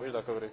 Biex da kawrejt.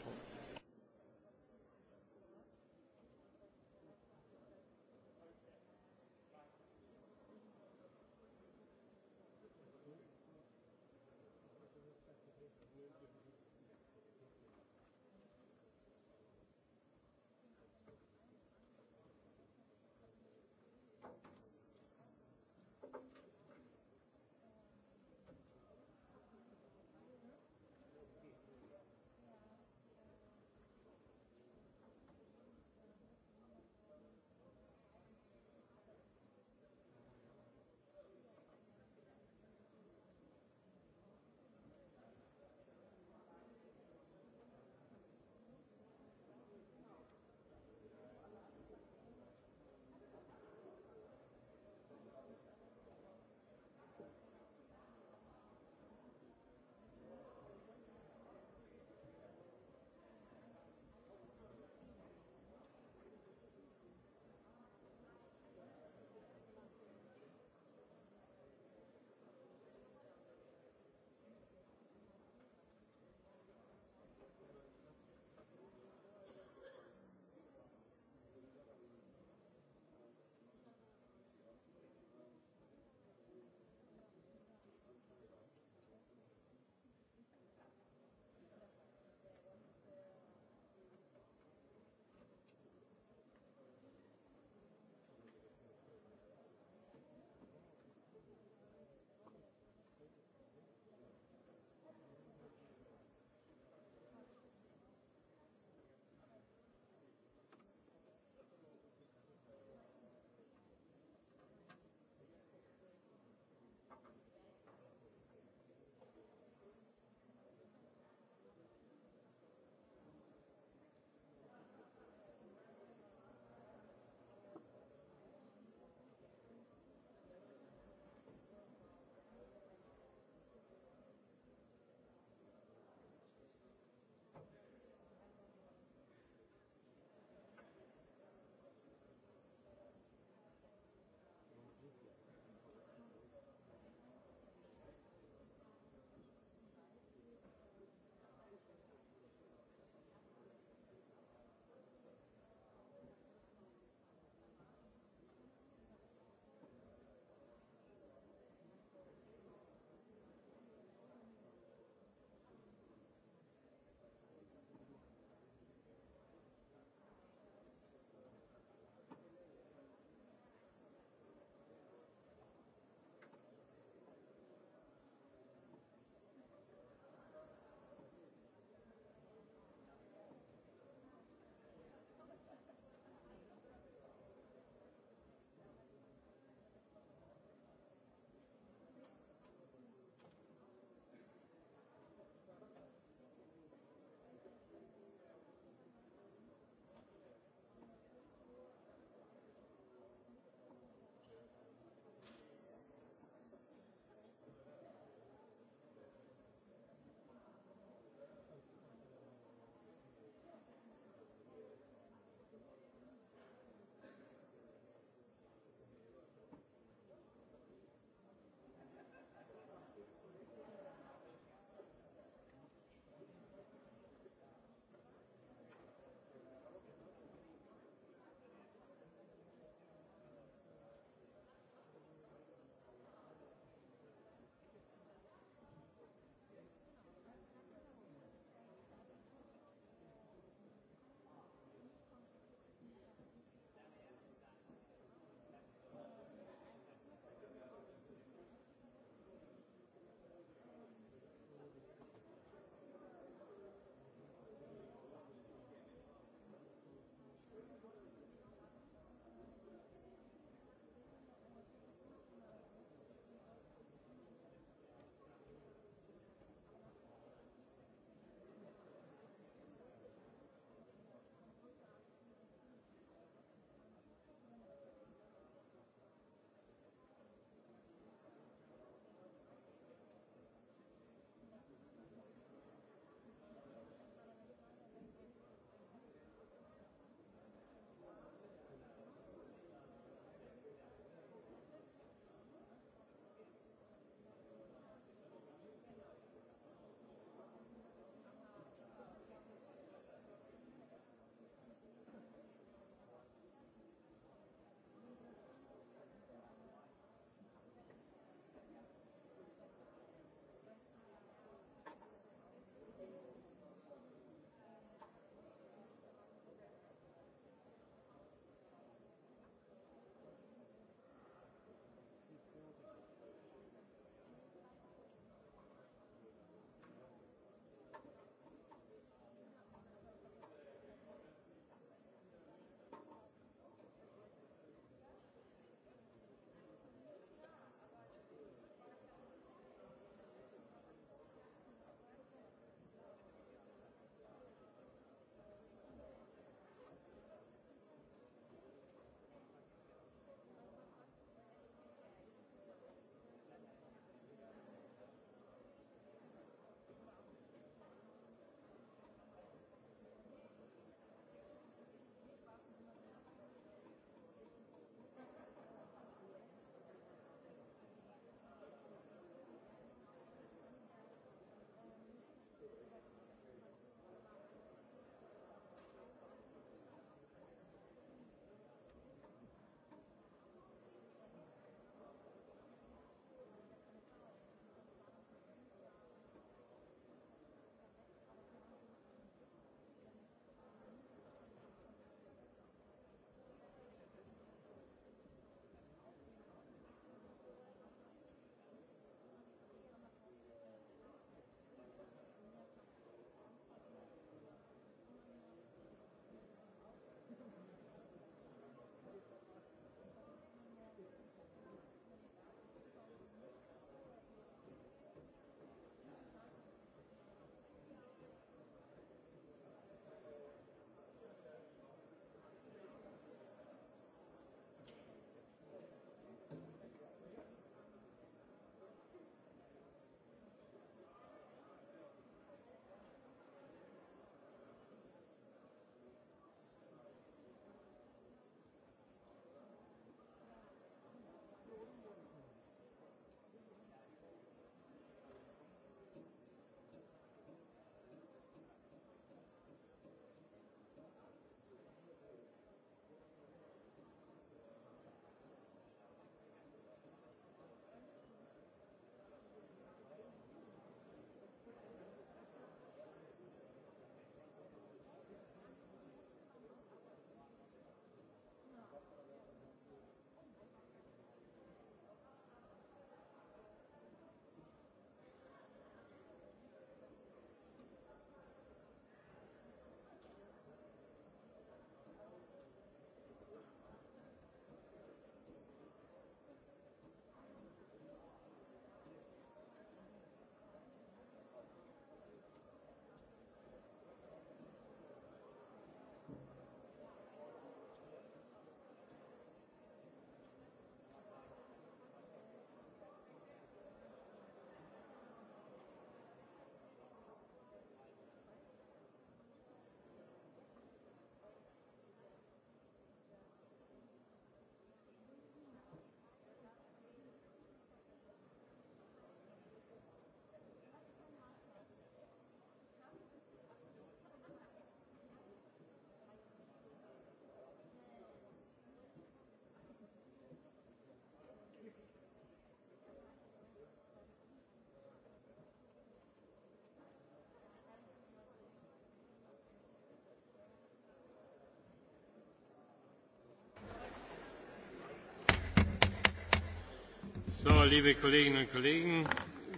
So, liebe Kolleginnen und Kollegen,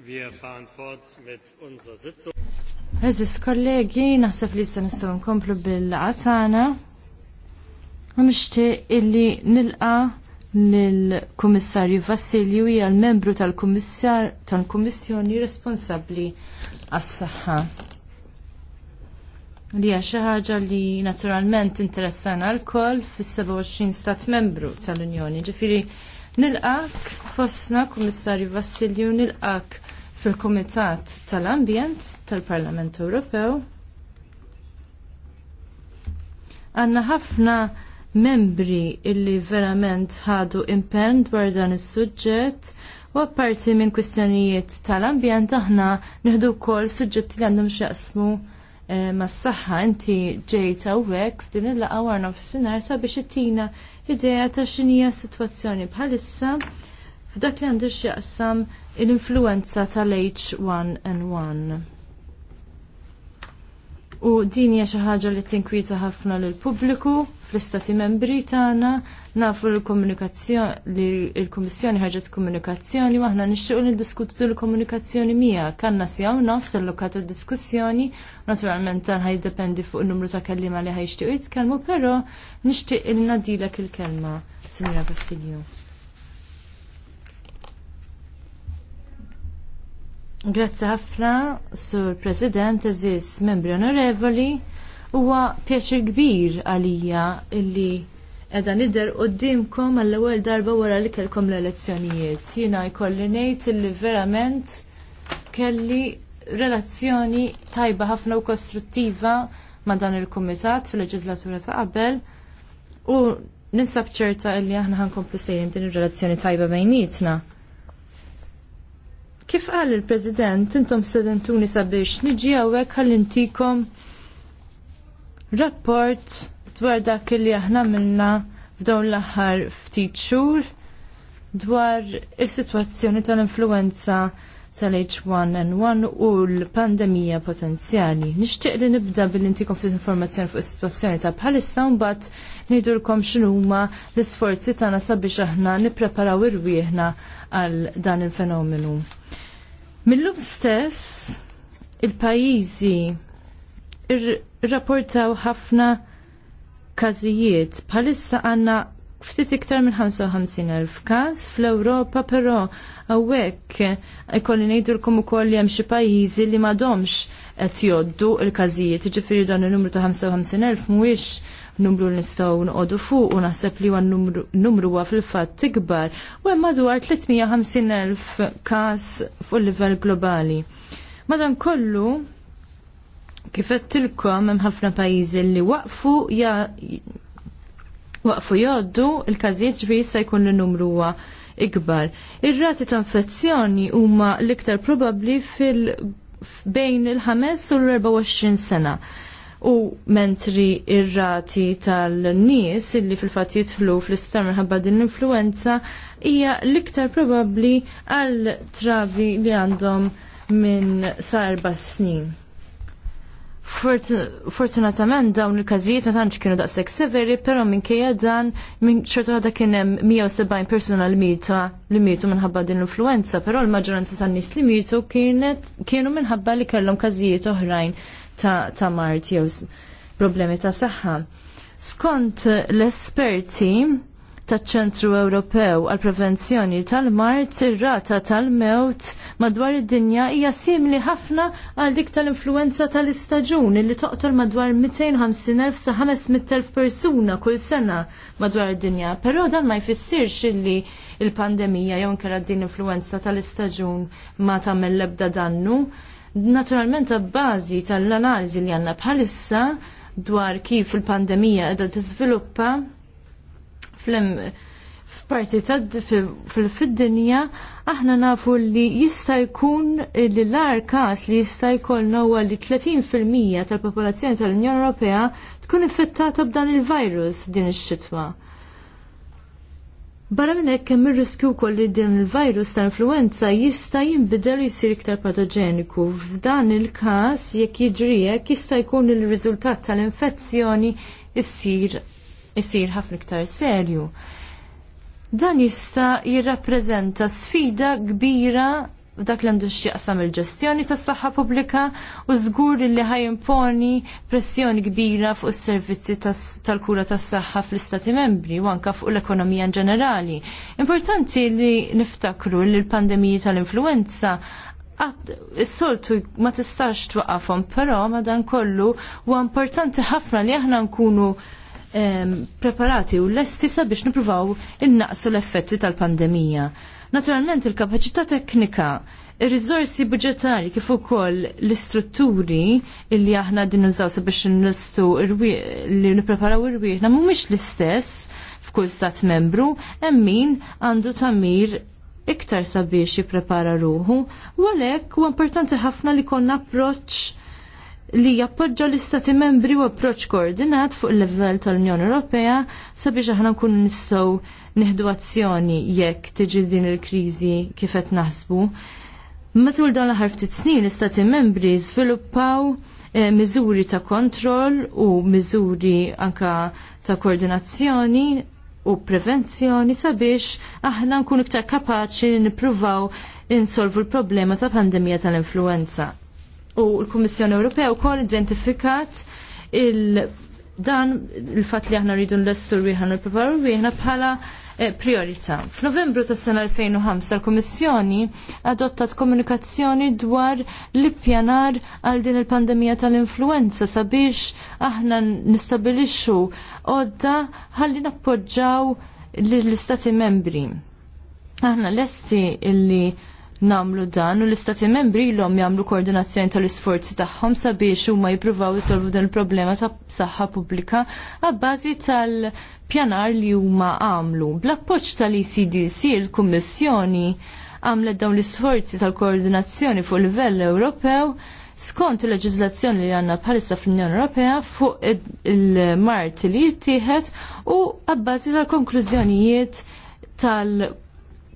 wir fahren fort mit unserer Sitzung. Eżis kollegi, naħseb li issa nistgħu nkomplu bil-qatana. U nixtieq illi nilqa lill-Kummissarju Vassilju hija l-membru tal-Kummissjoni responsabbli għas-saħħa li hija xi ħaġa li naturalment interessana l-koll fis-27 stat membru tal-Unjoni. Ġifieri Nilqak fosna Kummissarju Vassilju nilqak fil-Kumitat tal-Ambjent tal-Parlament Ewropew. Għanna ħafna membri illi verament ħadu impenn dwar dan is-suġġett u apparti minn kwistjonijiet tal-ambjent aħna nieħdu wkoll suġġetti li għandhom x'jaqsmu eh, mas saħħa inti ġejta hawnhekk f'din il-laqgħa warna f'sinar sabiex ittina idea ta' xinija situazzjoni bħalissa f'dak li għandu x'jaqsam l-influenza tal-H1N1 u din hija xi ħaġa li tinkwita ħafna lil pubbliku fl-istati membri tagħna nafu l-komunikazzjoni li l-Kummissjoni ħarġet komunikazzjoni u aħna nixtiequ niddiskutu l-komunikazzjoni miegħek. Kanna sew nofs allokata diskussjoni, naturalment dan ħajdependi fuq in-numru ta' kelliema li ħajxtiequ jitkellmu, però nixtieq il nadilek il-kelma, Sinjora Vassilju. Grazzi ħafna, Sur President, Aziz, membri onorevoli, huwa pjaċir kbir għalija illi edha nider qoddimkom għall-ewwel darba wara li kellkom l-elezzjonijiet. Jiena jkolli ngħid illi verament kelli relazzjoni tajba ħafna u kostruttiva ma' dan il-kumitat fil-leġislatura ta' qabel u ninsab ċerta illi aħna ħankomplu sejjem din ir-relazzjoni tajba bejnietna. Kif qal il-President, intom sedentuni sabiex niġi għawek għallintikom rapport dwar dak li aħna minna f'dawn l-aħħar ftit xhur dwar is-sitwazzjoni tal-influenza tal-H1N1 u l-pandemija potenzjali. Nixtieq li nibda billi intikom fil informazzjoni fuq is-sitwazzjoni ta' bħalissa mbagħad ngħidulkom x'inhuma l-isforzi tagħna sabiex aħna nippreparaw irwieħna għal dan il-fenomenu. Millum stess il-pajjiżi rrapportaw ħafna każijiet bħalissa għandna ftit iktar minn 55,000 każ fl-Ewropa, però għawek ikolli ngħidulkom ukoll hemm xi pajjiżi li m'għadhomx qed joddu l-każijiet, jiġifieri dan il numru ta' 55,000 mhuwiex numru li nistgħu nqogħdu fuq u naħseb li huwa numru huwa fil-fatt ikbar u hemm madwar 350,000 każ fuq livell globali. Madan kollu kif qed tilkom hemm ħafna pajjiżi li waqfu ja waqfu joddu il-każijiet ġbir se jkun l-numru huwa ikbar. Ir-rati ta' infezzjoni huma l-iktar probabbli fil bejn il-5 u l-24 sena. U mentri ir-rati tal-nies illi fil-fatt jitflu fl-isptar minħabba din l-influenza hija l-iktar probabbli għal travi li għandhom minn sa' erba' snin. Fortunatament dawn il-każijiet ma tantx kienu daqshekk severi, però minkejja dan minn ċertu ħadda kien hemm 170 persuna li mieta li mietu minħabba din l-influenza, però l-maġġoranza tan-nies li mietu kienet kienu minħabba li kellhom każijiet oħrajn ta', ta mart jew problemi ta' saħħa. Skont l-esperti taċ-ċentru Ewropew għal prevenzjoni tal-mart, ir-rata tal-mewt madwar id-dinja hija simili ħafna għal dik tal-influenza tal-istaġuni li toqtol madwar 250.000 sa 500.000 persuna kull sena madwar id-dinja. Però dan ma jfissirx illi il-pandemija jew nkera din influenza tal-istaġun ma tagħmel l-ebda dannu. Naturalment bażi tal-analiżi li għandna bħalissa dwar kif il-pandemija qiegħda tiżviluppa f'parti fil-dinja aħna nafu li jista' jkun li l għar każ li jista' jkollna huwa li 30% tal-popolazzjoni tal-Unjoni Ewropea tkun infettata b'dan il-virus din ix-xitwa. Barra minn hekk hemm ir-riskju wkoll li din il-virus tal influenza jista' jinbidel jsir iktar patoġeniku. F'dan il-każ jekk jiġri hekk jista' jkun il-riżultat tal-infezzjoni issir isir ħafna iktar serju. Dan jista' jirrappreżenta sfida kbira dak li għandu xieqsam il-ġestjoni tas saħħa pubblika u żgur li ħajimponi pressjoni kbira fuq is-servizzi tal-kura tas saħħa fl-Istati membri u anka fuq l-ekonomija ġenerali. Importanti li niftakru li l-pandemiji tal-influenza s-soltu ma tistax twaqafhom, però madan kollu huwa importanti ħafna li aħna nkunu preparati u lesti sabiex nipruvaw innaqsu l-effetti tal-pandemija. Naturalment il-kapacità teknika Ir-rizorsi budgetari kif ukoll l-istrutturi illi aħna din nużaw sabiex nlistu li nippreparaw ir-wieħna mhumiex l-istess f'kull stat membru, hemm min għandu tamir iktar sabiex jipprepara ruħu, u għalhekk huwa importanti ħafna li konna approċċ li jappoġġa l-istati membri u approċ koordinat fuq il-level tal-Unjoni Ewropea sabiex aħna nkunu nistgħu nieħdu azzjoni jekk tiġi din il-kriżi kif qed naħsbu. Matul dan l-aħħar ftit snin l-istati membri żviluppaw eh, miżuri ta' kontroll u miżuri anka ta' koordinazzjoni u prevenzjoni sabiex aħna nkunu iktar kapaċi nippruvaw insolvu l-problema ta' pandemija tal-influenza u l-Kummissjoni Ewropea wkoll identifikat il- dan il-fat li aħna rridu nlessu rriħan u l-preparu rriħna bħala eh, priorità. F'Novembru tas sena 2005 l-Kommissjoni adottat komunikazzjoni dwar l-ippjanar għal din il-pandemija tal-influenza sabiex aħna nistabilixxu għodda ħalli nappoġġaw l-istati membri. Aħna lesti illi namlu dan u l-istati membri l-om jamlu koordinazzjoni tal-isforzi tagħhom sabiex huma jippruvaw isolvu dan il-problema ta' saħħa pubblika għabbażi tal-pjanar li huma għamlu. Bl-appoġġ tal-ECDC il-Kummissjoni għamlet dawn l-isforzi tal-koordinazzjoni fuq livell Ewropew skont il-leġizlazzjoni li għanna bħalissa fl-Unjoni Ewropea fuq il-mart li jittieħed u għabbażi tal-konklużjonijiet tal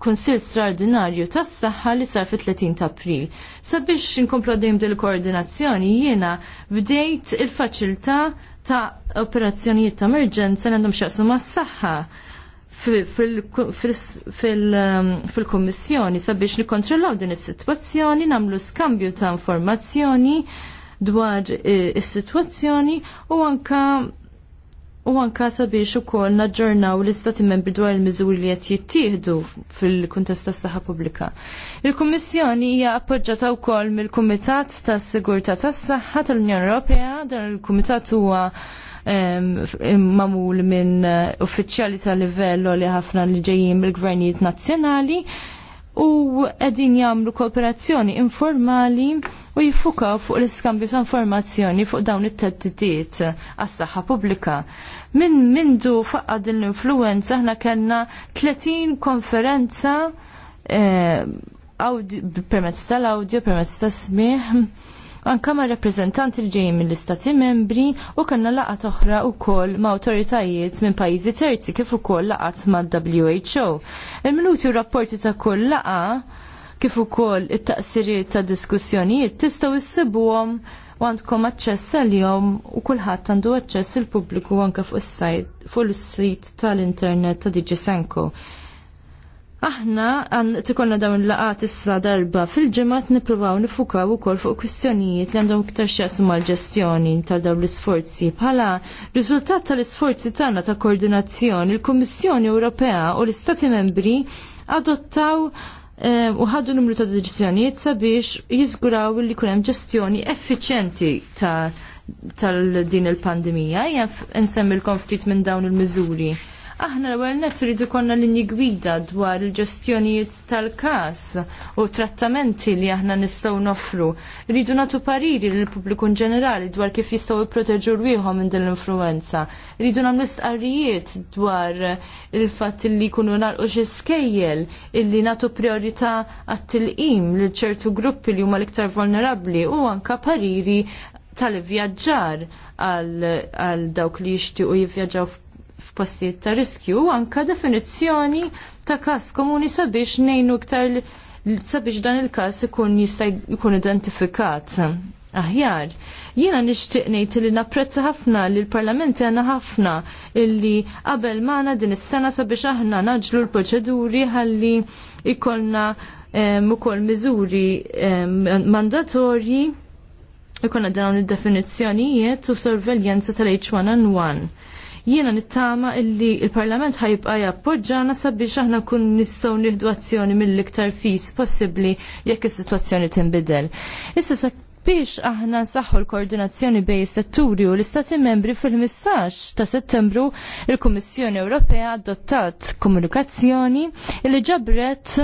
Kunsill straordinarju tas saħħa li sar fit-30 ta' April. Sabiex inkomplu din il koordinazzjoni jiena bdejt il-faċilità ta' operazzjonijiet ta' emerġenza għandhom xaqsu mas saħħa fil-kommissjoni um, sabiex nikkontrollaw din is-sitwazzjoni, nagħmlu skambju ta' informazzjoni dwar eh, is-sitwazzjoni u anka u anka sabiex ukoll naġġornaw l-istati membri dwar il-miżuri li qed jittieħdu fil-kuntest tas-saħħa pubblika. Il-Kummissjoni hija appoġġjata wkoll mill-Kumitat tas-Sigurtà tas-Saħħa tal-Unjoni Ewropea, dan il-Kumitat huwa mamul minn eh, uffiċjali tal livell li ħafna li ġejjin mill-gvernijiet nazzjonali u qegħdin jagħmlu kooperazzjoni informali u jiffukaw fuq l-iskambju ta' informazzjoni fuq dawn it-teddidiet għas-saħħa pubblika. Min mindu faqqa din l-influenza aħna kellna 30 konferenza eh, permezz tal-audio, permezz tas-smieħ anka ma' rappresentanti li ġejjin mill-istati membri u kellna laqat oħra wkoll ma' autoritajiet minn pajjiżi terzi kif ukoll laqat mad WHO. Il-minuti u rapporti ta' kull laqa kif ukoll it-taqsiriet ta' diskussjonijiet tistgħu issibuhom u għandkom aċċess għal-jom u kulħadd għandu aċċess il-pubbliku anke fuq is-sajt fuq is-sit tal-internet ta' Digi Senko. Aħna għan tikolna dawn laqat issa darba fil-ġemat nipruvaw nifukaw ukoll fuq kwistjonijiet li għandhom iktar x'jaqsmu mal-ġestjoni tal dawn l-isforzi. Bħala riżultat tal-isforzi tagħna ta' koordinazzjoni, il-Kummissjoni Ewropea u l-Istati Membri adottaw Eh, u ħaddu numru ta' deċizjonijiet sabiex jiżguraw li kunem ġestjoni effiċenti ta' tal-din il-pandemija, jgħaf l ftit minn dawn il-miżuri. Aħna l-ewwel nett iridu konna linji gwida dwar il-ġestjonijiet tal-każ u trattamenti li aħna nistgħu nofru. Rridu nagħtu pariri lill pubbliku ġenerali dwar kif jistgħu jipproteġu rwieħhom minn din l-influenza. Rridu nagħmlu stqarrijiet dwar il-fatt li jkunu nagħlqu xi skejjel illi nagħtu priorità għat-tilqim lil ċertu gruppi li huma l-iktar vulnerabbli u anka pariri tal-vjaġġar għal dawk li jixtiequ jivvjaġġaw f'postijiet ta' riskju anka definizzjoni ta' każ komuni sabiex ngħinu iktar sabiex dan il-każ ikun jista' jkun identifikat. Aħjar, jiena nixtieq ngħid li napprezza ħafna li l-Parlament għandna ħafna illi qabel magħna din is-sena sabiex aħna naġlu l-proċeduri ħalli ikollna ukoll miżuri mandatorji ikonna dawn id-definizzjonijiet u sorveljanza tal-H1N1. Jiena nittama illi il-Parlament ħajibqa' jappoġġana sabiex aħna kun nistgħu nieħdu azzjoni mill-iktar fis possibbli jekk is-sitwazzjoni tinbidel. Issa biex aħna nsaħħu l-koordinazzjoni bej setturi u l-Istati membri fil-15 ta' settembru il-Kummissjoni Ewropea adottat komunikazzjoni li ġabret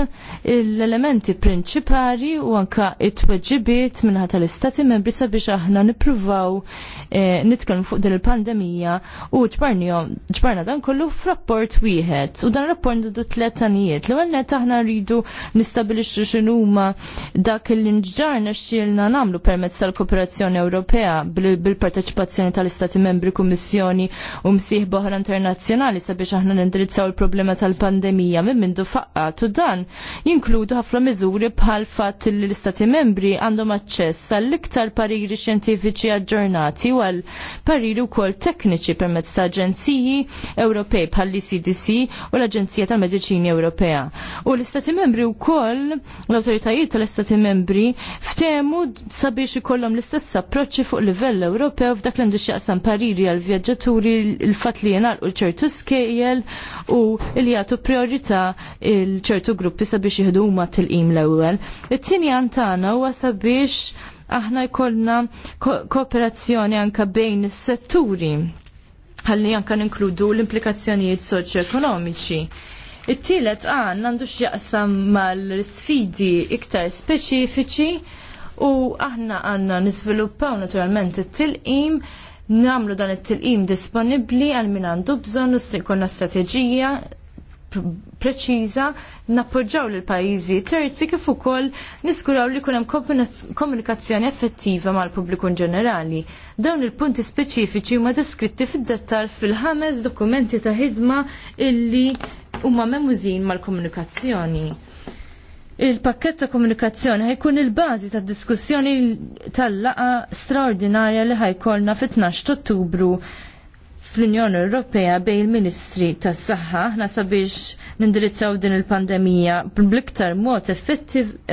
l-elementi prinċipali u anka it-tweġibiet minnaħat tal-Istati membri sabiex aħna nipruvaw eh, nitkellmu fuq din il-pandemija u ġbarna dan kollu f'rapport wieħed. U dan rapport ndu tlet tanijiet. L-ewwel aħna rridu nistabilixxu x'inhuma dak li nġġarna x'ilna nagħmlu permezz tal-Kooperazzjoni Ewropea bil-parteċipazzjoni tal-Istati Membri, Kummissjoni u msieħ Boħra internazzjonali sabiex aħna nindirizzaw il-problema tal-pandemija minn mindu faqqat u dan jinkludu ħafna miżuri bħal fatt li l-Istati Membri għandhom aċċess għall-iktar pariri xjentifiċi aġġornati u għal pariri wkoll tekniċi permezz ta' aġenziji Ewropej bħal l u l-Aġenzija tal-Mediċini Ewropea. U l-Istati Membri wkoll l-awtoritajiet tal-Istati Membri ftemu sabiex biex ikollhom l-istess approċċi fuq livell Ewropew f'dak l-għandu pariri għal vjaġġaturi l-fatt li jingħalqu ċertu skejjel u li jagħtu priorità il ċertu gruppi sabiex jieħdu huma tilqim l-ewwel. It-tieni tagħna huwa sabiex aħna jkollna kooperazzjoni anka bejn is-setturi ħalli anka ninkludu l-implikazzjonijiet soċjoekonomiċi. It-tielet għan għandu x'jaqsam mal-sfidi iktar speċifiċi u aħna għanna nisviluppaw naturalment it-tilqim namlu dan it-tilqim disponibli għal min għandu bżon u strategija strateġija preċiża nappoġġaw lil pajjiżi terzi kif ukoll niskuraw li kunem komunikazzjoni effettiva mal-pubbliku ġenerali. Dawn il-punti speċifiċi huma deskritti fid dettall fil-ħames dokumenti ta' ħidma illi huma memużin mal-komunikazzjoni. Il-pakket ta' komunikazzjoni ħajkun il-bażi ta' diskussjoni tal-laqa straordinarja li ħajkolna fit-12 Ottubru fl-Unjoni Ewropea bejn il-Ministri tas-Saħħa ħna sabiex nindirizzaw din il-pandemija bl-iktar mod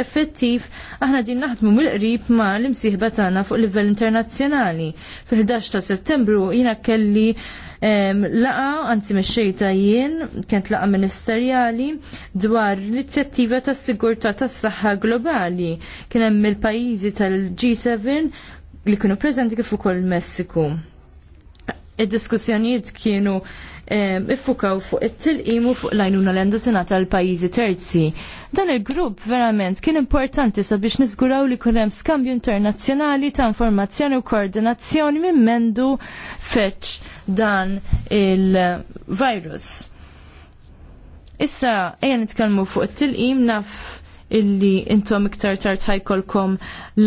effettiv, aħna din naħdmu mill-qrib ma l-imsieħba tagħna fuq livell internazzjonali. Fil-11 ta' Settembru jina kelli laqa, anzi mexxejta jien, kent laqa ministerjali dwar l-inizjattiva tas sigurtà tas saxħa globali. Kien hemm il-pajjiżi tal-G7 li kienu preżenti kif ukoll Messiku id-diskussjonijiet kienu eh, iffukaw fuq it-tilqim u fuq lajnuna l-endozina tal-pajizi terzi. Dan il-grupp verament kien importanti sabiex nizguraw li kunem skambju internazzjonali ta' informazzjoni u koordinazzjoni minn mendu feċ dan il-virus. Issa, ejja nitkellmu fuq it-tilqim naf illi intom iktar tard ħajkolkom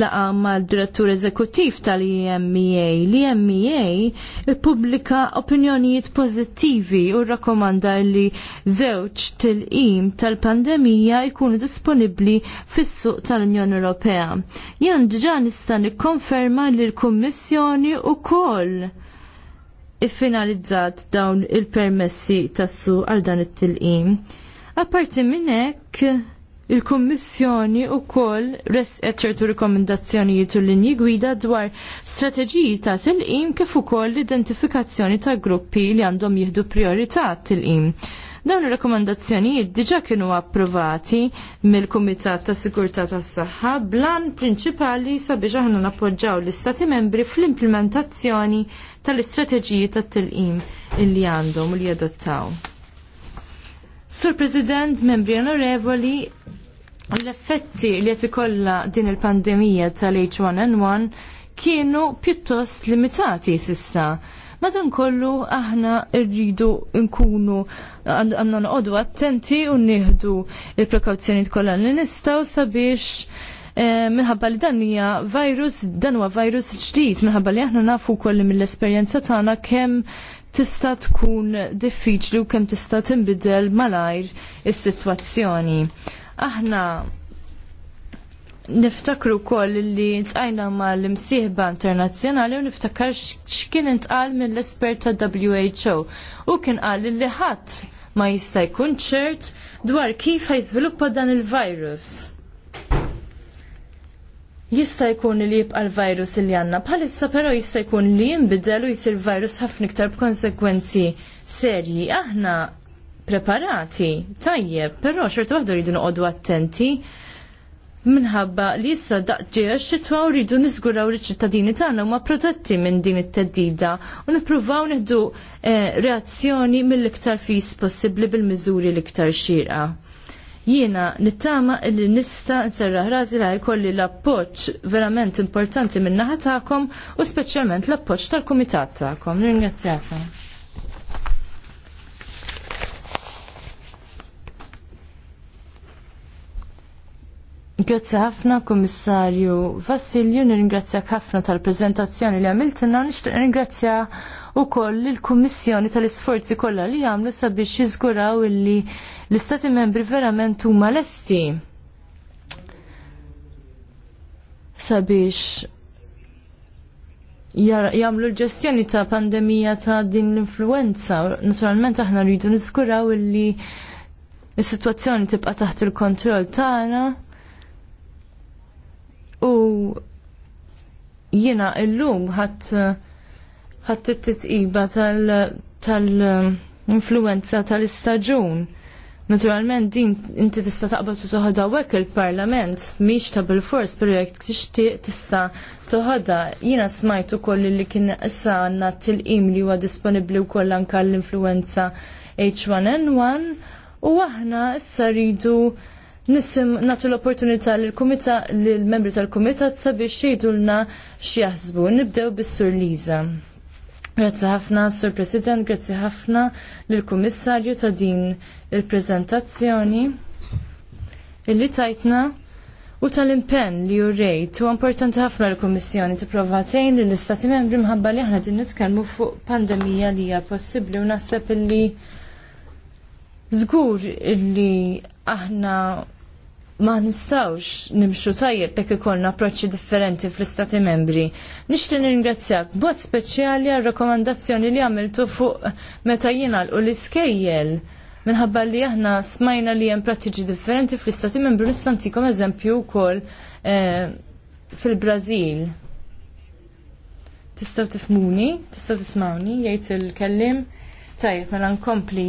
laqa mal-direttur eżekuttiv tal-EMEA. L-EMEA publika opinjonijiet pożittivi u rrakkomanda li żewġ tilqim tal-pandemija jkunu disponibbli fis-suq tal-Unjoni Ewropea. Jien diġà nista' nikkonferma li l-Kummissjoni wkoll iffinalizzat dawn il-permessi tas-suq għal dan it-tilqim. Apparti minn hekk il-Kummissjoni u koll resqet ċertu rekomendazzjonijiet u linji gwida dwar strateġiji ta' tilqim kif ukoll l-identifikazzjoni ta' gruppi li għandhom jieħdu priorità tilqim. Dawn ir-rekomendazzjonijiet diġa kienu approvati mill-Kumitat ta' Sigurtà tas-Saħħa blan prinċipali sabiex aħna nappoġġaw l-Istati membri fl-implementazzjoni tal-istrateġiji ta' tilqim li għandhom u li jadottaw. Sur President, membri onorevoli, l-effetti li qed ikollha din il-pandemija tal-H1N1 kienu pjuttost limitati sissa. Madan kollu aħna rridu nkunu għandna noqogħdu attenti u nieħdu il-prekawzjoni kollha li nistaw sabiex eh, minħabba li dan hija virus, dan huwa virus ġdid, minħabba li aħna nafu kolli mill-esperjenza tagħna kemm tista' tkun diffiċli u kemm tista' tinbidel malajr is-sitwazzjoni. Aħna niftakru kol li tqajna ma l-imsieħba internazzjonali u niftakar x'kien intqal mill-espert ta' WHO u kien qal li ħadd ma jista' jkun ċert dwar kif ħajżviluppa dan il-virus. Jista' jkun li jibqa' l-virus li għandna bħalissa però jista' jkun li jinbidel u jsir virus ħafna iktar b'konsekwenzi serji. Aħna preparati, tajjeb, però xorta waħda rridu noqogħdu attenti minħabba li issa daqġiex xitwa u rridu nisguraw li ċittadini tagħna huma protetti minn din it-teddida u nippruvaw nieħdu eh, reazzjoni mill-iktar fis possibbli bil-miżuri l-iktar xieqa. Jiena nittama li nista nserraħ rażi li jkolli l-appoġġ verament importanti minn naħa tagħkom u speċjalment l-appoġġ tal-kumitat tagħkom. Nirringrazzjakom. Grazzi ħafna, Komissarju Vassilju, nirringrazzjak ħafna tal-prezentazzjoni li għamiltina, nixtieq u wkoll il-Kummissjoni tal-isforzi kollha li għamlu sabiex jiżguraw illi l-istati membri verament huma lesti sabiex jagħmlu l-ġestjoni ta' pandemija ta' din l-influenza. Naturalment aħna rridu niskuraw illi l sitwazzjoni tibqa' taħt il-kontroll tagħna. U jiena illum ħadd ħadd it-titqiba tal-influenza tal-istaġun. tal influenza tal istaġun Naturalment din inti tista' taqbad u toħodha hekk il-Parlament mhix ta' bil-fors projekt tixtieq tista' toħodha. Jiena smajt ukoll li kien issa għandna tilqim li huwa disponibbli wkoll anke l-influenza H1N1 u aħna issa rridu nisim natu l-opportunità l-kumita l-membri tal-kumitat sabiex jgħidulna x'jaħsbu. Nibdew bis-Sur Liza. Grazzi ħafna, Sur President, grazzi ħafna lill-Kummissarju ta' din il-prezentazzjoni illi tajtna u tal-impenn li u rejt u importanti ħafna l-Komissjoni tipprova tgħin l istati membri mħabba li aħna din nitkellmu fuq pandemija li hija possibbli u naħseb illi żgur illi aħna ma nistawx nimxu tajjeb jekk ikollna approċċi differenti fl-istati membri. Nixtieq nirringrazzjak b'mod speċjali għal rekomandazzjoni li għamiltu fuq meta jingħalqu l-iskejjel minħabba li aħna smajna li hemm prattiġi differenti fl-istati membru nistantikom eżempju wkoll eh, fil-Brażil. Tistgħu tifmuni, tistgħu tismawni, jgħid il-kellim. Tajjeb, mela nkompli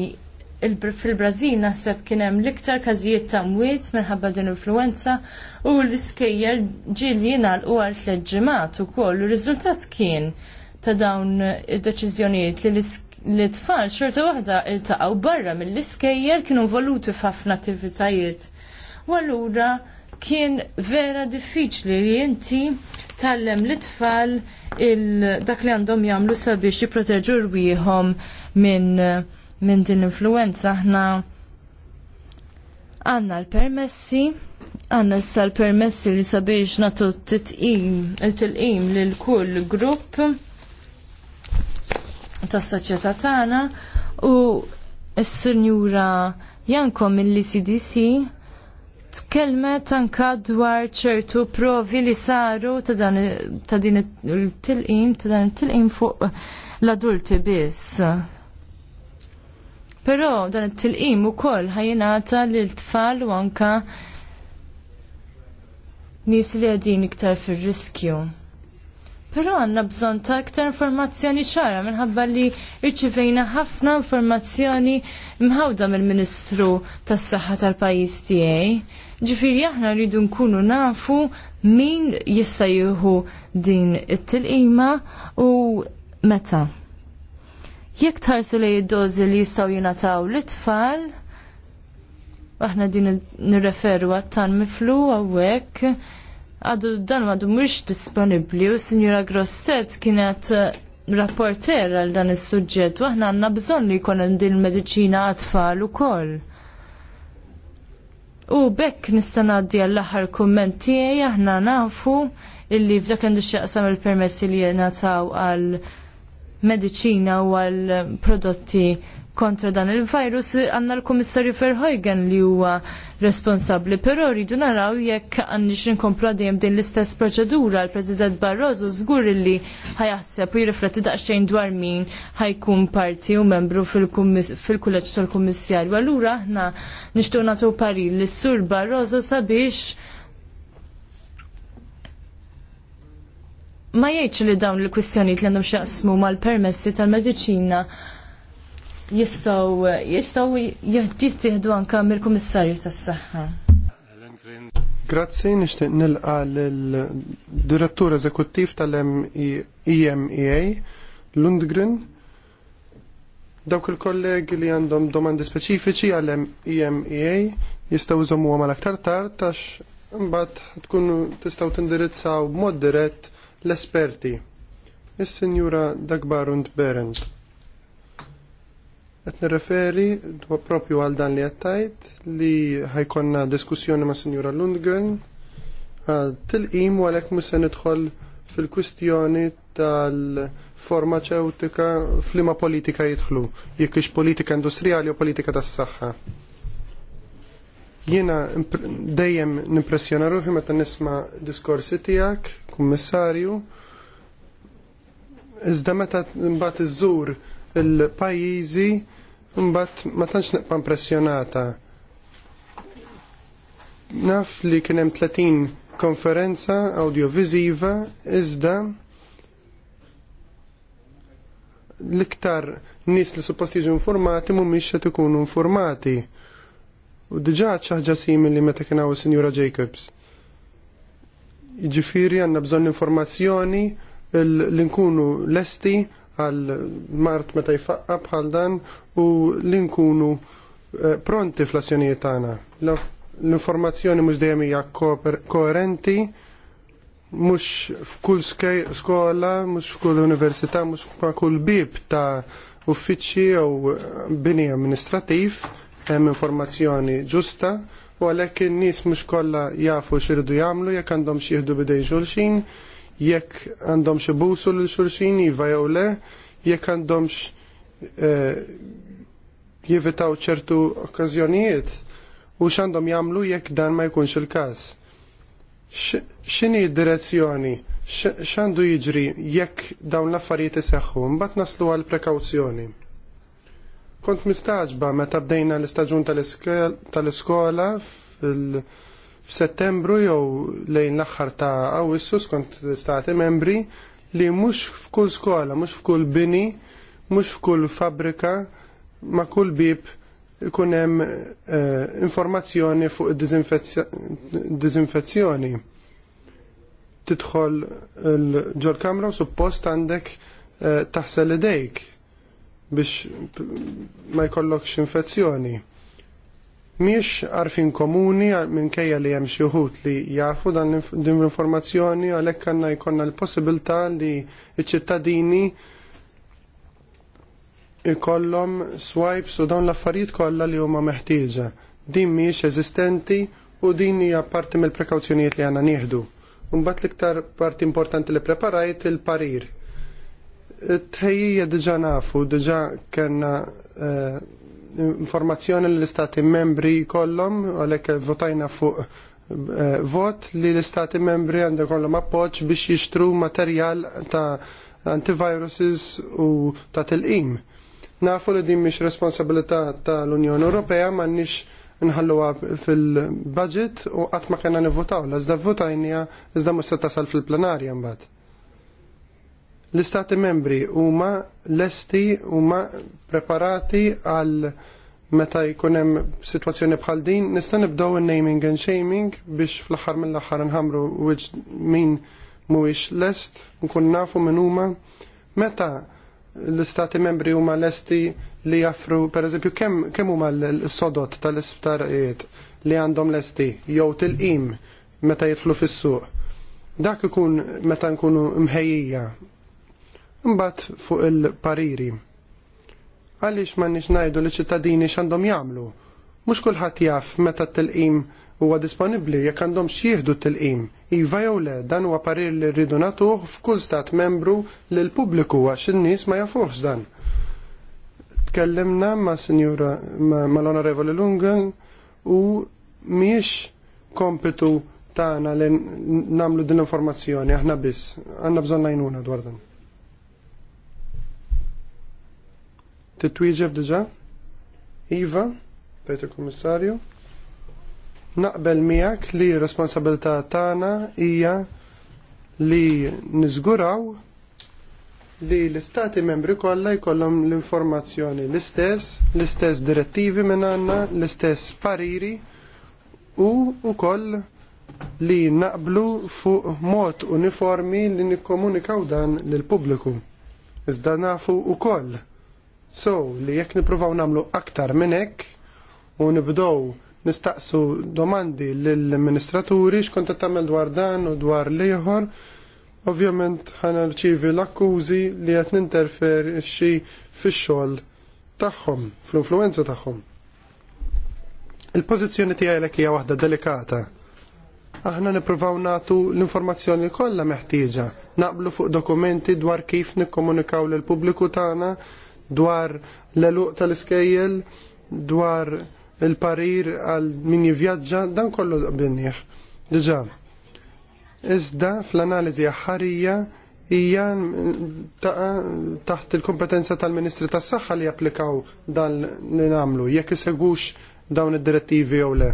fil-Brażil naħseb kien hemm l-iktar każijiet ta' mwiet minħabba din influwenza influenza u l-iskejjer ġieli jingħalqu għal tliet ġimgħat ukoll. Ir-riżultat kien ta' dawn id-deċiżjonijiet li l-iskejja l tfal xorta waħda taqaw barra mill-iskejjer kienu voluti f'ħafna attivitajiet. U allura kien vera diffiċli li inti tallem l-tfal dak li għandhom jagħmlu sabiex jipproteġu rwieħhom minn min din influenza aħna għanna l-permessi għanna issa l-permessi li sabiex natu t il-tilqim l-kull grupp tas-soċjetà tagħna u s-Sinjura Jankom mill-CDC tkellmet anka dwar ċertu provi li saru ta' din il-tilqim ta' dan il-tilqim fuq l-adulti biss. Però dan it-tilqim ukoll li lil tfal u anka nies li għadin iktar fir-riskju. Però għandna bżonn ta' aktar informazzjoni ċara minħabba li rċivejna ħafna informazzjoni mħawda mill-Ministru tas-Saħħa tal-pajjiż tiegħi. Ġifieri aħna rridu nkunu nafu min jista' jieħu din it-tilqima u meta. Jekk tħarsu lejn id-dożi li jistgħu jingħataw l-itfal, aħna din nirreferu għattan miflu għawek għadu dan għadu mux disponibli u Signora Grostet kienet eh, rapporter għal dan is suġġett u aħna għanna bżon li kon din il-medicina għatfall u kol. U bekk nistan ngħaddi għall-aħħar kumment tiegħi aħna nafu illi f'dak għandu x'jaqsam il-permessi li jingħataw għal mediċina u għal prodotti kontra dan il-virus għanna l-Komissarju Verhoeven li huwa responsabli, pero rridu naraw jekk għandix inkomplu għadjem din l-istess proċedura l-President Barroso żgur li ħajaħseb u jirrifletti daqsxejn dwar min ħajkun parti u membru fil-kulleġġ tal komissarju Allura aħna nixtieq nagħtu pari lis-Sur Barroso sabiex ma jgħidx li dawn il-kwistjonijiet li għandhom xaqsmu mal-permessi tal-mediċina jistaw jistaw jittieħdu anka mill-Kummissarju tas-Saħħa. Grazzi, nishtiq nilqa l-direttur eżekuttiv tal-EMEA, Lundgren. Dawk il-kollegi li għandhom domandi speċifiċi għall-EMEA jistaw zomu għamal aktar tard tax mbagħad tkun tistgħu tindirizzaw b'mod dirett l-esperti. Is-Sinjura Dagbarund Berend. Qed nirreferi propju għal dan li għattajt li ħajkonna diskussjoni ma' Sinjura Lundgren tilqim im għalhekk mhux se nidħol fil-kwistjoni tal-farmaceutika flima politika jidħlu, jekk ix politika industrijali u politika tas-saħħa. Jiena dejjem nimpressjona ruħi meta nisma diskorsi tiegħek, kummissarju, iżda meta mbagħad iżżur il-pajjiżi Mbatt, ma tantx neqpa' impressjonata. Naf li kien hemm 30 konferenza audiovisiva iżda l-iktar nis li supposti jiġu informati mhumiex qed ikunu informati. U diġà ċaħġa simili meta kienaw il Sinjura Jacobs. Jiġifieri għandna bżonn informazzjoni l-inkunu lesti għal mart meta jfaqqa bħal dan u li nkunu eh, pronti fl-azzjonijiet tagħna. L-informazzjoni mhux dejjem hija koerenti, mhux f'kull skola, mhux f'kull università, mhux ma' kull bib ta' uffiċċji jew eh, bini amministrattiv hemm informazzjoni ġusta u għalhekk in-nies mhux kollha jafu x'iridu jagħmlu jekk għandhom xi jieħdu bidejn xulxin jekk għandhom xi busu lil xulxin iva jew le, jekk għandhomx eh, jivitaw ċertu okkażjonijiet u x'għandhom jagħmlu jekk dan ma jkunx il-każ. X'inhi d-direzzjoni? X'għandu jiġri jekk dawn l-affarijiet iseħħu mbagħad naslu għal prekawzjoni. Kont mistaġba meta bdejna l-istaġun tal-iskola fil- f'Settembru jew lejn l-aħħar ta' Awwissu skont istati membri li mhux f'kull skola, mhux f'kull bini, mhux f'kull fabbrika, ma' kull bib ikun hemm eh, informazzjoni fuq id-dizinfezzjoni. Tidħol ġol kamra suppost għandek eh, taħsel idejk biex ma jkollokx infezzjoni miex għarfin komuni minkejja li hemm xi wħud li jafu dan l-informazzjoni għalhekk għandna jkollna l-possibilità li ċ-ċittadini ikollhom swipes u dawn l-affarijiet kollha li huma meħtieġa. Din mhijiex eżistenti u din hija parti mill-prekawzjonijiet li għandna nieħdu. Mbagħad l-iktar parti importanti li preparajt il-parir. Tħejjija diġà nafu, kena kellna eh, informazzjoni l-istati membri kollom, għalhekk votajna fuq eh, vot li l-istati membri għandu kollom appoġġ biex jixtru materjal ta' antiviruses u ta' tilqim. Nafu li din mhix responsabilità tal-Unjoni Ewropea m'għandniex nħalluha fil-budget u qatt ma kellna nivvotaw, l-iżda votajnija iżda mhux se tasal fil-plenarja mbad. L-istati membri huma lesti huma preparati għal meta jkun hemm sitwazzjoni bħal din, nista' nibdew in-naming and shaming biex fl-aħħar mill-aħħar nħamru min mhuwiex lest, nkun nafu min huma. Meta l-istati membri huma lesti li jaffru, pereżempju, kemm kemm huma l-sodot tal-isptarijiet li għandhom lesti jew tilqim meta jidħlu fis-suq. Dak ikun meta nkunu mħejjija Mbatt fuq il-pariri. Għaliex ma nix ngħidu li ċittadini x'għandhom jagħmlu. Mhux kulħadd jaf meta t-tilqim huwa disponibbli jekk għandhom xieħdu t-tilqim. Iva jew le dan huwa parir li rridu nagħtuh f'kull stat membru li l pubbliku għax in-nies ma jafuhx dan. Tkellimna ma' sinjura mal-Onorevoli ma Lungan u miex kompitu tagħna li namlu din l-informazzjoni aħna biss. Għandna bżonn najnuna dwar dan. Titwieġeb diġa? Iva, Peter Komissarju, Naqbel miegħek li responsabilità tagħna hija li niżguraw li l-istati membri kollha jkollhom l-informazzjoni l-istess, l-istess direttivi minn għandna, l-istess pariri u wkoll li naqblu fuq mod uniformi li nikkomunikaw dan lill pubbliku Iżda nafu wkoll So, li jekk nipruvaw namlu aktar minn hekk u nibdow nistaqsu domandi lill-amministraturi xkont tagħmel dwar dan u dwar l-ieħor, ovvjament ħana rċivi l-akkużi li qed ninterferixxi fix-xogħol tagħhom, fl-influenza tagħhom. Il-pożizzjoni l hija waħda delikata. Aħna nippruvaw nagħtu l-informazzjoni kollha meħtieġa, naqblu fuq dokumenti dwar kif nikkomunikaw lill pubbliku tagħna dwar l-eluq tal-iskejjel, dwar il-parir għal min jivjaġġa, dan kollu binniħ. Diġa, iżda fl-analizi ħarija hija taħt il-kompetenza tal-Ministri tas-Saħħa li japplikaw dan li namlu, jekk isegwux dawn id-direttivi jew le.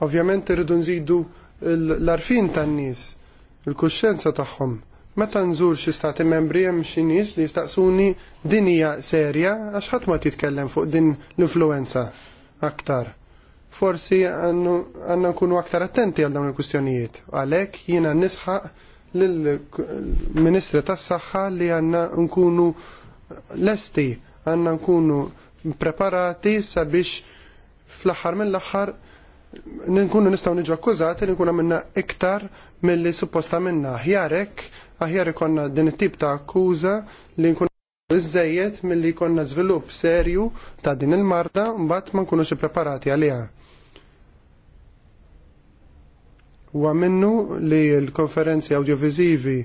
Ovvjament irridu nżidu l-arfin tan-nies, il-kuxxenza tagħhom Meta nżur xi stati membri hemm xi nies li jistaqsuni din hija serja għax ħadd ma titkellem fuq din l-influenza aktar. Forsi għandna nkunu aktar attenti għal dawn il-kwistjonijiet. Għalhekk jiena nisħaq lill-Ministri tas-Saħħa li għandna nkunu lesti, għandna nkunu preparati sabiex fl-aħħar mill-aħħar ninkunu nistgħu niġu akkużati li nkunu minna iktar mill-li supposta minna hekk aħjar ikonna din it-tip ta' akkuża li nkun iżejjed milli jkollna żvilupp serju ta' din il-marda mbagħad ma nkunux ippreparati għaliha. Huwa minnu li l-konferenzi awdjoviżivi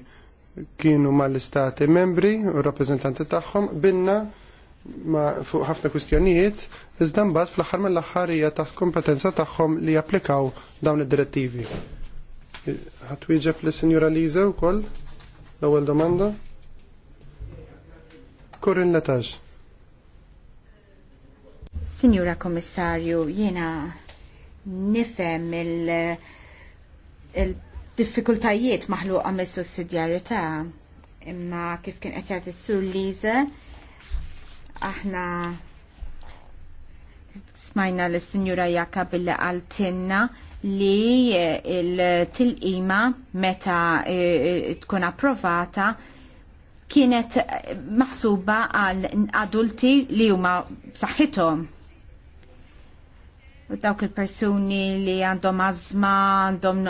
kienu mal-istati membri u rappreżentanti tagħhom binna ma fuq ħafna kwistjonijiet, iżda mbagħad fl-aħħar mill-aħħar hija taħt kompetenza tagħhom li japplikaw dawn id-direttivi. Ħadd wieġeb lis-Sinjura Liza wkoll? L-ewwel domanda. Korin Letaġ. Signora Kommissarju, jiena nifhem il- diffikultajiet maħluqa mis-sussidjarità imma kif kien qed jagħti sur Lize aħna smajna l-Sinjura Jakab billi għaltinna li eh, il-tilqima meta eh, eh, tkun approvata kienet maħsuba għal adulti li huma b'saħħithom dawk il-persuni li għandhom azma, għandhom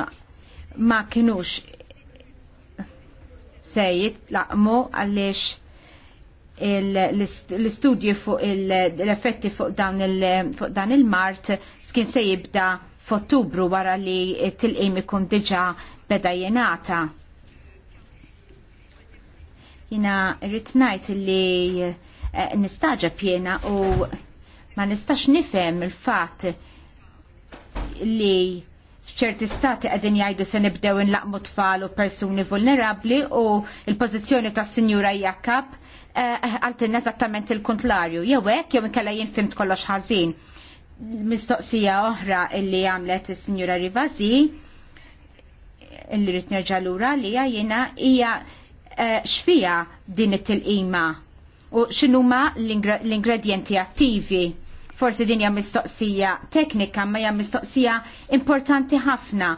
ma kienux se jitlaqmu għaliex l-istudju fuq l-effetti fuq dan il-mart skin se jibda f'Ottubru wara li t-tilqim ikun diġa beda jenata. Jina rrit ngħid li eh, nistaġa pjena u ma nistax nifhem il-fatt li fċerti stati għedin jajdu se nibdew inlaqmu tfal u persuni vulnerabli u il-pozizjoni ta' sinjura Jakab eh, għaltin eżattament il-kontlarju. Jew hekk jew inkella jinfimt kollox ħażin mistoqsija oħra illi għamlet il-Sinjura Rivazi, illi rrit nerġalura li jena hija eh, xfija din it-tilqima u x'inhuma l-ingredienti attivi. Forsi din hija mistoqsija teknika ma hija mistoqsija importanti ħafna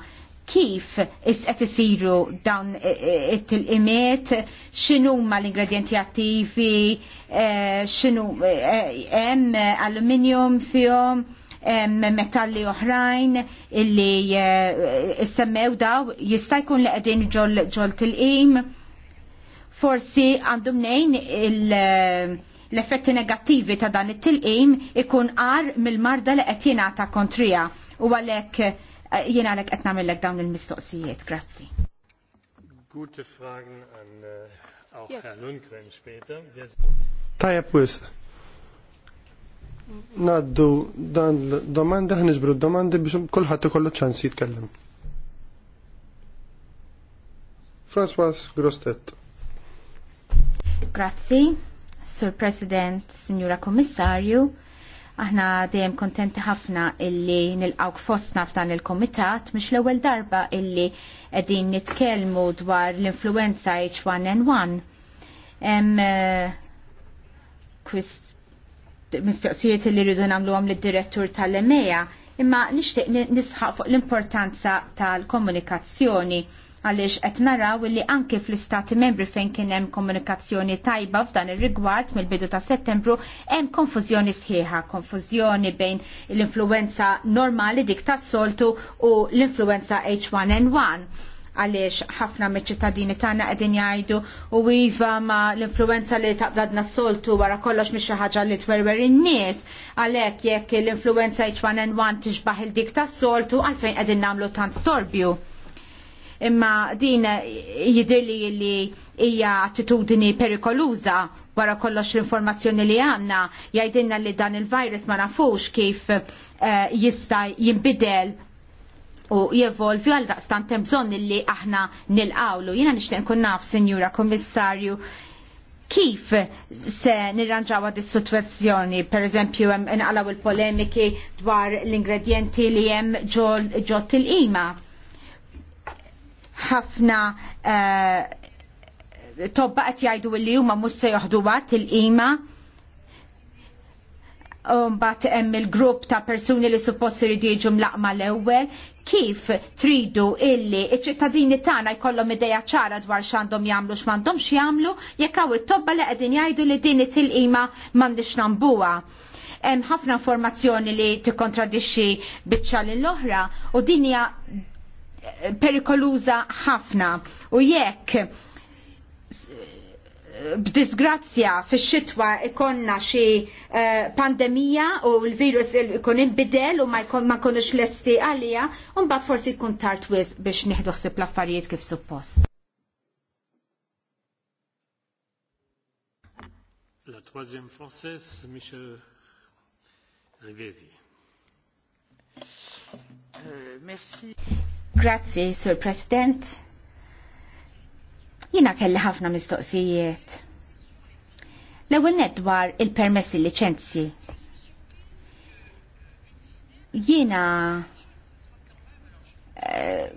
kif qed isiru dawn it-tilqimiet, x'inhuma l-ingredjenti attivi, eh, x'inhu eh, hemm aluminium fihom, metalli oħrajn illi eh, semmew daw jista' jkun li qegħdin ġol tilqim. Forsi għandhom nejn il- l-effetti negattivi ta' dan it-tilqim ikun għar mill-marda li qed jingħata kontrija u għalhekk Eh, Jien għalek qed nagħmellek dawn il-mistoqsijiet. Grazzi. Gute Fragen an eh, auch Herr Lundgren später. Taja pwist. Naddu dan domanda ħniġbru domandi biex kulħadd ikollu ċans jitkellem. François Grostet. Grazzi, Sir President, Signora Commissario, Aħna dejjem kontenti ħafna illi nilqawk fostna f'dan il-komitat mhux l-ewwel darba illi qegħdin nitkellmu dwar l-influenza H1N1. Hemm eh, mistoqsijiet li rridu nagħmluhom lid-direttur tal-EMEA imma nixtieq nisħaq fuq l-importanza tal-komunikazzjoni għaliex qed naraw li anke fl-istati membri fejn kien hemm komunikazzjoni tajba f'dan ir-rigward mill-bidu ta' Settembru hemm konfużjoni sħiħa, konfużjoni bejn l-influenza normali dik tas-soltu u l-influenza H1N1 għaliex ħafna mit-ċittadini tagħna qegħdin jgħidu u iva ma l-influenza li taqbladna s-soltu wara kollox mhix xi ħaġa li twerwer in-nies għalhekk jekk l-influenza H1N1 tixbaħ il-dik tas-soltu għalfejn qegħdin nagħmlu tant storbju imma din jidirli li hija attitudini perikoluża wara kollox l-informazzjoni li għanna jgħidilna li dan il-virus ma nafux kif eh, jista' jinbidel u jevolvi għal daqstan hemm bżonn li aħna nilqawlu. Jiena nixtieq nkun naf, Sinjura Kommissarju, kif se nirranġaw għad is-sitwazzjoni, per eżempju, inqalaw il-polemiki dwar l-ingredienti li hemm ġol ġot il-qima ħafna eh, tobba qed jgħidu li huma mhux se joħdu waqt il-qima. Mbagħad hemm il-grupp ta' persuni li suppost iridu jiġu mlaqma l-ewwel, kif tridu illi iċ-ċittadini tagħna jkollhom idea ċara dwar x'għandhom jagħmlu x'm'għandhomx jagħmlu jekk hawn it-tobba li qegħdin jgħidu li din it-tilqima m'għandix nambuha hemm ħafna informazzjoni li tikkontradixxi biċċa l oħra u din perikoluża ħafna u jekk b'disgrazzja fix-xitwa ikonna xi eh, pandemija u l-virus ikun inbidel u ma jkunux lesti għalija, un bat forsi jkun tard biex nieħdu ħsib l-affarijiet kif suppost. La troisième française, Michel Rivesi. Euh, merci. Grazzi, Sur President. Jina kelli ħafna mistoqsijiet. L-ewwel dwar il-permessi liċenzji. Jiena eh,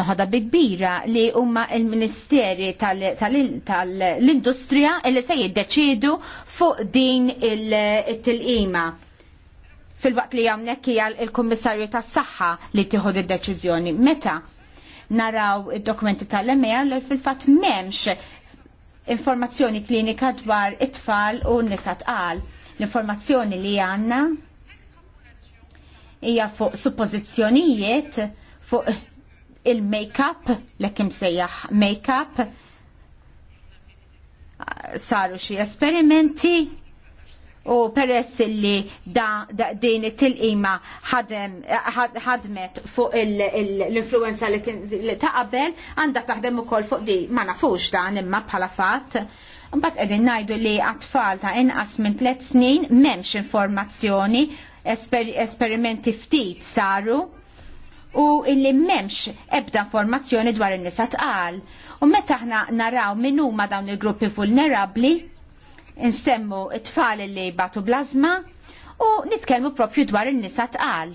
noħoda bikbira li huma il-Ministeri tal-Industrija li se jiddeċidu fuq din il-tilqima fil-waqt li hawnhekk hija l-Kummissarju tas-Saħħa li tiħod id-deċiżjoni. Meta naraw id-dokumenti tal-EMEA l fil-fatt m'hemmx informazzjoni klinika dwar it-tfal u n-nisa tqal. L-informazzjoni li għandna hija fuq suppożizzjonijiet fuq il-make-up, l-ekim sejjaħ make-up, saru xie esperimenti u peress li da, da din it-tilqima ħadmet fuq l-influenza li ta' qabel għandha taħdem ukoll fuq di ma nafux dan imma bħala fatt. Mbagħad qegħdin ngħidu li għat-tfal ta' inqas minn tliet snin m'hemmx informazzjoni, esper esperimenti ftit saru u illi m'hemmx ebda informazzjoni dwar in-nisa tqal. U meta aħna naraw min huma dawn il-gruppi vulnerabbli, nsemmu it-tfal li batu blażma u nitkellmu propju dwar in-nisa tqal.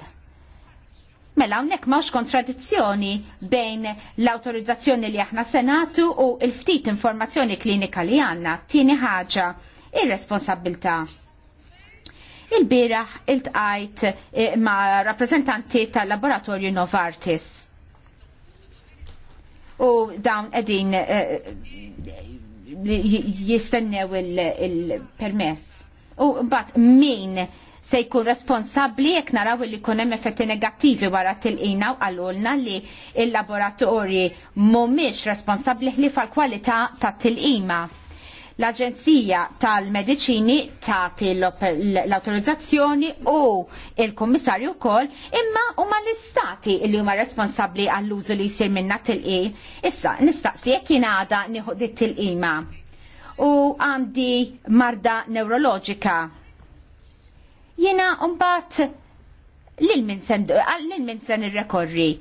Mela hawnhekk m'hawnx kontradizzjoni bejn l-awtorizzazzjoni li aħna senatu u l-ftit informazzjoni klinika li għandna. tini ħaġa, ir-responsabilità. Il-biraħ iltqajt eh, ma' rappreżentanti tal-laboratorju Novartis. U dawn qegħdin eh, jistennew il-permess. U mbagħad min se jkun responsabbli jekk naraw li jkun hemm effetti negattivi wara tilqina u għallulna li l laboratorji mhumiex responsabbli ħlifa l-kwalità tat tilqima L-Aġenzija tal-Mediċini tagħti l-autorizzazzjoni u il-Kummissarju wkoll imma huma l-istati li huma responsabbli għall-użu li jsir minna tilqim. Issa nistaqsi jekk jien għada nieħu dit tilqima u għandi marda neuroloġika. Jiena mbagħad lil min sen irrekorri?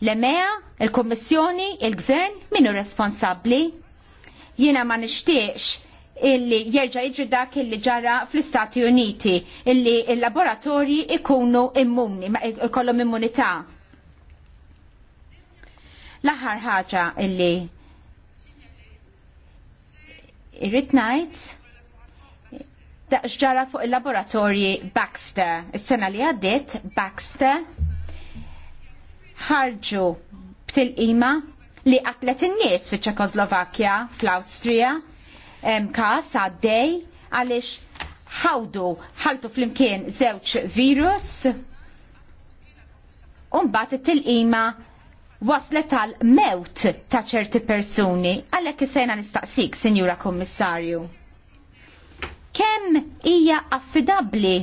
L-EMEA, il-Kommissjoni, il-Gvern, minu responsabli? Jiena ma nixtieqx illi jerġa' jiġri dak illi ġara fl-Istati Uniti, illi il-laboratori ikunu immuni, ikollhom immunità. L-aħħar ħaġa illi irrid ngħid x'ġara fuq il-laboratorji Baxter. Is-sena li għaddiet Baxter ħarġu b'tilqima li qatlet in-nies fiċ ċekoslovakkja fl-Awstrija hemm każ għaddej għaliex ħawdu ħaltu flimkien żewġ virus u mbagħad it-tilqima waslet għal mewt ta' ċerti persuni għalhekk isejna nistaqsik, Sinjura Kommissarju. Kemm hija affidabbli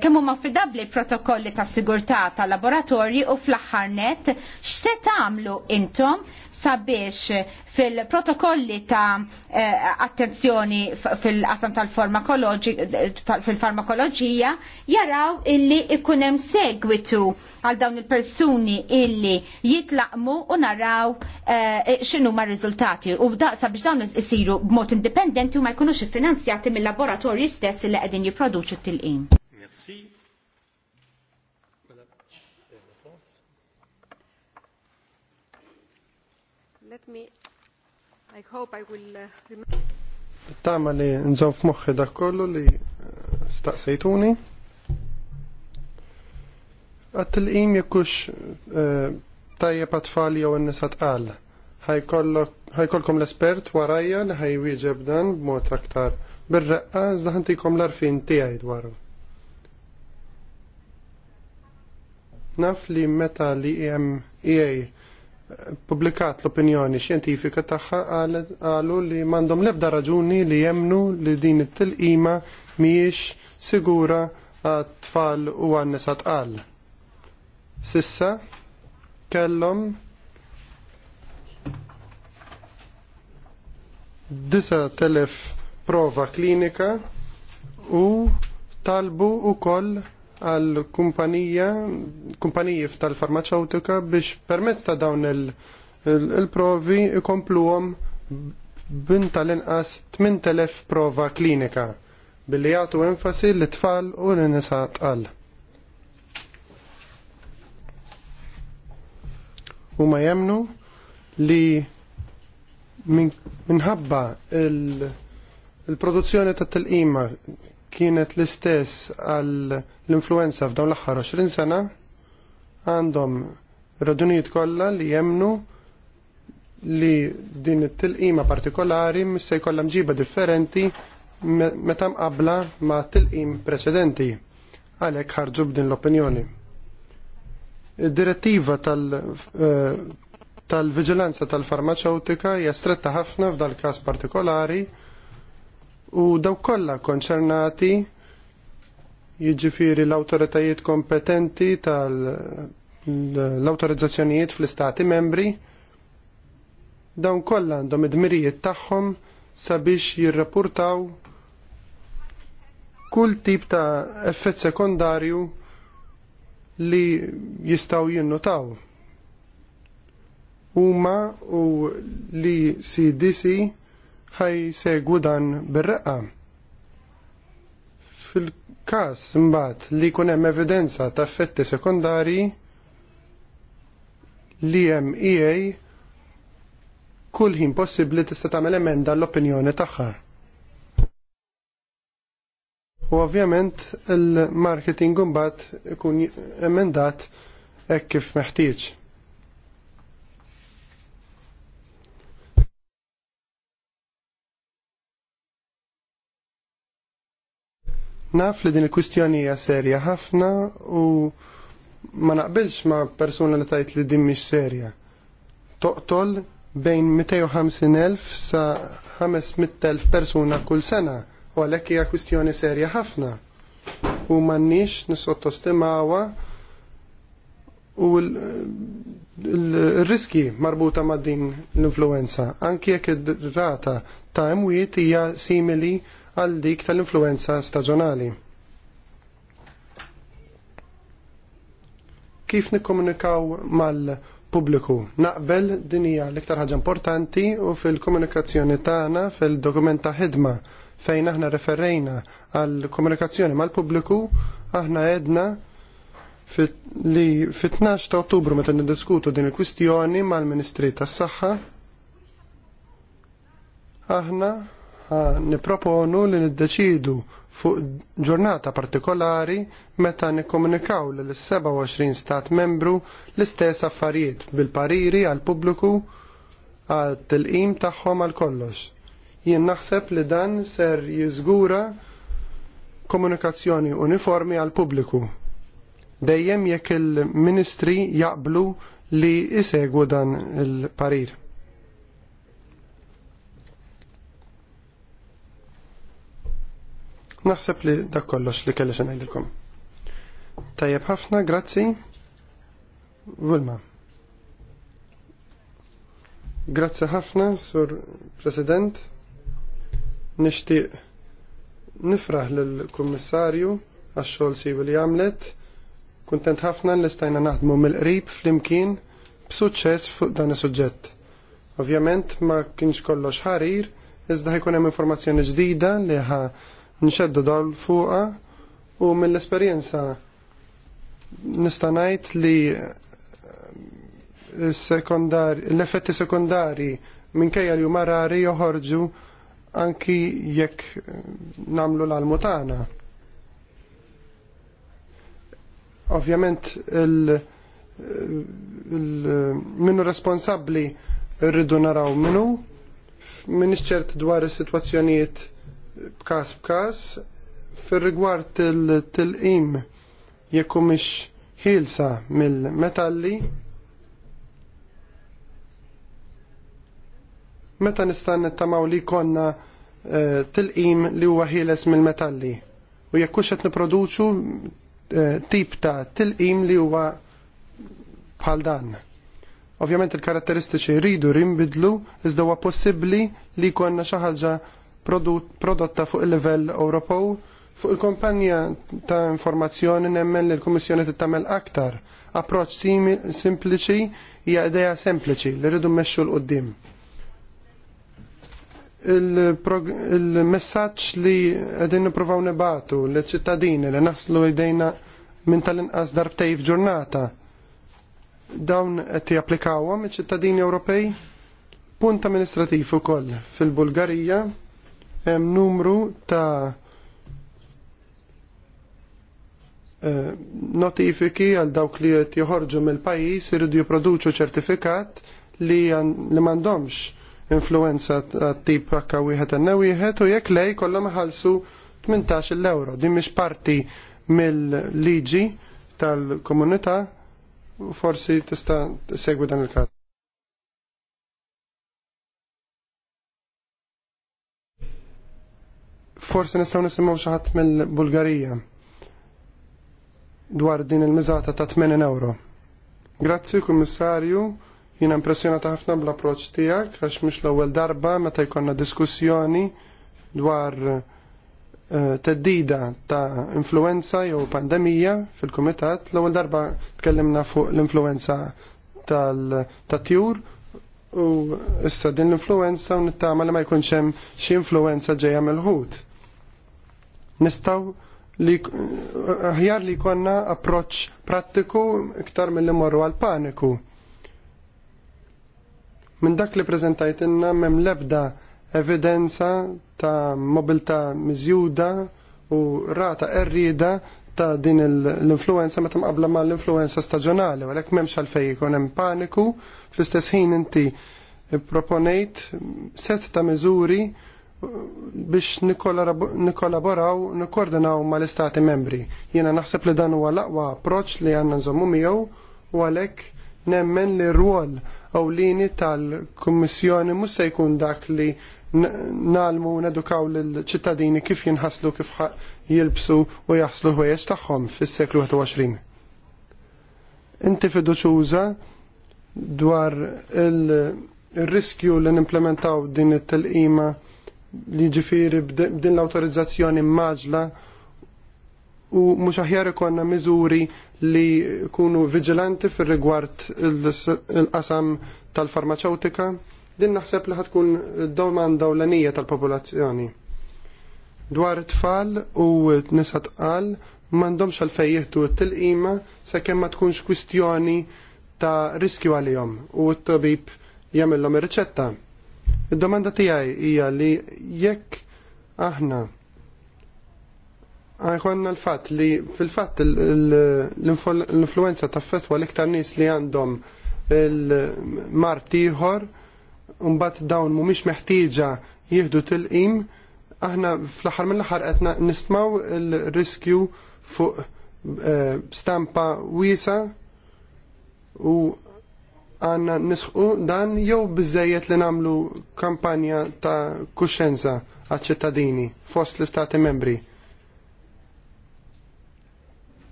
kemm huma fidabli protokolli ta' sigurtà tal-laboratorji u fl-aħħar net x'se tagħmlu intom sabiex fil-protokolli ta' eh, attenzjoni fil-qasam tal-farmakoloġija jaraw illi ikunem segwitu għal dawn il-persuni illi jitlaqmu u naraw eh, xinu ma' rizultati u sabiex dawn isiru b'mod indipendenti u ma' jkunux finanzjati mill-laboratorji stess li għedin jiproduċu t-tilqim. Merci. Uh, Tama li nżom f'moħħi dak kollu li uh, staqsejtuni. għat il-im jekkux uh, tajja għatfall jew n nisat għal. Ħajkolkom l-espert warajja li wieġeb dan b'mod aktar bir-reqqa iżda l-arfin tijaj dwaru. Naf li meta li jem EA publikat l-opinjoni xjentifika tagħha qalu li m'għandhom l-ebda raġuni li jemnu li din it-tilqima mhijiex sigura għat-tfal u għan-nisa tqal. Sissa kellhom disa telef prova klinika u talbu u koll għal kumpanija, kumpaniji tal-farmaceutika biex permezz ta' dawn il-provi ikomplu ikompluhom bin tal-inqas 8000 prova klinika billi jagħtu enfasi l tfal u l-nisa tqal. Huma jemnu li minħabba il-produzzjoni ta' tal-qima kienet l-istess għall-influenza f'dawn l-aħħar 20 sena għandhom raġunijiet kollha li jemnu li din it-tilqima partikolari se jkollha mġiba differenti meta mqabbla ma' tilqim preċedenti għalhekk ħarġu b'din l-opinjoni. Id-direttiva tal-vigilanza tal eh, tal-farmaceutika hija stretta ħafna f'dal każ partikolari u daw kollha konċernati jiġifieri l-awtoritajiet kompetenti tal-awtorizzazzjonijiet fl-istati membri dawn kollha għandhom id-dmirijiet tagħhom sabiex jirrapportaw kull tip ta' effett sekondarju li jistaw jinnotaw. Huma u li CDC ħaj segwu dan bir-raqqa. Fil-każ imbagħad li jkun hemm evidenza ta' effetti sekondarji li hemm EA kull ħin possibbli tista' tagħmel emenda l-opinjoni tagħha. U ovvjament il-marketing imbagħad ikun emendat hekk kif meħtieġ. Naf li din il-kwistjoni hija serja ħafna u ma naqbilx ma' persuna li tajt li din mhix serja. Toqtol bejn 250.000 sa 500.000 persuna kull sena u għalhekk hija kwistjoni serja ħafna. U m'għandniex nissottostimawha u l-riski marbuta ma' din l-influenza, anki jekk ir-rata ta' imwiet hija simili għal dik tal-influenza staġjonali. Kif nikkomunikaw mal-pubbliku? Naqbel din hija l-iktar ħaġa importanti u fil-komunikazzjoni tagħna fil dokumenta ħidma fejn aħna referejna għal komunikazzjoni mal-pubbliku, aħna edna fit, li fit-12 ta' ottubru meta niddiskutu din il-kwistjoni mal-Ministri tas-Saħħa, aħna niproponu li niddeċidu fuq ġurnata partikolari meta nikkomunikaw l 27 stat membru l-istess affarijiet bil-pariri għal pubbliku għal tilqim tagħhom għal kollox. Jien naħseb li dan ser jiżgura komunikazzjoni uniformi għal pubbliku. Dejjem jekk il-ministri jaqblu li isegwu dan il-parir. Naħseb li dak kollox li kellex ngħidilkom. Tajjeb ħafna, grazzi. Vulma. Grazzi ħafna, Sur President. Nixtieq nifraħ lill-Kummissarju għax-xogħol siwi li għamlet. Kuntent ħafna li stajna naħdmu mill-qrib flimkien b'suċċess fuq dan is-suġġett. Ovvjament ma kienx kollox ħarir, iżda ħajkun hemm informazzjoni ġdida li ħa nxeddu dawl fuqa u mill-esperjenza nista' ngħid li eh, l-effetti minn kajja li huma rari joħorġu anki jekk eh, namlu l-almu tagħna. Ovvjament il- eh, minnu responsabbli rridu naraw minnu, minix ċert dwar is-sitwazzjonijiet bkas b'każ fir-rigward til tilqim jekk mhix ħielsa mill-metalli meta nista' nittamaw li jkollna eh, tilqim li huwa ħieles mill-metalli u jekk hux qed nipproduċu eh, tip ta' tilqim li huwa bħal dan. Ovvjament il-karatteristiċi jridu rinbidlu iżda huwa possibbli li jkollna xi ħaġa prodotta fuq il-livell Ewropew fuq il-kompanja ta' informazzjoni nemmen li l komissjoni tittamel aktar. Approċċ simpliċi hija idea sempliċi li rridu mmexxu l qudiem Il-messaġġ li qegħdin nippruvaw nibatu liċ ċittadini li naslu jdejna minn tal-inqas darbtej f'ġurnata dawn qed japplikawhom iċ-ċittadini Ewropej punt amministrativ ukoll fil-Bulgarija hemm numru ta' eh, notifiki għal dawk li qed joħorġu mill-pajjiż iridu jipproduċu ċertifikat li li m'għandhomx influenza tip akka wieħed għandna wieħed u jekk lej kollhom ħalsu 18 l-euro. Din mhix parti mill-liġi tal-komunità forsi tista' segwi dan il-każ. Forsi nistgħu nisimgħu xi ħadd mill-Bulgarija dwar din il-miżata ta' 80 euro. Grazzi, Kummissarju, jiena impressjonata ħafna bl-approċċ tiegħek għax mhux l-ewwel darba meta jkollna diskussjoni dwar eh, teddida ta' influenza jew pandemija fil-kumitat. L-ewwel darba tkellimna fuq l-influenza tal-tjur u issa din l-influenza u nittama li ma jkunx hemm xi influenza ġejja mill-ħut nistaw li ħjar li konna approċ prattiku iktar mill-li morru għal paniku. Minn dak li prezentajt inna mem lebda evidenza ta' mobilta mizjuda u rata errida ta' din l-influenza meta mqabla ma' l-influenza staġjonali, u għalhekk m'hemmx għalfej ikun hemm paniku, fl-istess ħin inti proponejt set ta' miżuri biex nikkollaboraw, nikkoordinaw mal-istati membri. Jiena naħseb li dan huwa l-aqwa approċċ li għandna nżommu miegħu u għalhekk nemmen li r-rwol ewlieni tal-Kummissjoni mhux se jkun dak li nalmu nedukaw l-ċittadini kif jinħaslu kif jilbsu u jaħslu ħwejjeġ tagħhom fis-seklu 21. Inti fiduċuża dwar il-riskju li nimplementaw din it-tilqima li ġifiri b'din l-autorizzazzjoni maġla u mhux aħjar ikonna miżuri li kunu vigilanti fir rigward il-qasam tal-farmaceutika, din naħseb li ħatkun domanda u l tal-popolazzjoni. Dwar tfal u nisat qal m'għandhomx għalfejn jieħdu t-tilqima sakemm ma tkunx kwistjoni ta' riskju għalihom u t-tabib jagħmilhom ir-riċetta Id-domanda tiegħi hija li jekk aħna għajkonna l-fat li fil-fat l-influenza ta' fetwa l-iktar nis li għandhom il-mar tiħor un-bat dawn mumiex meħtieġa jihdu til-qim aħna fl-axar mill-axar qed nistmaw il-riskju fuq eh, stampa wisa u għanna nisħu dan jew bizzejiet li namlu kampanja ta' kuxenza għal-ċittadini fost l-istati membri.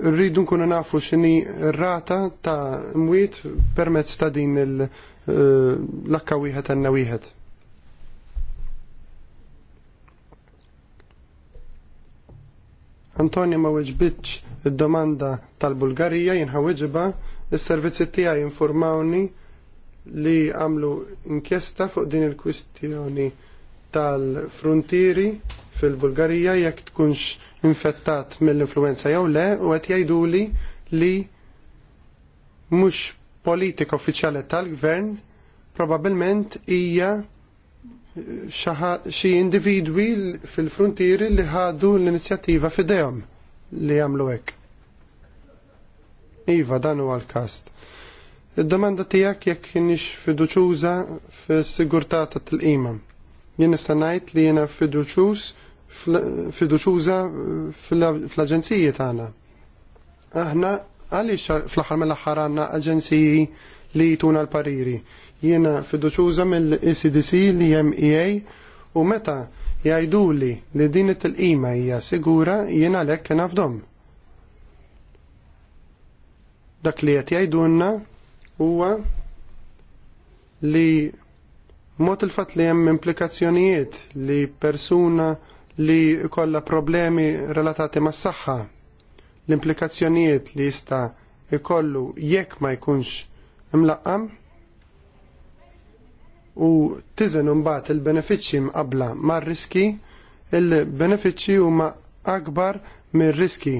Rridu nkunu nafu xini rata ta' mwiet permezz ta' din eh, l-akka wieħed għanna wieħed. Antonio ma weġbitx id-domanda tal-Bulgarija jinħaweġiba Is-servizzi tiegħi informawni li għamlu inkjesta fuq din il-kwistjoni tal-frontieri fil-Bulgarija jekk tkunx infettat mill-influenza jew le u qed jgħiduli li mhux politika uffiċjali tal-gvern probabbilment hija xi individwi fil-frontieri li ħadu l-inizjattiva fidejhom li jagħmlu hekk. Iva, dan huwa l-kast. Id-domanda tiegħek jekk kienix fiduċuża fis-sigurtà ta' tilqima. Jien nista' ngħid li jiena fiduċuż fiduċuża fl-aġenziji tagħna. Aħna għaliex fl-aħħar mill-aħħar għandna aġenziji li jituna l-pariri. Jiena fiduċuża mill-ECDC li hemm EA u meta jgħiduli li din it ima hija sigura jiena lek kien nafdom dak li qed jgħidulna huwa li mod il-fatt li hemm implikazzjonijiet li persuna li jkollha problemi relatati mas saħħa l-implikazzjonijiet li jista' ikollu jekk ma jkunx imlaqqam u tiżen imbagħad il-benefiċċji mqabbla mar-riski il-benefiċċji huma akbar mir-riski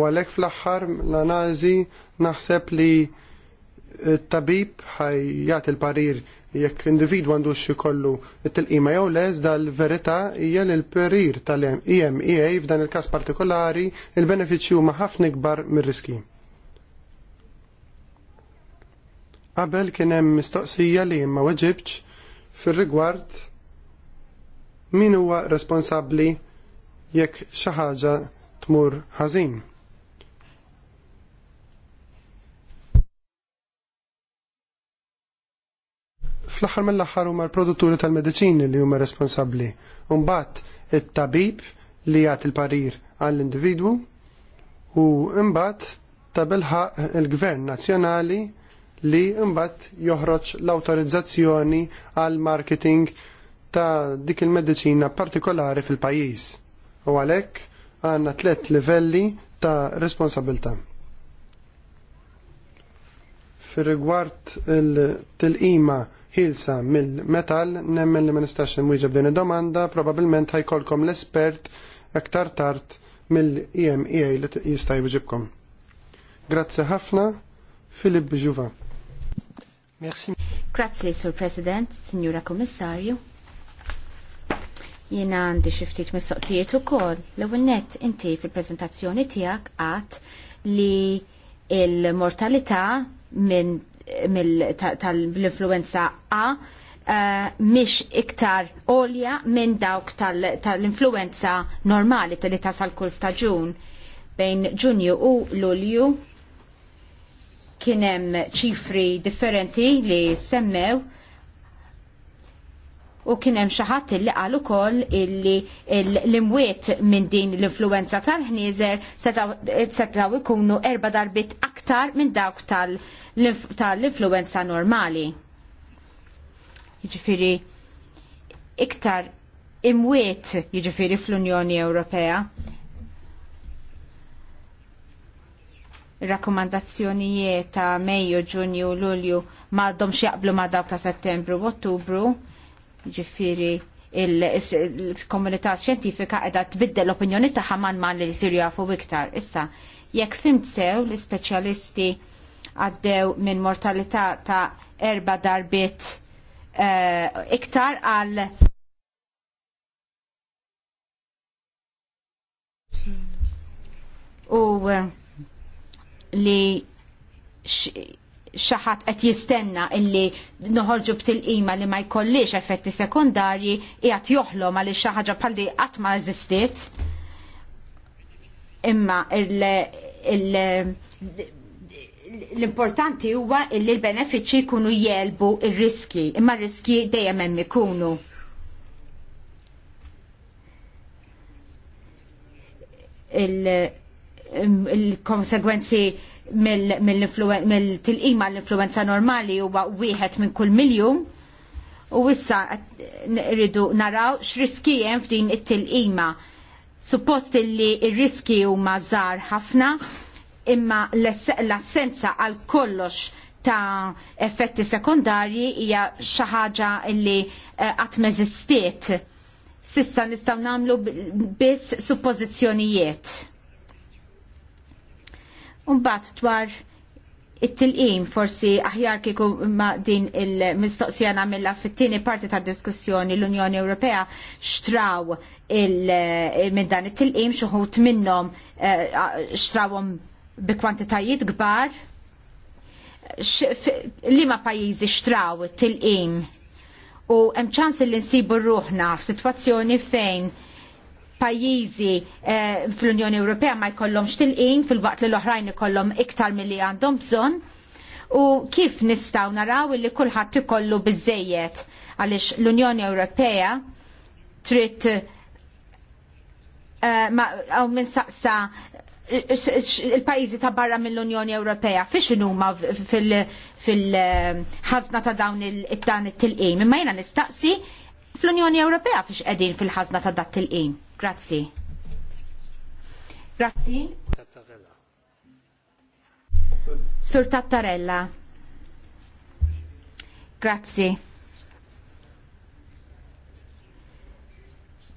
U għalhekk fl-aħħar l-analiżi naħseb li t-tabib ħaj jagħti il parir jekk għandu għandux ikollu il tilqima jew les, dal verita verità hija l perir tal-EMEA f'dan il-każ partikolari il-benefiċċju huma ħafna ikbar mir-riski. Qabel kien hemm mistoqsija li ma weġibx fir-rigward min huwa responsabbli jekk xi ħaġa tmur ħażin. fl-aħħar mill-aħħar huma l-produtturi tal-mediċini li huma responsabbli. Umbat it-tabib li jgħat il parir għall-individwu u imbat tabilħaq il-Gvern Nazzjonali li imbat joħroġ l-awtorizzazzjoni għal marketing ta' dik il-mediċina partikolari fil-pajjiż. U għalhekk għandna tliet livelli ta' responsabilta' fir rigward il-tilqima ħilsa mill-metal, nemmen li ma nistax nimwiġeb din id-domanda, probabbilment ħajkolkom l-espert aktar tard mill-EMEA li jista' jibġibkom. Grazzi ħafna, Filip Juva. Merci. Grazzi, Sur President, Signora Kommissarju. Jiena għandi xi ftit mistoqsijiet ukoll. L-ewwel nett inti fil-preżentazzjoni tiegħek għad li il-mortalità minn tal-influenza A eh, mhix iktar olja minn dawk tal-influenza normali tal tasal kull staġun bejn Ġunju u Lulju kien hemm ċifri differenti li semmew u kien hemm xi ħadd li qal ukoll illi l-imwiet minn din l-influenza tal ħnizer setaw ikunu erba' darbit aktar minn dawk tal- tal-influenza normali. Jiġifieri iktar imwiet jiġifieri fl-Unjoni Ewropea. rakkomandazzjonijiet ta' Mejju, Ġunju, Lulju m'għadhom jaqblu ma' dawk ta' Settembru u Ottubru, Jiġifieri il-komunità xjentifika qiegħda tbiddel l-opinjoni tagħha man man li jsiru jafu iktar. Issa, jekk fimt sew l-ispeċjalisti għaddew minn mortalità ta' erba darbiet uh, iktar għal u eh, li xaħat qed jistenna illi noħorġu b'tilqima li ma jkollix effetti sekundarji qiegħed joħlom għaliex xi ħaġa bħal di qatt ma eżistiet. Imma il, il l-importanti huwa li l-benefiċi jkunu jelbu il-riski, imma riski dejjem hemm ikunu. il-konsegwenzi mill-tilqima l-influenza normali huwa wieħed minn kull miljum u issa rridu naraw x'riski hemm f'din it-tilqima. Suppost li r-riski huma żgħar ħafna, imma l-assenza għal kollox ta' effetti sekondarji hija xi ħaġa li eh, qatt meżistiet. Sissa nistgħu nagħmlu biss suppożizzjonijiet. Mbagħad dwar it-tilqim forsi aħjar kieku ma din il-mistoqsija nagħmilha fit-tieni parti tad diskussjoni l-Unjoni Ewropea xtraw eh, minn dan it-tilqim xi wħud minnhom eh, xtrawhom bi kwantitajiet kbar li ma pajizi xtraw til-in u emċans li nsibu ruħna f-situazzjoni fejn pajizi eh, fl-Unjoni Ewropea ma jkollhomx til-in fil-waqt li l-oħrajn ikollhom iktar milli għandhom bżonn u kif nistaw naraw li kulħadd ikollu biżejjed għaliex l-Unjoni Ewropea trid eh, għaw uh, minn saqsa il-pajizi ta' barra mill-Unjoni Ewropea fiex huma fil-ħazna ta' dawn il-dan it-tilqim. Imma jiena nistaqsi fl-Unjoni Ewropea fiex qegħdin fil-ħazna ta' dat il-qim. Grazzi. Grazzi. Sur Tattarella. Grazzi.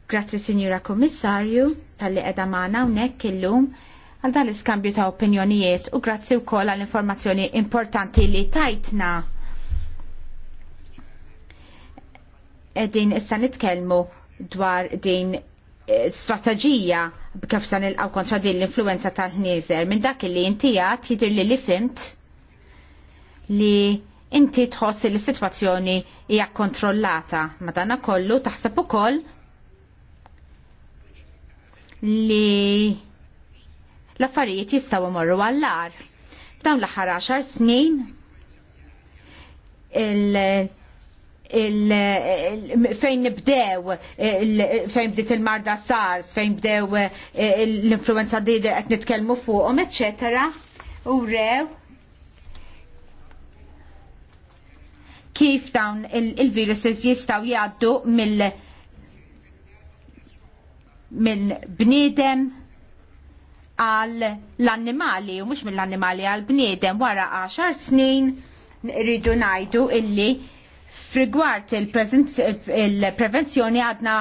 Grazzi Signora Kommissarju tal-li edha maħna unnek illum għal dan l-iskambju ta' opinjonijiet u grazzi wkoll għall informazzjoni importanti li tajtna. Din issa nitkellmu dwar din eh, strategija kif se nilqgħu kontra din l-influenza tal-ħnieżer minn dak li intijat jidher li li fimt li inti tħoss li s-sitwazzjoni hija kontrollata madana kollu taħseb ukoll li l-affarijiet jistgħu morru għall Dawn l-aħħar għaxar snin il- fejn nibdew fejn bdiet il-marda SARS, fejn bdew eh, l-influenza d qed nitkellmu fuqhom, eċetera. U rew kif dawn il-viruses jistgħu jgħaddu mill mill-bniedem għal l-annimali u mhux mill-annimali għal bniedem wara 10 snin rridu ngħidu illi Frigward il-prevenzjoni għadna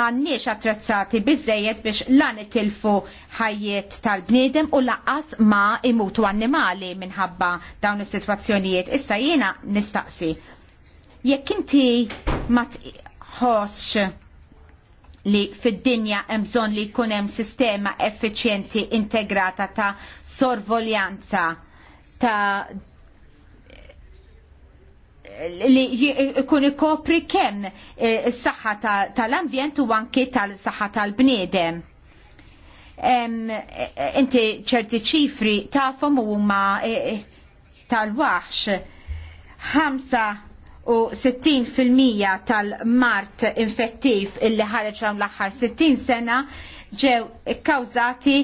manniex attrezzati bizzejiet biex lan itilfu ħajiet tal-bniedem u laqqas ma imutu annimali minħabba dawn is-sitwazzjonijiet. Issa jiena nistaqsi. Jekk inti ma tħossx li fid-dinja hemm bżonn li jkun hemm sistema effiċjenti integrata ta' sorvoljanza ta' li jkun ikopri kemm eh, is-saħħa tal-ambjent u anke tal-saħħa tal-bniedem. Eh, inti ċerti ċifri tafhom huma eh, tal-waħx. Ħamsa u 60% tal-mart infettiv illi ħareġ dawn l-aħħar 60 sena ġew kkawżati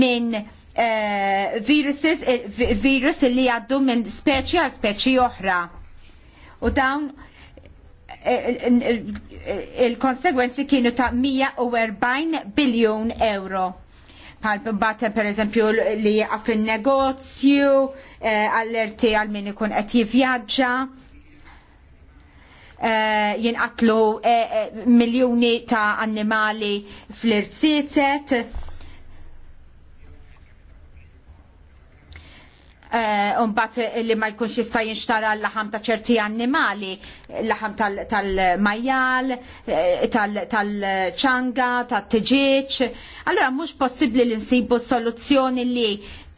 minn uh, virus illi għaddu minn speċi għal speċi oħra. U dawn eh, il-konsegwenzi kienu ta' 140 biljon euro bħal bata per eżempju li jaqaf il-negozju, allerti għal min ikun qed jivvjaġġa, Eh, jinqatlu eh, eh, miljoni ta' annimali fl-irsitet. Uh, unbat li ma jkunx jista' jinxtara l-laħam ta' ċerti annimali, l-laħam tal-majjal, tal tal-ċanga, tal ċanga tal tal tġieċ Allora mux possibli li nsibu soluzzjoni li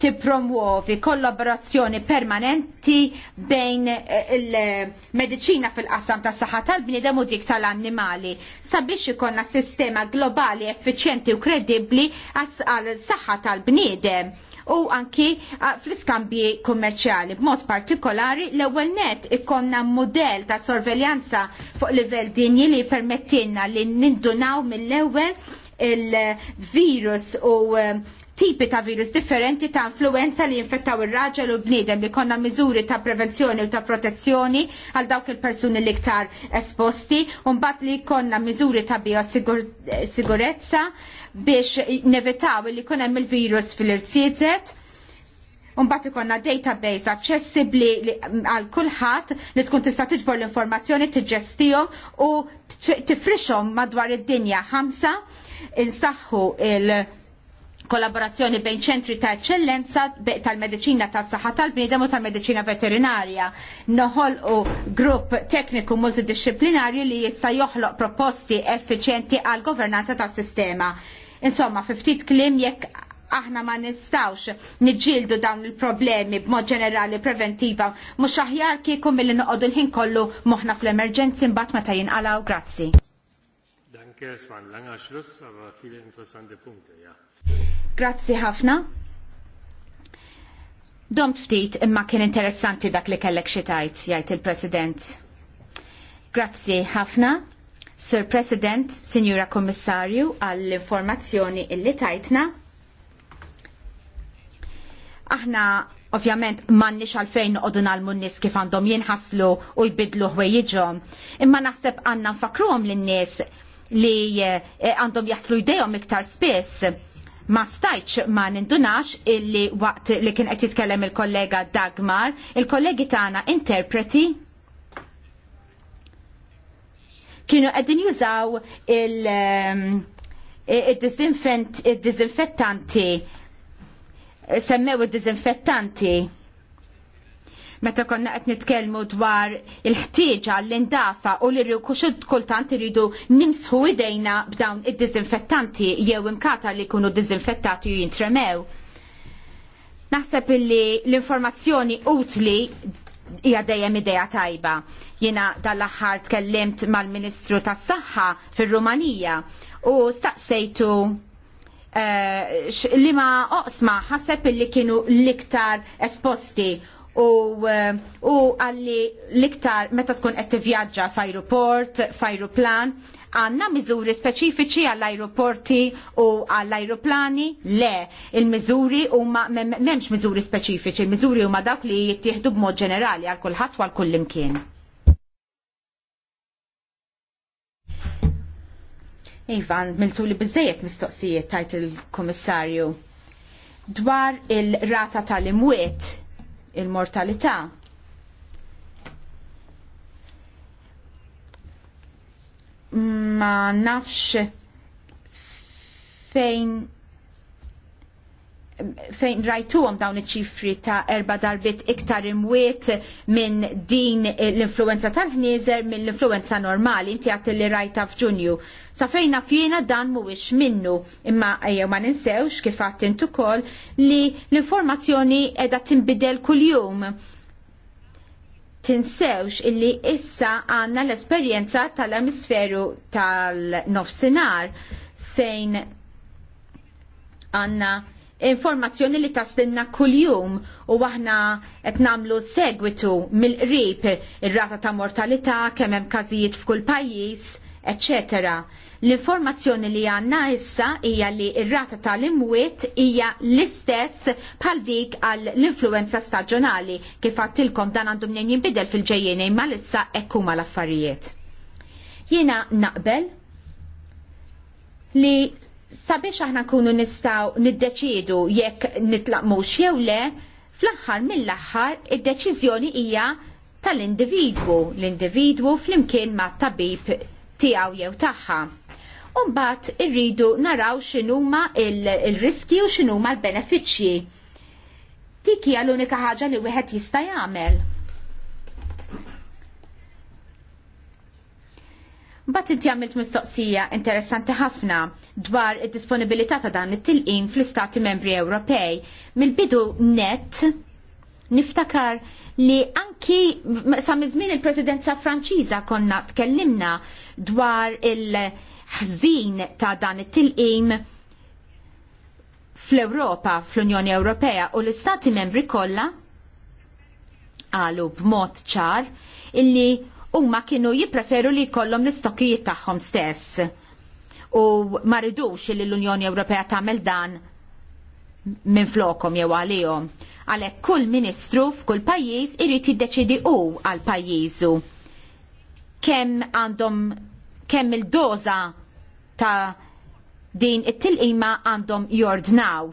tippromuovi kollaborazzjoni permanenti bejn eh, il-medicina fil-qasam tas saħħa tal-bniedem u dik tal-annimali sabiex ikonna sistema globali effiċjenti u kredibbli għal saħħa tal-bniedem u anki fl-iskambji kummerċjali. B'mod partikolari l-ewwel net ikonna modell ta' sorveljanza fuq livell dinji li permettilna li nindunaw mill-ewwel il-virus u eh, tipi ta' virus differenti ta' influenza li jinfettaw ir-raġel u bniedem li konna miżuri ta' prevenzjoni u ta' protezzjoni għal dawk il-persuni li iktar esposti, u mbagħad li konna miżuri ta' biosigurezza biex nevitaw li jkun hemm il-virus fil-irsiedzet. Unbat ikonna database accessibli għal kulħadd li tkun tista' tiġbor l-informazzjoni tiġġestihom u tifrixhom madwar id-dinja ħamsa insaħħu il- kollaborazzjoni bejn ċentri ta' eccellenza tal-medicina tas saħħa tal-bniedem u tal-medicina veterinarja. u grupp tekniku multidisciplinarju li jista' joħloq proposti effiċjenti għal governanza tas sistema. Insomma, fiftit klim jekk aħna ma nistawx niġġieldu dawn il-problemi b'mod ġenerali preventiva mhux aħjar kieku milli noqogħdu l-ħin kollu moħħna fl-emerġenzi mbagħad meta jinqalgħu grazzi. Danke, Svan, Langaxlus. Schluss, aber viele interessante Punkte, ja. Grazzi ħafna. Domt ftit imma kien interessanti dak li kellek xi tajt, jgħid il-President. Grazzi ħafna, Sir President, Sinjura Kommissarju, għall-informazzjoni illi tajtna. Aħna ovvjament mannix għalfejn noqogħdu nagħmlu n-nies kif għandhom jinħaslu u jbidlu ħwejjiġhom. Imma naħseb għandna nfakruhom lin-nies li eh, għandhom jaslu jdejhom iktar spiss ma stajċ ma nindunax illi waqt li kien qed jitkellem il-kollega Dagmar, il-kollegi tagħna interpreti kienu qegħdin jużaw il-disinfettanti il ehm, semmew id-disinfettanti Meta konna qed nitkellmu dwar il-ħtieġa għall indafa u li kuxud kultant iridu nimsħu idejna b'dawn id-dizinfettanti jew imkata li jkunu dizinfettati u jintremew. Naħseb illi l-informazzjoni utli hija dejjem idea tajba. Jiena dal-aħħar tkellimt mal-Ministru tas-Saħħa fir-Rumanija u staqsejtu uh, li ma oqsma ħaseb illi kienu l-iktar esposti Eh, u għalli liktar meta tkun qed tivvjaġġa f'ajruport, f'ajruplan, għandna miżuri speċifiċi għall-ajruporti u għall-ajruplani? Le, il-miżuri huma m'hemmx miżuri speċifiċi, il-miżuri huma dawk li jittieħdu b'mod ġenerali għal kulħadd u għal kull imkien. Ivan, miltu li bizzejet mistoqsijiet tajt il-komissarju dwar il-rata tal-imwiet il-mortalità. Ma nafx fejn fejn rajtuhom dawn iċ-ċifri ta' erba' darbit iktar imwiet minn din l-influenza tal-ħnieżer minn l-influenza normali inti għat li rajta f'Ġunju. Sa fejna fjena dan mhuwiex minnu, imma jew ma ninsewx kif għattin int ukoll li l-informazzjoni qiegħda tinbidel kuljum. Tinsewx illi issa għandna l-esperjenza tal-emisferu tal-nofsinhar fejn għandna informazzjoni li taslinna kuljum u aħna qed nagħmlu segwitu mill-qrib ir-rata ta' mortalità kemm hemm każijiet f'kull pajjiż, etc. L-informazzjoni li għandna issa hija li r-rata tal-imwiet hija l-istess bħal dik għall influenza staġjonali kif għattilkom dan għandhom jinbidel fil ġejjien imma issa hekk huma l-affarijiet. Jiena naqbel li sabiex aħna nkunu nistaw niddeċidu jekk nitlaqmux jew le, fl-aħħar mill-aħħar id-deċiżjoni hija tal-individwu, l-individwu flimkien ma' tabib tiegħu jew tagħha. Umbat irridu naraw x'inhuma il-riski u x'inhuma l-benefiċċji. Dik hija l-unika ħaġa li wieħed jista' jagħmel. Bat inti għamilt mistoqsija interessanti ħafna dwar id-disponibilità ta' dan it-tilqim fl-Istati Membri Ewropej. Mill-bidu net niftakar li anki sa' mizmin il-Presidenza Franċiża konna tkellimna dwar il-ħżin ta' dan it-tilqim fl-Europa, fl-Unjoni Ewropea u l-Istati membri kollha qalu b'mod ċar illi huma kienu jippreferu li jkollhom l istokijiet tagħhom stess. U ma ridux li l-Unjoni Ewropea tagħmel dan minn flokom jew għalihom. Għalhekk kull ministru f'kull pajjiż irid jiddeċidi hu għal pajjiżu. Kemm għandhom kemm il-doża ta' din it-tilqima għandhom jordnaw.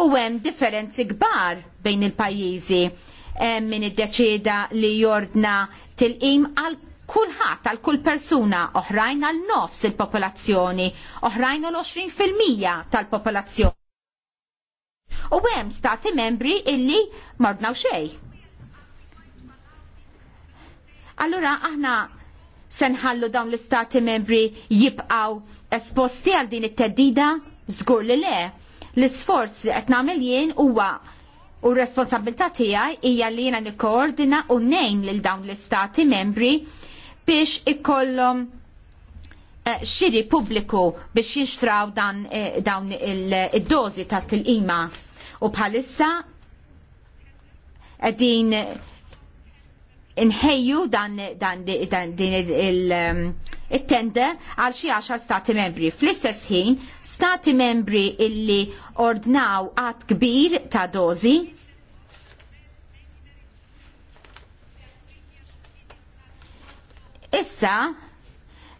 U hemm differenzi kbar bejn il-pajjiżi min iddeċieda li jordna tilqim għal kulħadd għal kull persuna oħrajn għal nofs il-popolazzjoni, oħrajn għal 20% tal-popolazzjoni. U hemm stati membri illi mordnaw xej. Allura aħna senħallu dawn l-istati membri jibqaw esposti għal din it-teddida żgur li le. L-isforz li qed nagħmel jien huwa U r-responsabilità tiegħi hija li jiena nikkoordina u nejn lil dawn l-istati membri biex ikollhom eh, xiri pubbliku biex jinxtraw dan eh, dawn id-dozi ta' tilqima. U bħalissa qegħdin inħejju dan, dan, dan din um, il-tende għal xi għaxar stati membri. Fl-istess ħin, stati membri illi ordnaw għat kbir ta' dozi Issa,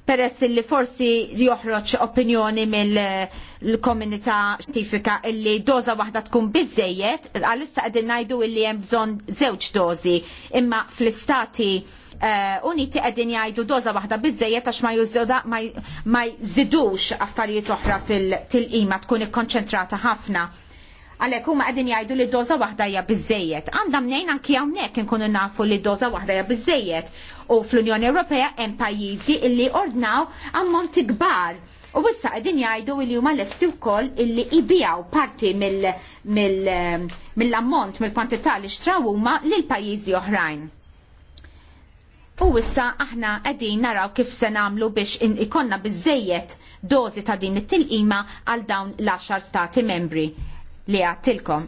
peress li forsi joħroġ opinjoni mill- l-komunità xtifika illi doza waħda tkun biżejjed, għalissa qegħdin ngħidu illi hemm bżonn żewġ dożi, imma fl-istati uh, Uniti qegħdin jgħidu doza waħda biżejjed għax ma jużoda ma jżidux affarijiet oħra fil-tilqima tkun ikkonċentrata ħafna għalek huma qegħdin jgħidu li doza waħda hija biżejjed. Għandha mnejn anki hawnhekk inkunu nafu li doza waħda hija biżejjed. U fl-Unjoni Ewropea hemm pajjiżi li ordnaw ammonti kbar U wissa għedin jgħidu li huma lesti wkoll illi jbijaw parti mill-ammont, mill-kwantità li xtraw huma lil pajjiżi oħrajn. U wissa aħna qegħdin naraw kif se nagħmlu biex ikonna biżejjed dozi ta' din it-tilqima għal dawn l-10 stati membri li għattilkom.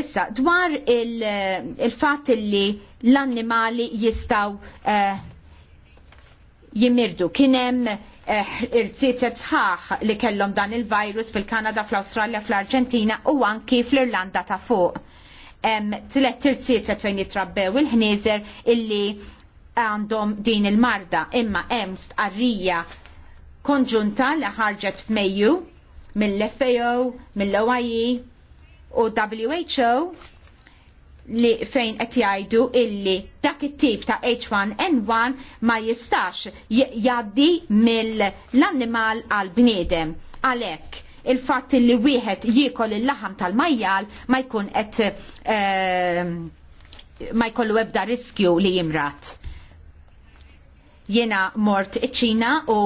Issa, dwar il-fat il li l-annimali jistaw uh, jimirdu. Kienem Eh, irtizet sħaħ li kellhom dan il-virus fil-Kanada, fl australia fl-Arġentina u anki fl-Irlanda ta' fuq. Tlet irtizet fejn jitrabbew il-ħnieżer illi għandhom din il-marda imma hemm stqarrija konġunta li ħarġet f'Mejju mill-FAO, mill-OIE u WHO li fejn qed jgħidu illi dak it-tip ta' H1N1 ma jistax jgħaddi mill-annimal għal bniedem. Għalhekk il-fatt li wieħed jiekol il-laħam tal-majjal ma jkun qed ehm, ma jkollu ebda riskju li jimrat. Jiena mort iċ-Ċina u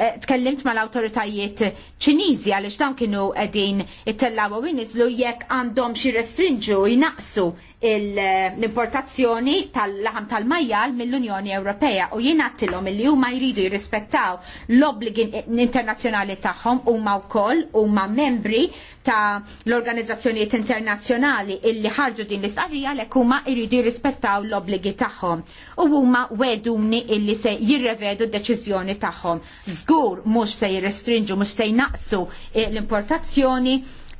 Eh, tkellimt mal awtoritajiet ċiniżi għaliex dawn kienu qegħdin ittellaw u inizlu jekk għandhom xi restrinġu jnaqsu l-importazzjoni tal-laħam tal-majjal mill-Unjoni Ewropea u jien għattilhom li huma jridu jirrispettaw l-obbligi internazzjonali tagħhom huma wkoll huma membri ta' l-organizzazzjonijiet internazzjonali illi ħarġu din l-istqarrija għalhekk huma jridu jirrispettaw l-obbligi tagħhom u huma weduni illi se jirrevedu d-deċiżjoni tagħhom żgur mhux se jirrestrinġu, mhux se jnaqsu eh, l-importazzjoni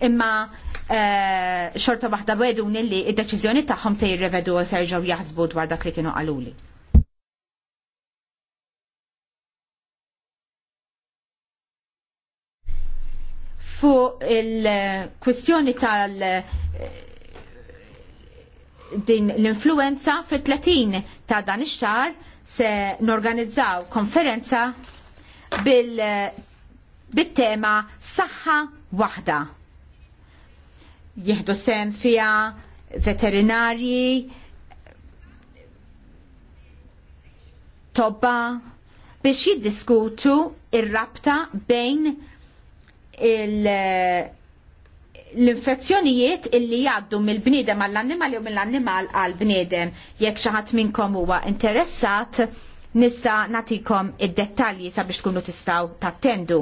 imma eh, xorta waħda wedun li id-deċiżjoni tagħhom se jirrevedu u se jerġgħu jaħsbu dwar dak li kienu qaluli. Fuq il-kwistjoni tal- eh, din l-influenza fit-30 ta' dan ix-xahar se norganizzaw konferenza bil-tema saħħa waħda. Jihdu sem fija veterinarji, tobba, biex jiddiskutu il rabta bejn l-infezzjonijiet illi jgħaddu mill-bniedem għall-annimali u mill-annimal għall-bniedem jekk xi ħadd minnkom huwa interessat nista' natikom id-dettalji sabiex tkunu tistgħu tattendu.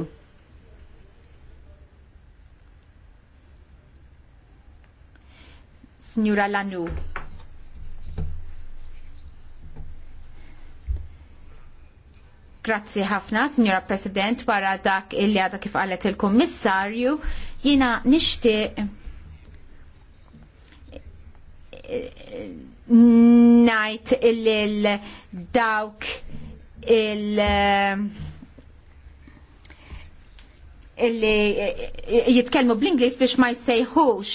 Signora Lanu. Grazzi ħafna, Signora President, wara dak illi għada kif għalet il-Kommissarju, jina nishti najt il-dawk il-, um, illi jitkelmu bl-Inglis biex ma jsejħux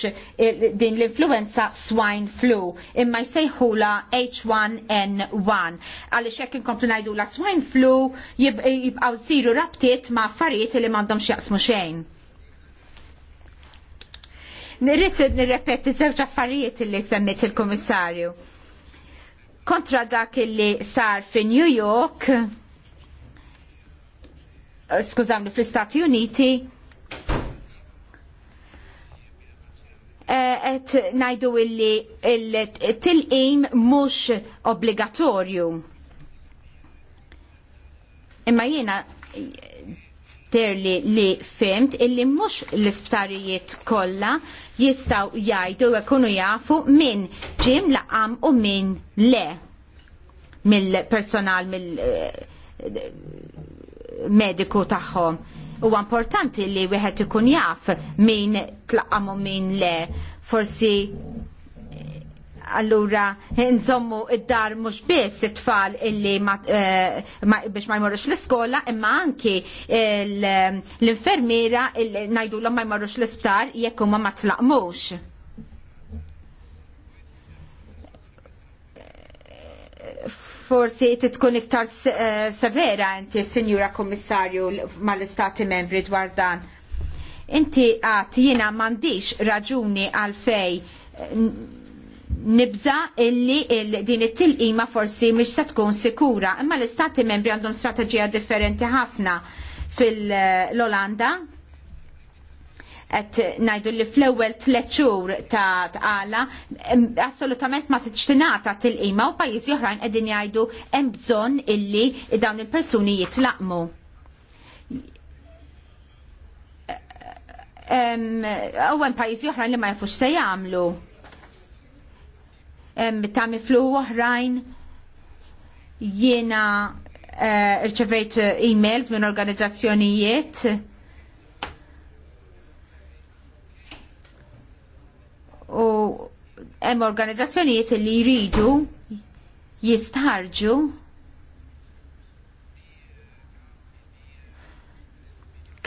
din l-influenza swine flu imma jsejħula H1N1 għalli xekin inkomplu najdu la swine flu jibqaw siru rabtiet ma affarijiet li mandom xjaqsmu xejn. Nirrit nirrepeti żewġ affarijiet li semmet il-Kummissarju. Kontra dak li sar fi New York, eh, skużamni fl-Istati Uniti, eh, et najdu illi il-tilqim mux obbligatorju. Imma jiena terli li fimt illi mhux l-isptarijiet kollha jistaw jajdu jkunu jafu min ġim laqam u min le mill-personal mill-mediku eh, tagħhom. Huwa importanti li wieħed ikun jaf min tlaqam u min le forsi allura nżommu id-dar mhux biss it-tfal illi eh, biex ma jmorrux l-iskola imma anki l-infermiera ngħidulhom ma jmorrux l-isptar jekk huma ma tlaqmux. forsi tkun iktar eh, severa inti sinjura kommissarju mal-istati membri dwar dan. Inti għat jina mandiċ raġuni fej nibza illi din it-tilqima forsi mhix se tkun sikura, imma l-istati membri għandhom strateġija differenti ħafna fil-Olanda Et ngħidu li fl-ewwel tliet xhur ta' tqala assolutament ma tiġtinata tilqima u pajjiżi oħrajn qegħdin jgħidu hemm bżonn illi dawn il-persuni jitlaqmu. hemm pajjiżi oħrajn li ma jafux se jagħmlu ta' miflu oħrajn jiena rċevejt eh, irċevejt eh, e-mails minn organizzazzjonijiet u hemm organizzazzjonijiet li jridu jistħarġu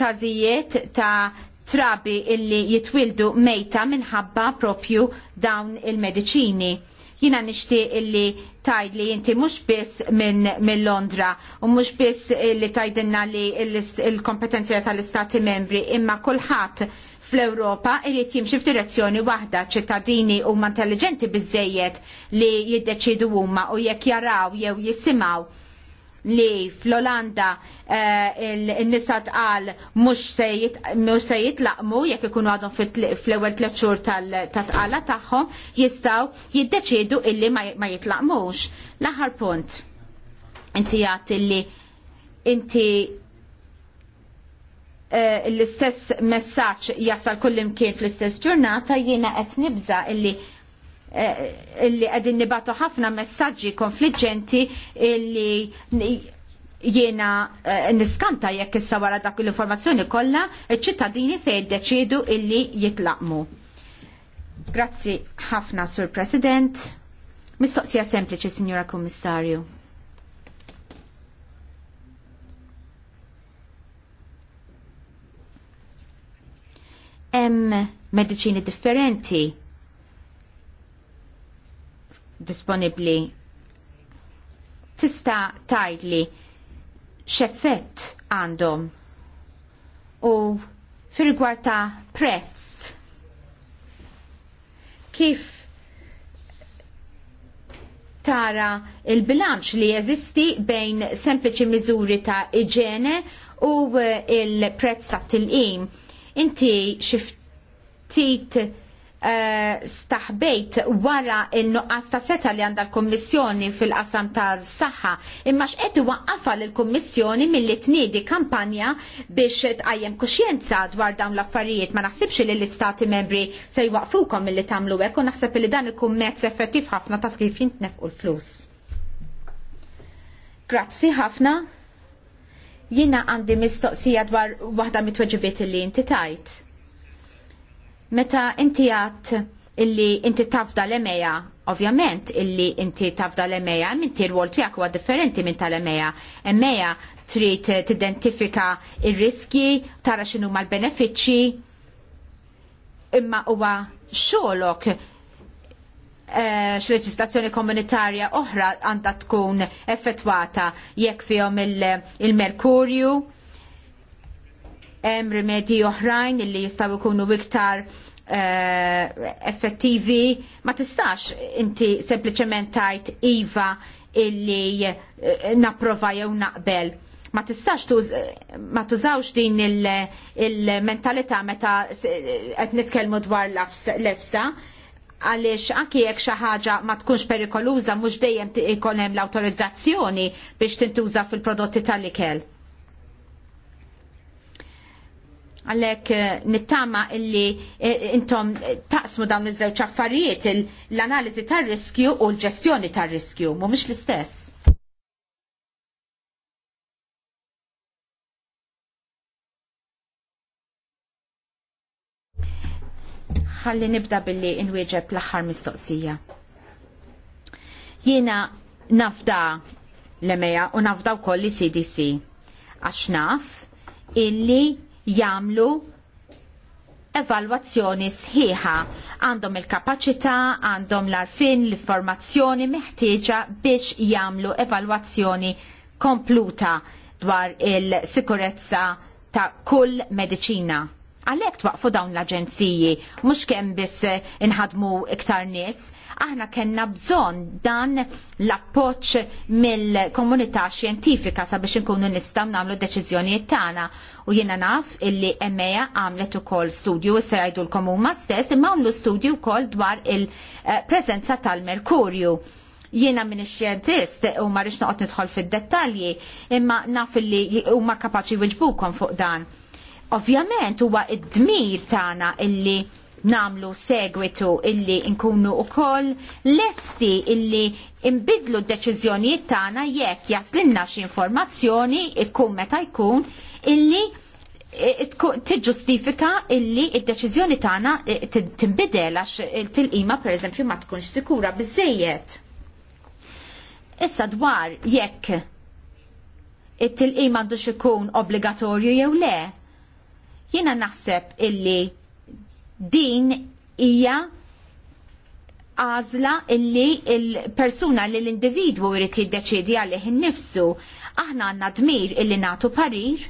każijiet ta' trabi illi jitwildu mejta minħabba propju dawn il-medicini jina nishti illi tajd li jinti mux bis minn min Londra u mux bis li tajdinna li il-kompetenzja tal-istati membri imma kullħat fl-Europa irrit jimxi f'direzzjoni waħda ċittadini u intelligenti bizzejiet li jiddeċidu huma u jekk jaraw jew jisimaw li fl-Olanda eh, il-nisa tqal mhux se jitlaqmu jekk ikunu għadhom fl-ewwel tliet xhur tal tqala tagħhom jistgħu jiddeċiedu illi ma jitlaqmux. L-aħħar punt. Inti jgħat illi inti eh, l-istess messaġġ jasal kullimkien fl-istess ġurnata jiena qed nibża illi Eh, illi għedin nibatu ħafna messaġġi konfliġenti illi jiena eh, niskanta jekk issa wara dak l-informazzjoni kollha, iċ-ċittadini se jiddeċiedu illi jitlaqmu. Grazzi ħafna, Sur President. Mistoqsija sempliċi, Signora Kummissarju. Hemm mediċini differenti disponibbli. Tista' tgħidli x'effett għandhom u fir-rigward ta' prezz. Kif tara il-bilanċ li jeżisti bejn sempliċi miżuri ta' iġene u il-prezz ta' tilqim. Inti xiftit Eh, staħbejt wara il-nuqqas ta' seta li għandha l-Kommissjoni fil-qasam ta' saħħa imma x'qed iwaqqafa l-Kommissjoni milli tniedi kampanja biex tqajjem kuxjenza dwar dawn l-affarijiet ma naħsibx li l-istati membri se jwaqfukom milli tagħmlu hekk u naħseb li dan ikun mezz effettiv ħafna ta' kif jintnefqu l-flus. Grazzi ħafna. Jiena għandi mistoqsija dwar waħda mit-tweġibiet li inti tajt Meta inti għat illi inti tafda l-emeja, ovvjament illi inti tafda l-emeja, minti r-wol tijak huwa differenti minn tal-emeja. Emeja trid t-identifika il-riski, tara xinu l benefiċċji imma huwa xolok eh, x-leġislazzjoni komunitarja oħra għandha tkun effettwata jekk fihom il-merkurju, il merkurju hemm rimedji oħrajn li jistgħu jkunu iktar eh, effettivi ma tistax inti sempliċement tajt iva illi naprova eh, napprova jew naqbel ma tistax ma tużawx din il-mentalità meta qed nitkellmu dwar l-efsa għaliex anki jekk xi ħaġa ma tkunx perikoluża mhux dejjem ikun hemm l-awtorizzazzjoni biex tintuża fil-prodotti tal-ikel. għalek eh, nittama illi eh, intom eh, taqsmu dawn iż-żewġ affarijiet l-analiżi tar-riskju u l-ġestjoni tar-riskju mhumiex l-istess. Ħalli nibda billi inwieġeb l-aħħar mistoqsija. Jiena nafda l emeja u nafda wkoll li CDC għax naf illi jagħmlu evalwazzjoni sħiħa. Għandhom il kapaċità għandhom l-arfin, l-informazzjoni meħtieġa biex jagħmlu evalwazzjoni kompluta dwar il-sikurezza ta' kull mediċina. Għalhekk twaqfu dawn l-aġenziji, mhux kemm biss inħadmu iktar nies, Aħna kellna bżonn dan l-appoġġ mill-komunità xjentifika sabiex inkunu nistgħu nagħmlu deċiżjonijiet tagħna. U jiena naf illi EMEA għamlet ukoll studju issa jgħidulkom huma stess imma għamlu studju wkoll dwar il-preżenza tal-Merkurju jiena minn xjentist u ma rix noqgħod nidħol fid-dettalji, imma naf illi huma kapaċi jwiġbukom fuq dan. Ovvjament huwa id-dmir tagħna illi namlu segwitu illi nkunu u koll lesti illi imbidlu d deċizjoni tagħna jekk jaslinna xi informazzjoni ikkun meta jkun illi tiġġustifika illi id-deċizjoni tagħna tinbidel għax il-tilqima pereżempju ma tkunx sikura bizzejiet. Issa dwar jekk it-tilqim għandux ikun obbligatorju jew le, jina naħseb illi din hija għazla illi il-persuna li l-individwu jrid jiddeċidi għalih innifsu. Aħna għandna dmir illi natu parir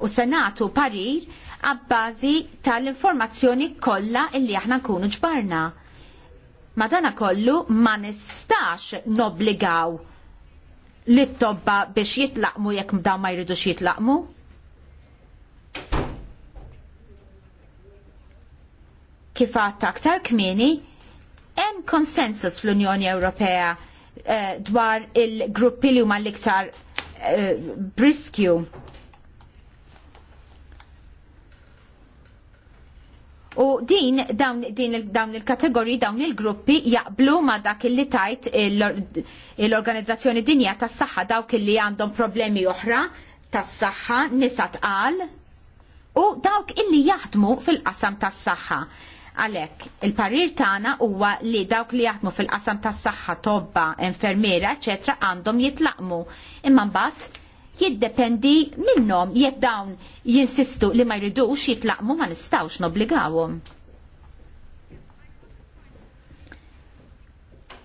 u se natu parir għabbażi tal-informazzjoni kollha illi aħna nkunu ġbarna. dana kollu ma nistax nobligaw li t-tobba biex jitlaqmu jekk dawn ma jridux jitlaqmu. kif għadt aktar kmieni hemm konsensus fl-Unjoni Ewropea uh, dwar il-gruppi li huma l-iktar uh, briskju. U din dawn, din, dawn il-kategoriji dawn il-gruppi jaqblu ma dak li tajt l-Organizzazzjoni Dinja tas saħħa dawk li għandhom problemi oħra tas saħħa nisa tqal u dawk illi jaħdmu fil-qasam tas saħħa Għalhekk il-parir tagħna huwa li dawk li jaħdmu fil-qasam tas-saħħa tobba, infermiera, eċetera, għandhom jitlaqmu. Imma mbagħad jiddependi minnhom jekk dawn jinsistu li ma jridux jitlaqmu ma nistgħux nobbligawhom.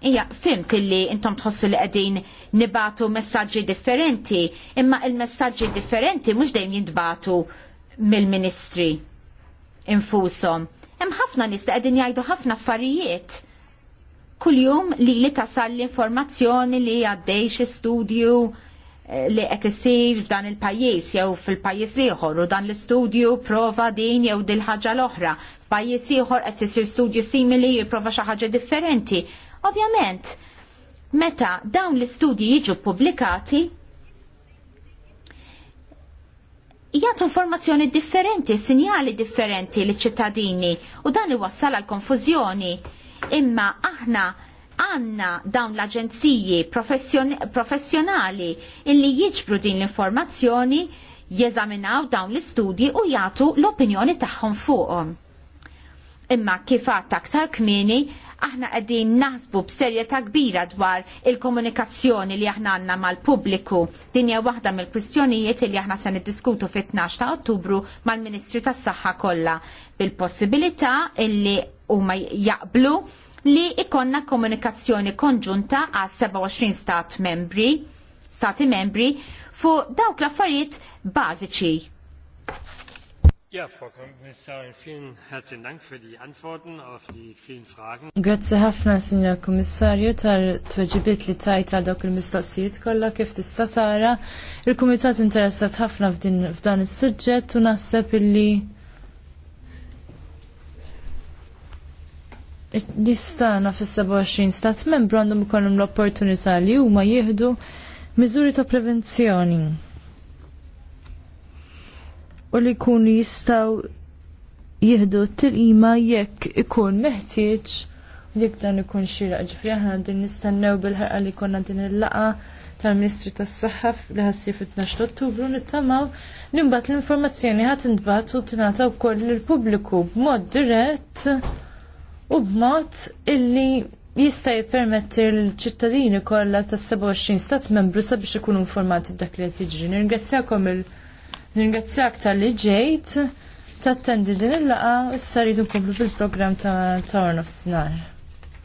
Ija, fimt illi intom tħossu li qegħdin nibatu messagġi differenti, imma il-messaġġi differenti mhux dejjem jindbatu mill-ministri infushom. Hemm ħafna nista' qegħdin jgħidu ħafna affarijiet. Kuljum li li tasal l-informazzjoni li għaddej xi studju eh, li qed isir f'dan il-pajjiż jew fil-pajjiż ieħor u dan l-istudju prova din jew dil ħaġa l-oħra. F'pajjiż ieħor qed isir studju simili jipprova xi ħaġa differenti. Ovvjament, meta dawn l-istudji jiġu pubblikati, jgħatu informazzjoni differenti, sinjali differenti li ċittadini u dan iwassal għal konfużjoni. Imma aħna għanna dawn l-aġenziji professjonali illi jiġbru din l-informazzjoni, jeżaminaw dawn l-istudji u jgħatu l-opinjoni tagħhom fuqhom. Imma kifat aktar kmieni aħna qegħdin naħsbu b'serjetà kbira dwar il-komunikazzjoni li aħna għandna mal-pubbliku. Din hija waħda mill-kwistjonijiet li aħna se niddiskutu fit-12 ta' Ottubru mal-Ministri tas-Saħħa kollha bil-possibilità illi huma jaqblu li ikonna komunikazzjoni konġunta għal 27 stat membri, stati membri fuq dawk l-affarijiet bażiċi Ja, Frau Kommissarin, vielen herzlichen Dank für die Antworten auf die vielen Fragen. Grazie ħafna, Signor Kommissarju, tal-tweġibiet li tajt għal dawk il-mistoqsijiet kollha kif tista' tara. Il-Kumitat interessat ħafna f'dan is-suġġett u naħseb illi nistana fis-27 stat membru għandhom ikollhom l-opportunità li huma jieħdu miżuri ta' prevenzjoni u li jkunu jistgħu jieħdu t-tilqima jekk ikun meħtieġ jekk dan ikun xieraq ġifri aħna din nistennew bil-ħarqa li konna din il-laqa tal-Ministri tas-Saħħa li ħassir fit-12 Ottubru nittamaw li mbagħad l-informazzjoni ħadd intbagħat u tingħata wkoll lill-pubbliku b'mod dirett u b'mod illi jista' jippermetti l-ċittadini kollha tas-27 stat membru sabiex ikunu informati b'dak li qed jiġri. Nirringrazzjakom il- Ringrazzjak tal-li ġejt tattendi din il-laqa issa rridu nkomplu fil-programm ta' Torn of Snar.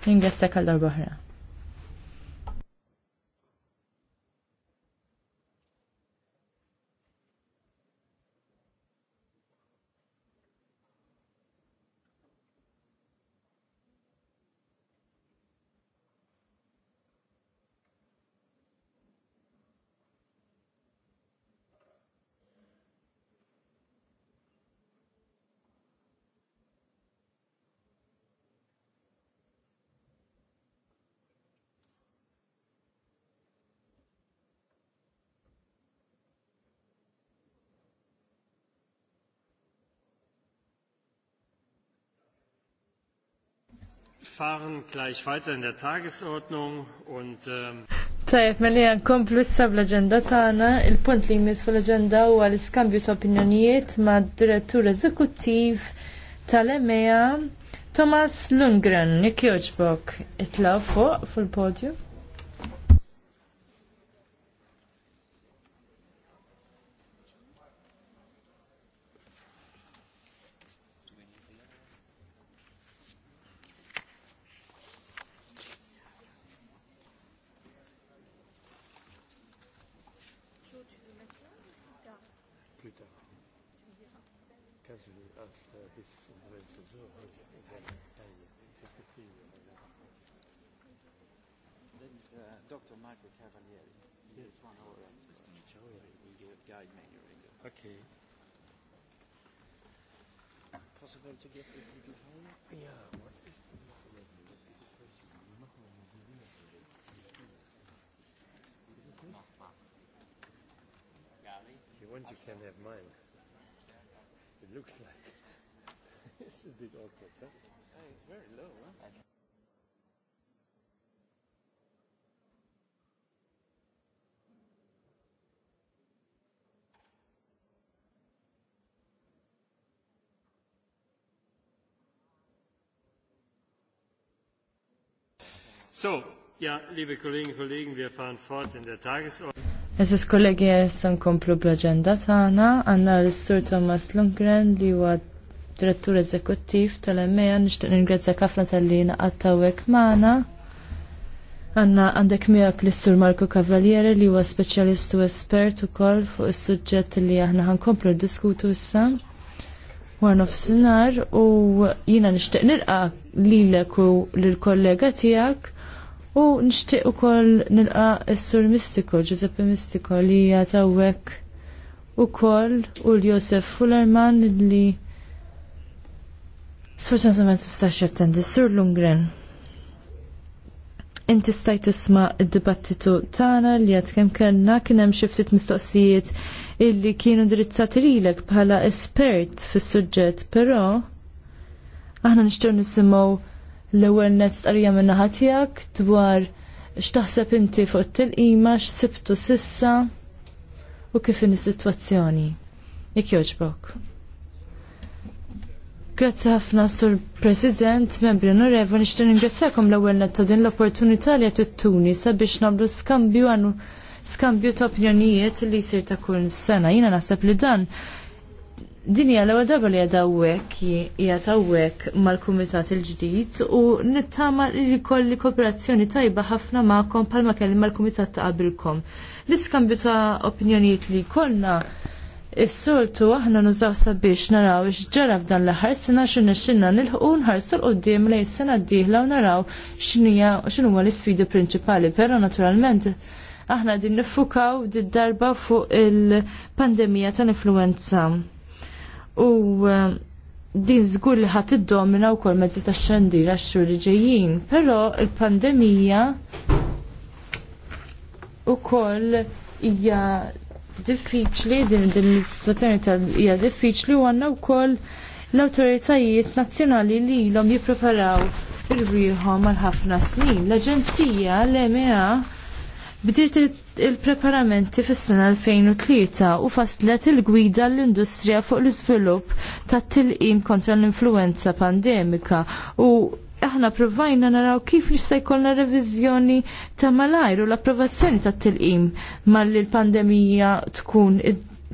Ringrazzjak għal darba fahren gleich weiter in der Tagesordnung und ähm, Tajjeb, melli għankomplu issa bl-agenda tagħna, il-punt li jmiss fl-agenda huwa l-iskambju ta' opinjonijiet mad direttur eżekuttiv tal-EMEA Thomas Lundgren, jekk joġbok, itlaw fuq fil-podju. have mine. It looks like it's a bit awkward, huh? it's very low, huh? So, ja, liebe Kolleginnen und Kollegen, wir fahren fort in der Tagesordnung. Eżis kollegi jessan komplu bl-agenda tagħna għandna l-Sur Thomas Lundgren li huwa direttur eżekuttiv tal-EMEA nixtieq ningrazzja ħafna tal-li naqattawek magħna. Għanna għandek miegħek l-Sur Marco Cavaliere li huwa speċjalistu espert ukoll fuq is-suġġett li aħna ħankomplu diskutu issa. Warna f'sinar u jina nixtieq nilqa' lilek u lill-kollega tiegħek U nishtiq u koll nilqa s-sur mistiko, Giuseppe mistiko li jatawek u koll u l-Josef Fullerman li t tistax jattendi s-sur Lungren. inti stajt tisma id-dibattitu tagħna li għad kem kellna kien hemm xi ftit mistoqsijiet illi kienu drizzati lilek bħala espert fis-suġġett, però aħna nixtiew nisimgħu l-ewwel net tqarrija minn naħa tiegħek dwar x'taħseb inti fuq it-tilqima x'sibtu sissa u kif in is-sitwazzjoni. Jekk jogħġbok. Grazzi ħafna sur President, membri onorevoli, nixtieq ningrazzjakom l-ewwel net ta' din l-opportunità li qed ittuni sabiex nagħmlu skambju għandu skambju ta' opinjonijiet li jsir ta' kull sena. Jiena naħseb li dan Dinja l-ewwel darba li għadha hawnhekk hija hawnhekk mal-kumitat il-ġdid u nittama li kolli kooperazzjoni tajba ħafna magħkom bħalma kelli mal-kumitat ta' qabilkom. L-iskambju ta' opinjonijiet li kollna is-soltu aħna nużaw sabiex naraw x'ġara f'dan l-aħħar sena x'inna xinna nilħu nħarsu l qudiem lejn sena d-dieħla u naraw x'inhu l-isfidi prinċipali, però naturalment aħna din niffukaw did-darba fuq il-pandemija tal-influenza u um, din żgur li ħadd iddomina wkoll mezzi tax-xandir għax-xhur li ġejjin, però il-pandemija ukoll hija diffiċli din din l-istituzzjoni hija diffiċli u għandna wkoll l-awtoritajiet nazzjonali li jipreparaw jippreparaw irwieħhom għal ħafna snin. L-Aġenzija l mea bdiet il-preparamenti fis-sena 2003 u faslet il-gwida l-industrija fuq l-iżvilupp tat-tilqim kontra l-influenza pandemika u aħna provajna naraw kif se jkollna reviżjoni ta' malajr u l-approvazzjoni tat tilqim mal-pandemija tkun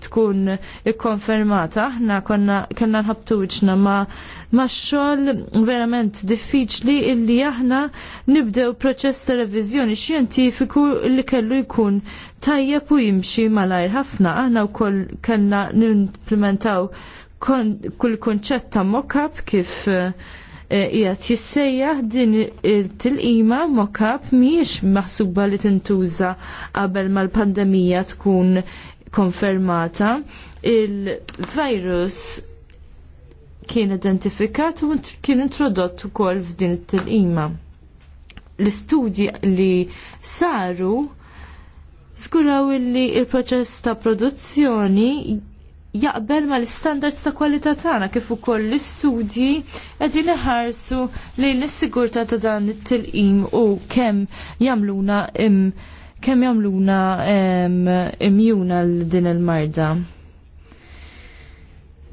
tkun ikkonfermata. Aħna konna kellna nħabtu ma ma xogħol verament diffiċli illi aħna nibdew proċess ta' reviżjoni xjentifiku li kellu jkun tajjeb u jimxi malajr ħafna. Aħna wkoll kellna nimplementaw kull konċett ta' mock-up kif eh, jgħat jissejjaħ din il-tilqima mock-up miex maħsuba li tintuża qabel mal-pandemija tkun konfermata il-virus kien identifikat u kien introdott ukoll f'din it-tilqima. L-istudji li saru skuraw li il-proċess ta' produzzjoni jaqbel ma l-standards ta' kwalità tagħna kif ukoll l-istudji qegħdin iħarsu lejn l sigurtà ta' dan it-tilqim u kemm jagħmluna im kemm jagħmluna imjuna l din il-marda.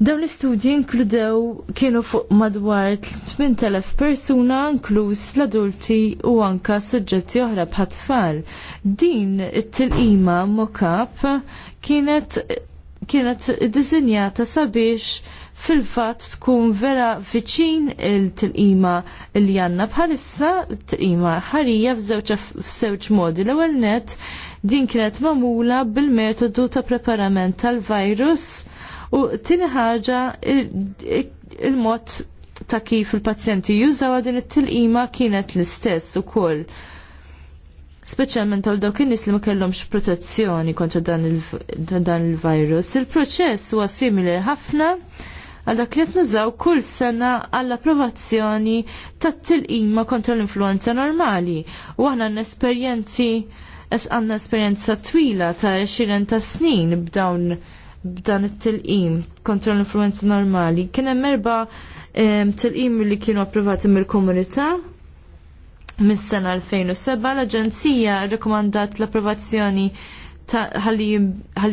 Dawn l-istudji inkludew kienu fuq madwar 8000 persuna inkluż l-adulti u anka suġġetti oħra bħat-tfal. Din it-tilqima mokap kienet kienet dizinjata sabiex fil-fatt tkun vera viċin il-tilqima li għanna bħalissa il-tilqima ħarija f'żewġ modi. L-ewwel net din kienet magħmula bil-metodu ta' preparament tal-virus u tini ħaġa il-mod ta' kif il-pazjenti jużaw din it-tilqima kienet l-istess ukoll speċjalment għal dawk in-nies li ma kellhomx protezzjoni kontra dan il-virus. Il il-proċess huwa simili ħafna għal dak li qed nużaw kull sena għall approvazzjoni tat-tilqima kontra l-influenza normali. U aħna n-esperjenzi għandna esperjenza twila ta' 20 ta' snin b'dawn b'dan it-tilqim kontra l-influenza normali. Kien hemm erba' tilqim li kienu approvati mill-komunità mis-sena 2007 l-Aġenzija rikomandat l-approvazzjoni ħalli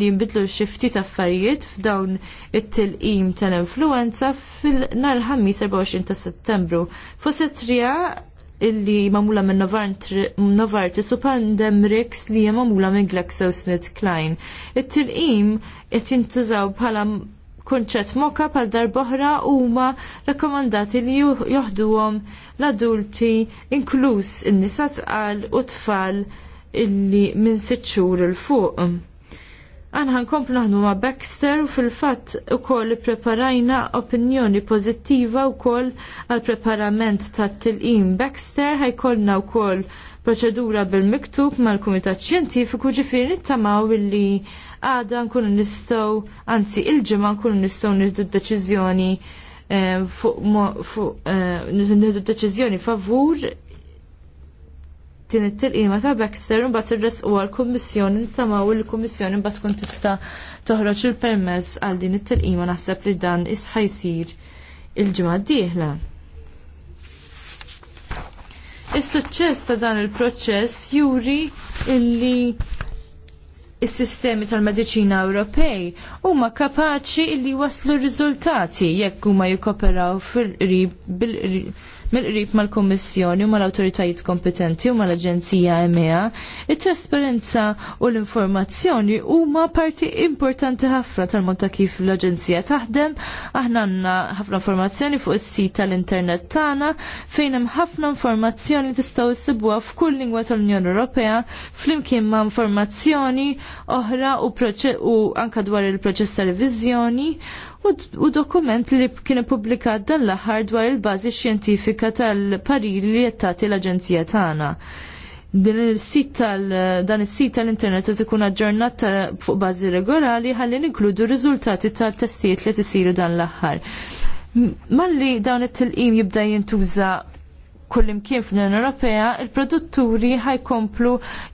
jinbidlu xifti ta' affarijiet f'dawn it-tilqim tal-influenza fil-nar ħammis 24 ta' settembru. rija illi mamula minn Novartis u Pandemrix li hija mamula minn GlaxoSmithKline. It-tilqim qed jintużaw bħala kunċett moka pal darboħra huma rakkomandati li joħduhom l-adulti inkluż in-nisa tqal u tfal illi minn sitt xhur il fuq. Aħna nkomplu naħdmu ma' Baxter u fil-fatt ukoll preparajna opinjoni pożittiva wkoll għal preparament ta' tilqim Baxter ħajkollna wkoll proċedura bil-miktub mal-Kumitat Xjentifiku ġifieri nittamaw illi għada nkunu nistgħu anzi il-ġimgħa nkunu nistgħu nirdu d deċizjoni eh, fuq eh, nieħdu deċizjoni favur din it-tilqima ta' Baxter mbagħad irresqu għall-Kummissjoni nitamaw il-Kummissjoni mbagħad tkun tista' toħroġ il-permess għal din it-tilqima naħseb li dan isħa jsir il-ġimgħa d-dieħla. Is-suċċess ta' dan il-proċess juri illi is-sistemi tal mediċina Ewropej huma kapaċi illi waslu r-riżultati jekk huma jikkoperaw fil-qrib bil-qrib mill-qrib mal-Kummissjoni u mal-awtoritajiet kompetenti u mal-Aġenzija EMEA, it-trasparenza u l-informazzjoni huma parti importanti ħafna tal-mod ta' kif l-Aġenzija taħdem. Aħna għandna ħafna informazzjoni fuq is-sit tal-internet tagħna fejn hemm ħafna informazzjoni tistgħu issibuha f'kull lingwa tal-Unjoni Ewropea flimkien ma' informazzjoni oħra u, u anka dwar il-proċess tal riviżjoni u dokument li kien publikat dan l-aħħar dwar il-bażi xjentifika tal-parili li jettati l-Aġenzija tagħna. Din il-sit tal dan is-sit tal-internet qed ikun aġġornat fuq bażi regolari ħalli ninkludu riżultati tal-testijiet li tisiru dan l-aħħar. Malli dawn it-tilqim jibda jintuża kullimkien fl-Unjoni Ewropea, il-produtturi ħajkomplu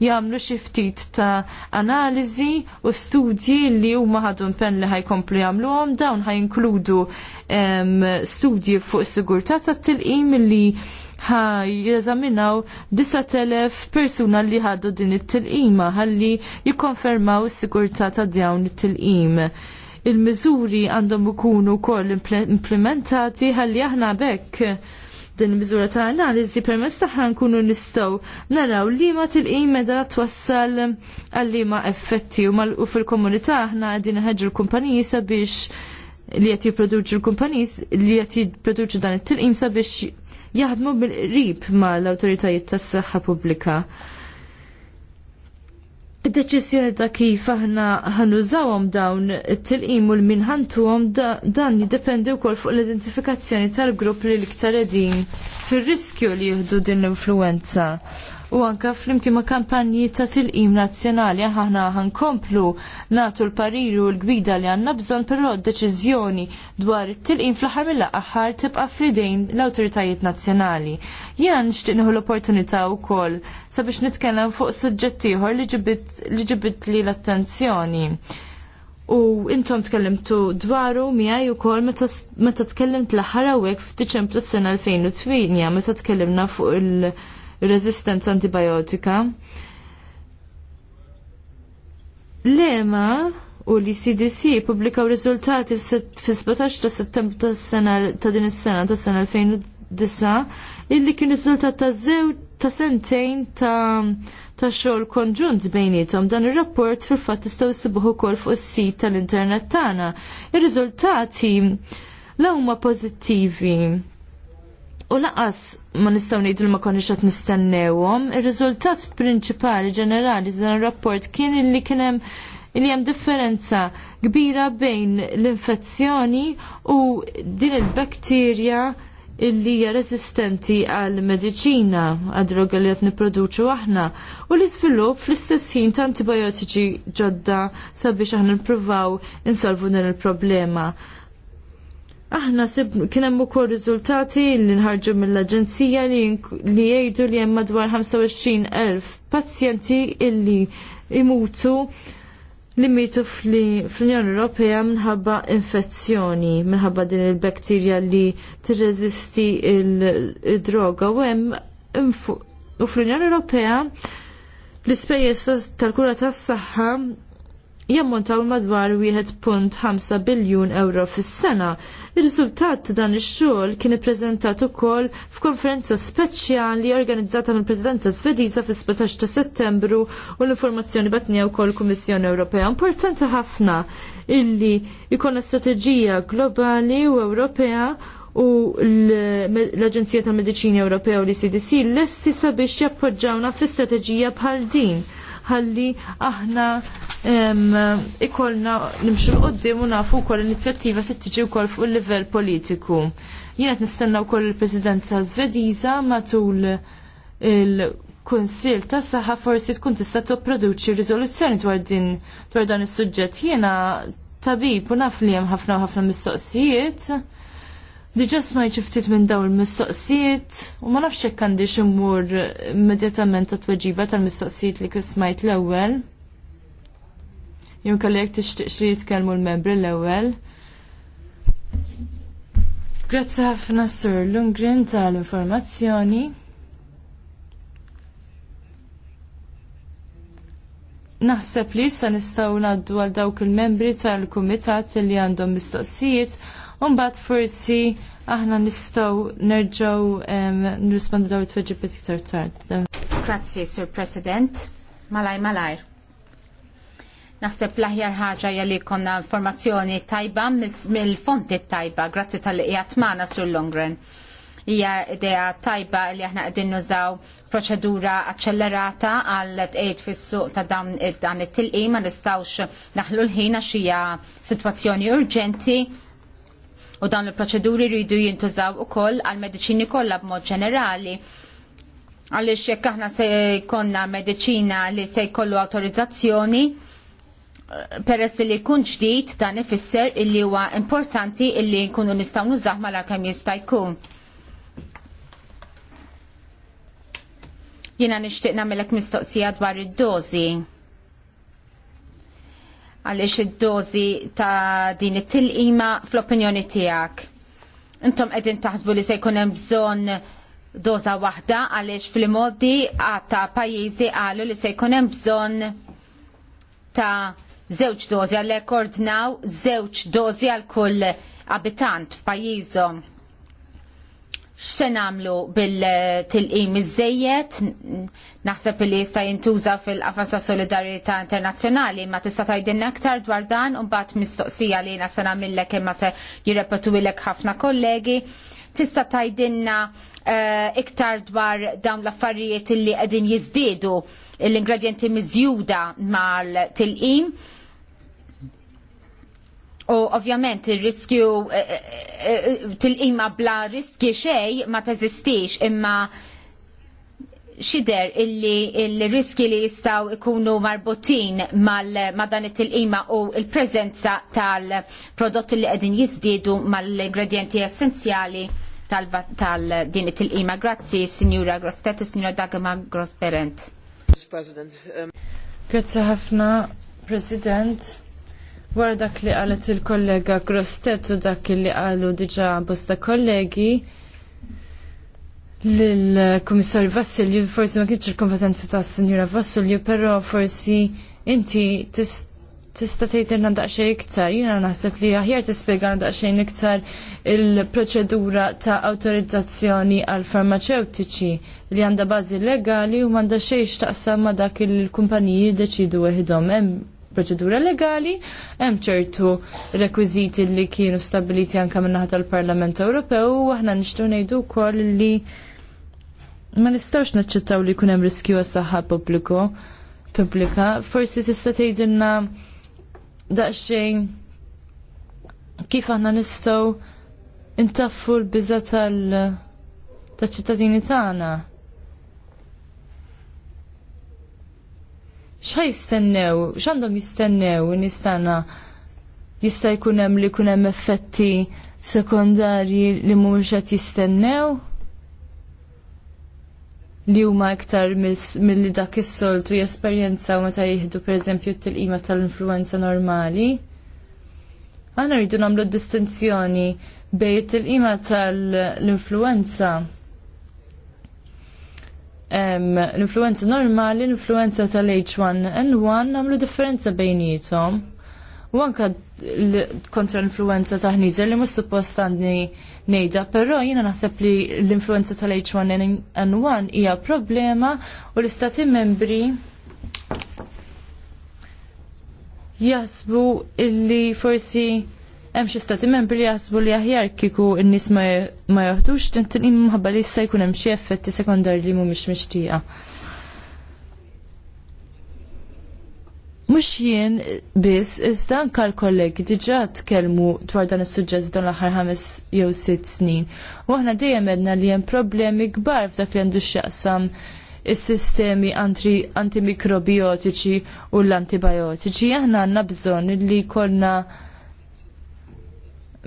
jagħmlu xi ftit ta' analiżi u studji li huma ħadu pen li ħajkomplu jagħmluhom dawn ħajinkludu studji fuq sigurtà tat-tilqim li ħaj jeżaminaw 9,000 persuna li ħadu din it-tilqima ħalli jikkonfermaw is-sigurtà ta' dawn it-tilqim il-miżuri għandhom ikunu wkoll implementati ħalli aħna bekk din miżura ta' analiżi permezz tagħha nkunu nistgħu naraw li ma tilqim meta twassal għal liema effetti u fil-komunità aħna qegħdin ħeġġu l-kumpaniji sabiex li qed jipproduċu l-kumpaniji li qed jipproduċu dan it-tilqim sabiex jaħdmu bil-qrib mal awtoritajiet tas-saħħa pubblika. Id-deċizjoni ta' kif aħna ħanużawhom dawn it-tilqim u l-minħantuhom dan jiddependi wkoll fuq l-identifikazzjoni tal-grupp li l-iktar qegħdin fir-riskju li jieħdu din l-influenza u anka flimkien ma' kampanji ta' tilqim nazzjonali aħna komplu natu l-pariru l-gwida li għanna bżon però deċizjoni dwar it-tilqim fl-aħħar mill-aħħar tibqa' fridejn l-awtoritajiet nazzjonali. Jiena nixtieq nieħu l-opportunità wkoll sabiex nitkellem fuq suġġett ieħor li ġibit li l-attenzjoni. U intom tkellimtu dwaru miegħi wkoll meta tkellimt l-aħħar hawnhekk s-sena 2008 meta tkellimna fuq il- resistenza antibiotika. Lema u li e CDC publikaw riżultati fis-17 ta' settembru ta' sena ta' din is-sena ta' sena 2009 illi kien riżultat ta' żew ta' sentejn ta' ta' xogħol konġunt bejnietom dan ir-rapport fil-fatt s issibuh ukoll fuq is-sit tal-internet tagħna. il riżultati l huma pożittivi U laqas ma nistgħu nejdu li ma konniex qed nistennewhom, ir-riżultat prinċipali ġenerali dan ir-rapport kien li kien hemm li hemm differenza kbira bejn l-infezzjoni u din il-bakterja illi hija resistenti għal mediċina għad droga li qed nipproduċu aħna u l-iżvilupp fl-istess ħin ta' antibiotiċi ġodda sabiex aħna nippruvaw insolvu din il-problema. Aħna sib kien hemm ukoll riżultati li nħarġu mill-Aġenzija li jgħidu li hemm madwar 25,000 pazjenti illi imutu li mitu fl-Unjoni Ewropea minħabba infezzjoni, minħabba din il-bakterja li tirreżisti il-droga u hemm u fl-Unjoni Ewropea l-ispejjeż tal-kura tas-saħħa jammontaw madwar 1.5 biljun euro fis-sena. il riżultat ta' dan ix-xogħol kien ippreżentat ukoll f'konferenza speċjali organizzata mill-Presidenza Svediża fis-17 ta' Settembru u l-informazzjoni batnija wkoll Kummissjoni Ewropea. Importanti ħafna illi jkollna strateġija globali u Ewropea u l-Aġenzija tal-Mediċini Ewropea u l-CDC l-esti sabiex jappoġġawna fi strateġija bħal din ħalli aħna ikollna nimxu l-qoddim u nafu kol inizjattiva tittiġi wkoll fuq il-livell politiku. Jien qed nistenna wkoll il-Presidenza Svediża matul il- konsil ta' saħħa forsi tkun tista' tipproduċi riżoluzzjoni dwar dan is-suġġett. Jiena tabib u naf li hemm ħafna u ħafna mistoqsijiet Diġa smajt ftit minn daw il-mistoqsijiet u ma nafx jekk għandi ximur immedjatament ta' tweġiba tal-mistoqsijiet li smajt l-ewwel. Jew kelli jekk tixtieq li l-membri l ewel Grazzi ħafna Sur Lundgren tal-informazzjoni. Naħseb li issa nistgħu ngħaddu għal dawk il-membri tal komitat li għandhom mistoqsijiet Umbat forsi aħna nistaw nerġaw nrispondu daw it-tweġibit iktar tard. Grazzi, Sir President. Malaj, malaj. Naħseb l-aħjar ħaġa jalli konna informazzjoni tajba mill-fonti tajba, grazzi tal-qijat maħna Sir Longren hija idea tajba li aħna qegħdin nużaw proċedura aċċellerata għal tqejt fis-suq ta' dan it-tilqim ma nistgħux naħlu l-ħin xija situazzjoni sitwazzjoni urġenti U dawn il-proċeduri rridu jintużaw ukoll għal mediċini kollha b'mod ġenerali għalix jekk aħna se konna medicina li se jkollu autorizzazzjoni, peress li jkun ġdid dan ifisser illi huwa importanti illi nkunu nistgħu nużaw mala kemm jista' jkun. Jiena nixtieq nagħmilek mistoqsija dwar id-dożi għaliex id-dozi ta' din it-tilqima fl-opinjoni tiegħek. Intom qegħdin taħsbu li se jkun hemm bżonn doza waħda għaliex fil-modi għata pajjiżi qalu li se jkun hemm bżonn ta' żewġ dozi għalhekk ordnaw żewġ dozi għal kull abitant f'pajjiżhom x'se nagħmlu bil-tilqim iż naħseb li jista' jintuża fil-qafas ta' solidarjetà internazzjonali, ma tista' tgħidilna aktar dwar dan u mbagħad mistoqsija li jiena se nagħmilek imma se jirrepetulek ħafna kollegi. Tista' tgħidilna eh, iktar dwar dawn l-affarijiet li qegħdin jiżdiedu l-ingredjenti miżjuda mal-tilqim U ovvjament ir-riskju eh, eh, eh, tilqima bla riski xej ma teżistix imma xider illi il-riski li jistaw ikunu marbutin mal dan it-tilqima u il-prezenza tal-prodotti li qegħdin jiżdiedu mal-ingredienti essenzjali tal-din it-tilqima. Grazzi, Signora Grostet, Signora Dagma Grosperent. Um, Grazzi ħafna, President. Wara dak li qalet il-kollega Grostet u dak li qalu diġa bosta kollegi, l-Komissarju Vassilju forsi ma kienx il-kompetenza ta' Sinjura Vassilju, però forsi inti tista' tgħidilna daqsxejn iktar, jiena naħseb li aħjar tispjegana daqsxejn iktar il-proċedura ta' awtorizzazzjoni għal farmaceutiċi li għandha bażi legali u m'għandha xejn x'taqsam ma' dak il-kumpaniji deċidu weħidhom. Hemm proċedura legali, hemm ċertu rekwiżiti li kienu stabiliti anke minn naħa tal-Parlament Ewropew u aħna nixtru ngħidu wkoll li ma nistgħux naċċettaw li jkun hemm riskju għas-saħħa pubbliku pubblika. Forsi tista' tgħidilna daqsxejn kif aħna nistgħu intaffu l-biża tal-ċittadini tagħna. xa jistennew, xandom jistennew, nistana jista jkunem li kunem effetti sekundari li mhumiex qed jistennew? Li huma iktar mill-li dak is-soltu u meta jieħdu pereżempju t-tilqima tal-influenza normali. Aħna rridu nagħmlu distinzjoni bejn it-tilqima tal-influenza l-influenza normali, l-influenza tal-H1N1 namlu differenza bejnietom. U anka kontra l-influenza ta' ħnizer li mhux suppost għandni ngħidha, però jiena naħseb li l-influenza tal-H1N1 hija problema u l-istati membri jasbu illi forsi hemm xi stati membri li jaħsbu li aħjar kieku n-nies ma joħdux tintilqim minħabba li jista' jkun hemm xi effetti sekondarji li mhumiex mixtieqa. Mux jien biss, iżda anka l-kollegi diġa tkellmu dwar dan is-suġġett dan l-aħħar ħames jew sitt snin. U aħna dejjem għedna li hemm problemi kbar f'dak li għandu x'jaqsam is-sistemi antimikrobiotiċi u l-antibiotiċi. Aħna għandna bżonn li jkollna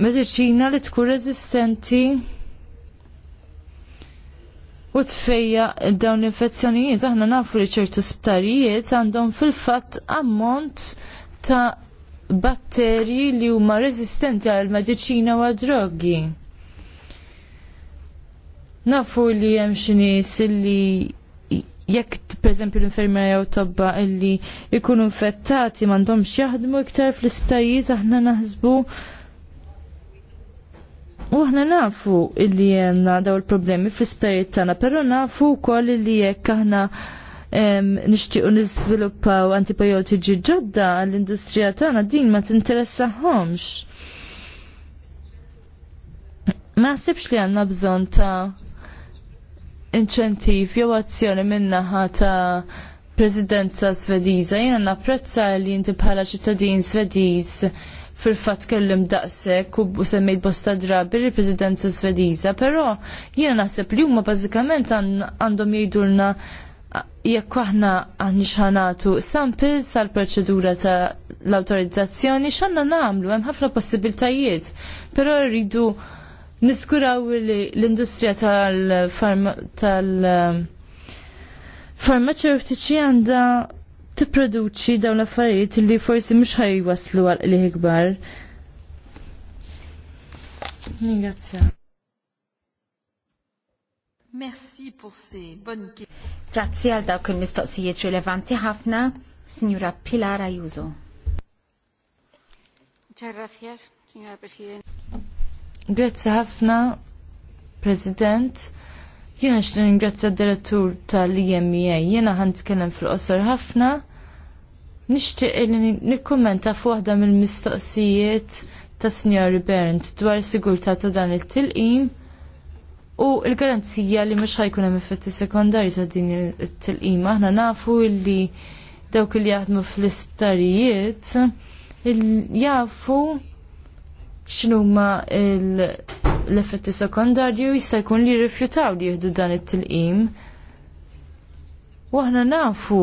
mediċina li tkun rezistenti u tfejja dawn l-infezzjonijiet. Aħna nafu li ċertu sptarijiet għandhom fil-fatt ammont ta' batteri li huma rezistenti għal mediċina u għad-drogi. Nafu li hemm xi nies li jekk pereżempju l-infermiera jew tobba illi jkunu infettati m'għandhomx jaħdmu iktar fl-isptarijiet aħna naħsbu Uħna aħna nafu illi jenna daw il-problemi fl-isperijiet tagħna, però nafu wkoll illi jekk aħna nixtiequ niżviluppaw antibiotiċi ġodda l-industrija tagħna din ma tinteressahomx. Ma ħsibx li għandna bżonn ta' inċentiv jew azzjoni min-naħa ta' Presidenza Svediża jiena napprezza li inti bħala ċittadin svediz fil-fat kellim daqsek u semmejt bosta drabi l-Presidenza Svediza, però jiena naħseb li huma bażikament għandhom jgħidulna jekk aħna għanni x'anatu samples sal proċedura ta' l-autorizzazzjoni x'għandna nagħmlu hemm ħafna possibiltajiet, però rridu niskuraw li l-industrija tal-farmaceutiċi um, għandha tipproduċi dawn l-affarijiet li forsi mhux ħajwaslu għal li ikbar. Merci pour ces bonnes questions. Grazzi għal dawk il-mistoqsijiet rilevanti ħafna, Signora Pilar Ayuso. Muchas gracias, Signora President. Grazzi ħafna, President. Jena xtin ringrazzja d-direttur tal-IMEA, jena ħan fil-qosor ħafna Nixtieq li nikkummenta f'waħda mill-mistoqsijiet ta' Sinjori Bernd dwar is-sigurtà ta' dan it-tilqim u l-garanzija li mhux ħajkun hemm effetti sekondarji ta' din it-tilqim. Aħna nafu li dawk li jaħdmu fl-isptarijiet jafu x'numa l-effetti sekondarji u jista' jkun li jirrifjutaw li jieħdu dan it-tilqim. U aħna nafu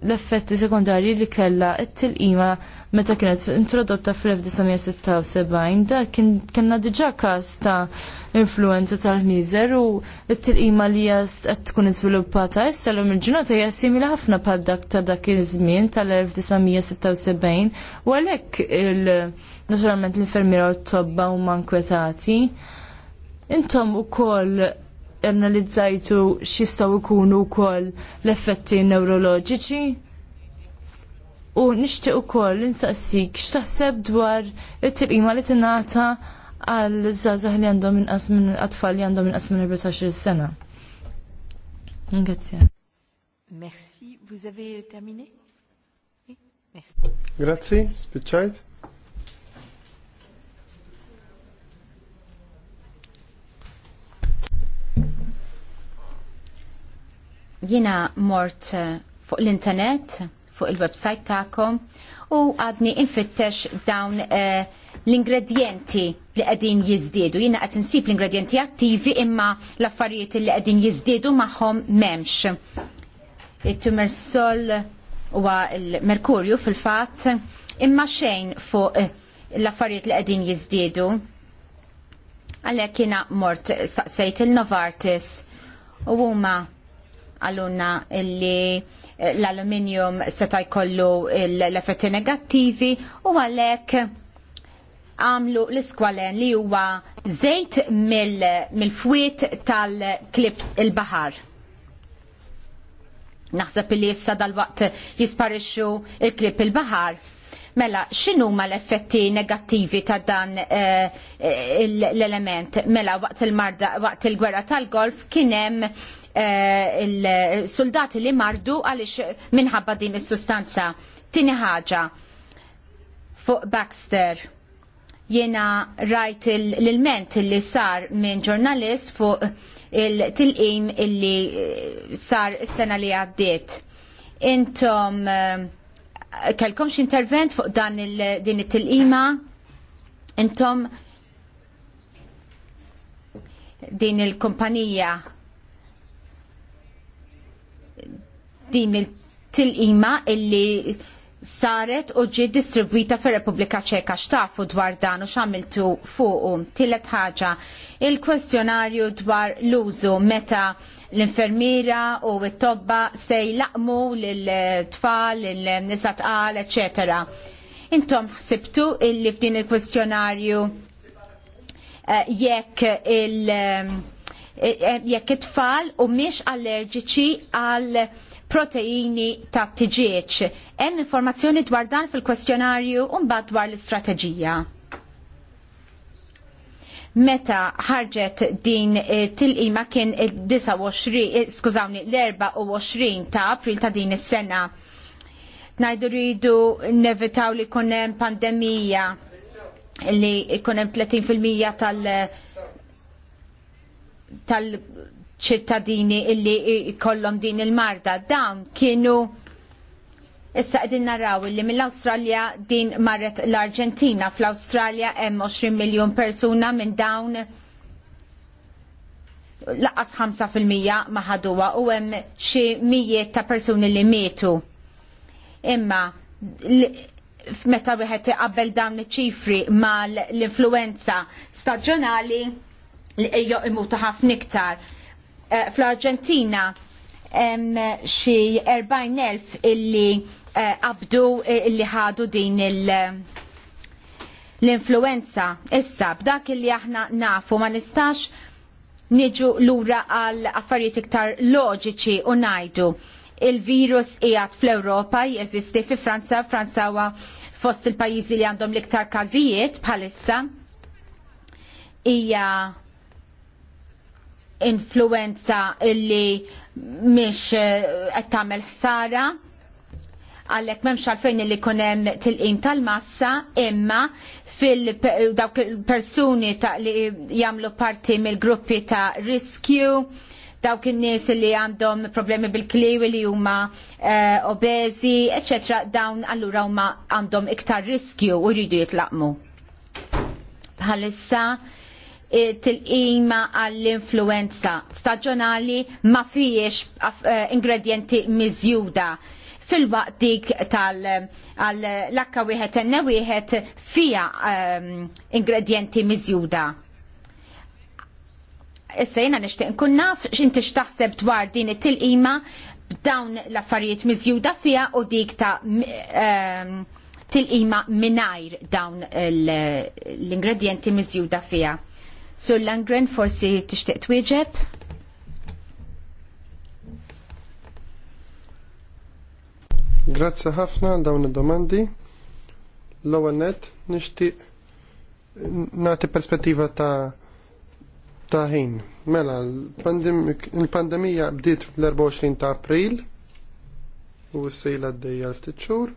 l-effetti sekundarji li kellha t-tilqima meta kienet introdotta fl-1976 dar kien kellna diġà każ ta' influenza tal-ħnieżer u t-tilqima li qed tkun iżviluppata issa l il-ġinota hija simili ħafna bħal dak ta' dak iż-żmien tal-1976 u għalhekk naturalment l-infermiera u t-tobba huma mankwetati Intom ukoll analizzajtu x'jistgħu jkunu wkoll l-effetti neuroloġiċi? U nixtieq ukoll insaqsik x'taħseb dwar it-tilqima li tingħata għal żgħażagħ li għandhom inqas minn atfal li għandhom inqas minn 14 sena. Grazie. Merci, vous avez terminé? merci. Grazie, spiċċajt. Jina mort eh, fuq l-internet, fuq il-website ta'kom u għadni infittex dawn eh, l-ingredienti li qegħdin jiżdiedu. Jiena qed insib l-ingredienti attivi imma l-affarijiet li qegħdin jiżdiedu magħhom m'hemmx. It-tumer sol huwa l-merkurju fil-fatt imma xejn fuq eh, l-affarijiet li qegħdin jiżdiedu. Għalhekk jiena mort staqsejt il-Novartis u huma għallunna li eh, l-aluminium seta' jkollu l-effetti negattivi u għalek għamlu l-iskwalen li huwa zejt mill-fwiet tal-klib il-bahar. Naħseb li issa dal-waqt jisparixxu il-klib il-bahar. Mela, xinu ma l-effetti negattivi ta' dan eh, eh, l-element? Mela, waqt il-gwerra tal-golf kienem Eh, il-soldati li mardu għaliex minħabba din is-sustanza. Tini ħaġa fuq Baxter. Jiena rajt l-ilment li sar minn ġurnalist fuq il-tilqim illi eh, sar s-sena li għaddiet. Intom eh, kelkomx intervent fuq dan din it-tilqima? Intom din il-kumpanija din il-tilqima illi saret u ġi distribuita fir Repubblika Ċeka xtafu dwar dan u xamiltu u Tillet ħaġa, il-kwestjonarju dwar l-użu meta l-infermiera u t-tobba se jlaqmu l-tfal, l-nisa tqal, etc. Intom ħsibtu illi f'din il-kwestjonarju eh, jekk il-, -il Eh, eh, jekk it-tfal u miex allerġiċi għal proteini ta' tiġieċ. Hemm informazzjoni dwar dan fil-kwestjonarju u mbagħad dwar l-istrateġija meta ħarġet din eh, tilqima kien 29, skużawni, l-24 ta' april ta' din is-sena. Najdu rridu nevitaw li kunem pandemija li kunem 30% tal- tal-ċittadini illi kollom din il-marda. Dawn kienu Issa qegħdin naraw li mill-Awstralja din marret l-Arġentina. Fl-Awstralja hemm 20 miljun persuna minn dawn laqas 5% ma ħaduha u hemm xi mijiet ta' persuni li mietu. Imma meta wieħed iqabbel dawn iċ-ċifri mal influwenza influenza staġjonali li ejjo imutu ħafna iktar. Eh, fl argentina xi 40,000 illi eh, abdu eh, illi ħadu din il- l-influenza issa b'dak illi aħna nafu ma nistax niġu lura għal affarijiet iktar loġiċi u ngħidu il-virus qiegħed fl-Ewropa jeżisti fi Franza, Franza huwa fost il-pajjiżi li għandhom l-iktar każijiet bħalissa hija influenza illi mhix eh, qed tagħmel ħsara għallek memx għalfejn li kunem til tal-massa imma fil-dawk persuni li jamlu parti mill-gruppi ta' riskju dawk il nies li għandhom problemi bil-kliwi li huma uh, eh, obezi, eċetera, dawn allura huma għandhom iktar riskju u jridu jitlaqmu. Bħalissa til-ima għall-influenza staġjonali ma fiex eh, ingredienti miżjuda fil-waqt dik tal-lakka wieħed enne wieħed fija ehm, ingredienti miżjuda. Issa jena nixtieq nkun naf x'inti x'taħseb dwar din it-tilqima b'dawn l-affarijiet miżjuda fija u dik ta' ehm, tilqima mingħajr dawn l-ingredienti miżjuda fija. Sur Langren forsi tixtieq twieġeb? Grazzi ħafna dawn id-domandi. L-ewwel nett nixtieq nagħti perspettiva ta' ta' ħin. Mela, il-pandemija bdiet l 24 ta' April u s-sejla d-dejja ftit xhur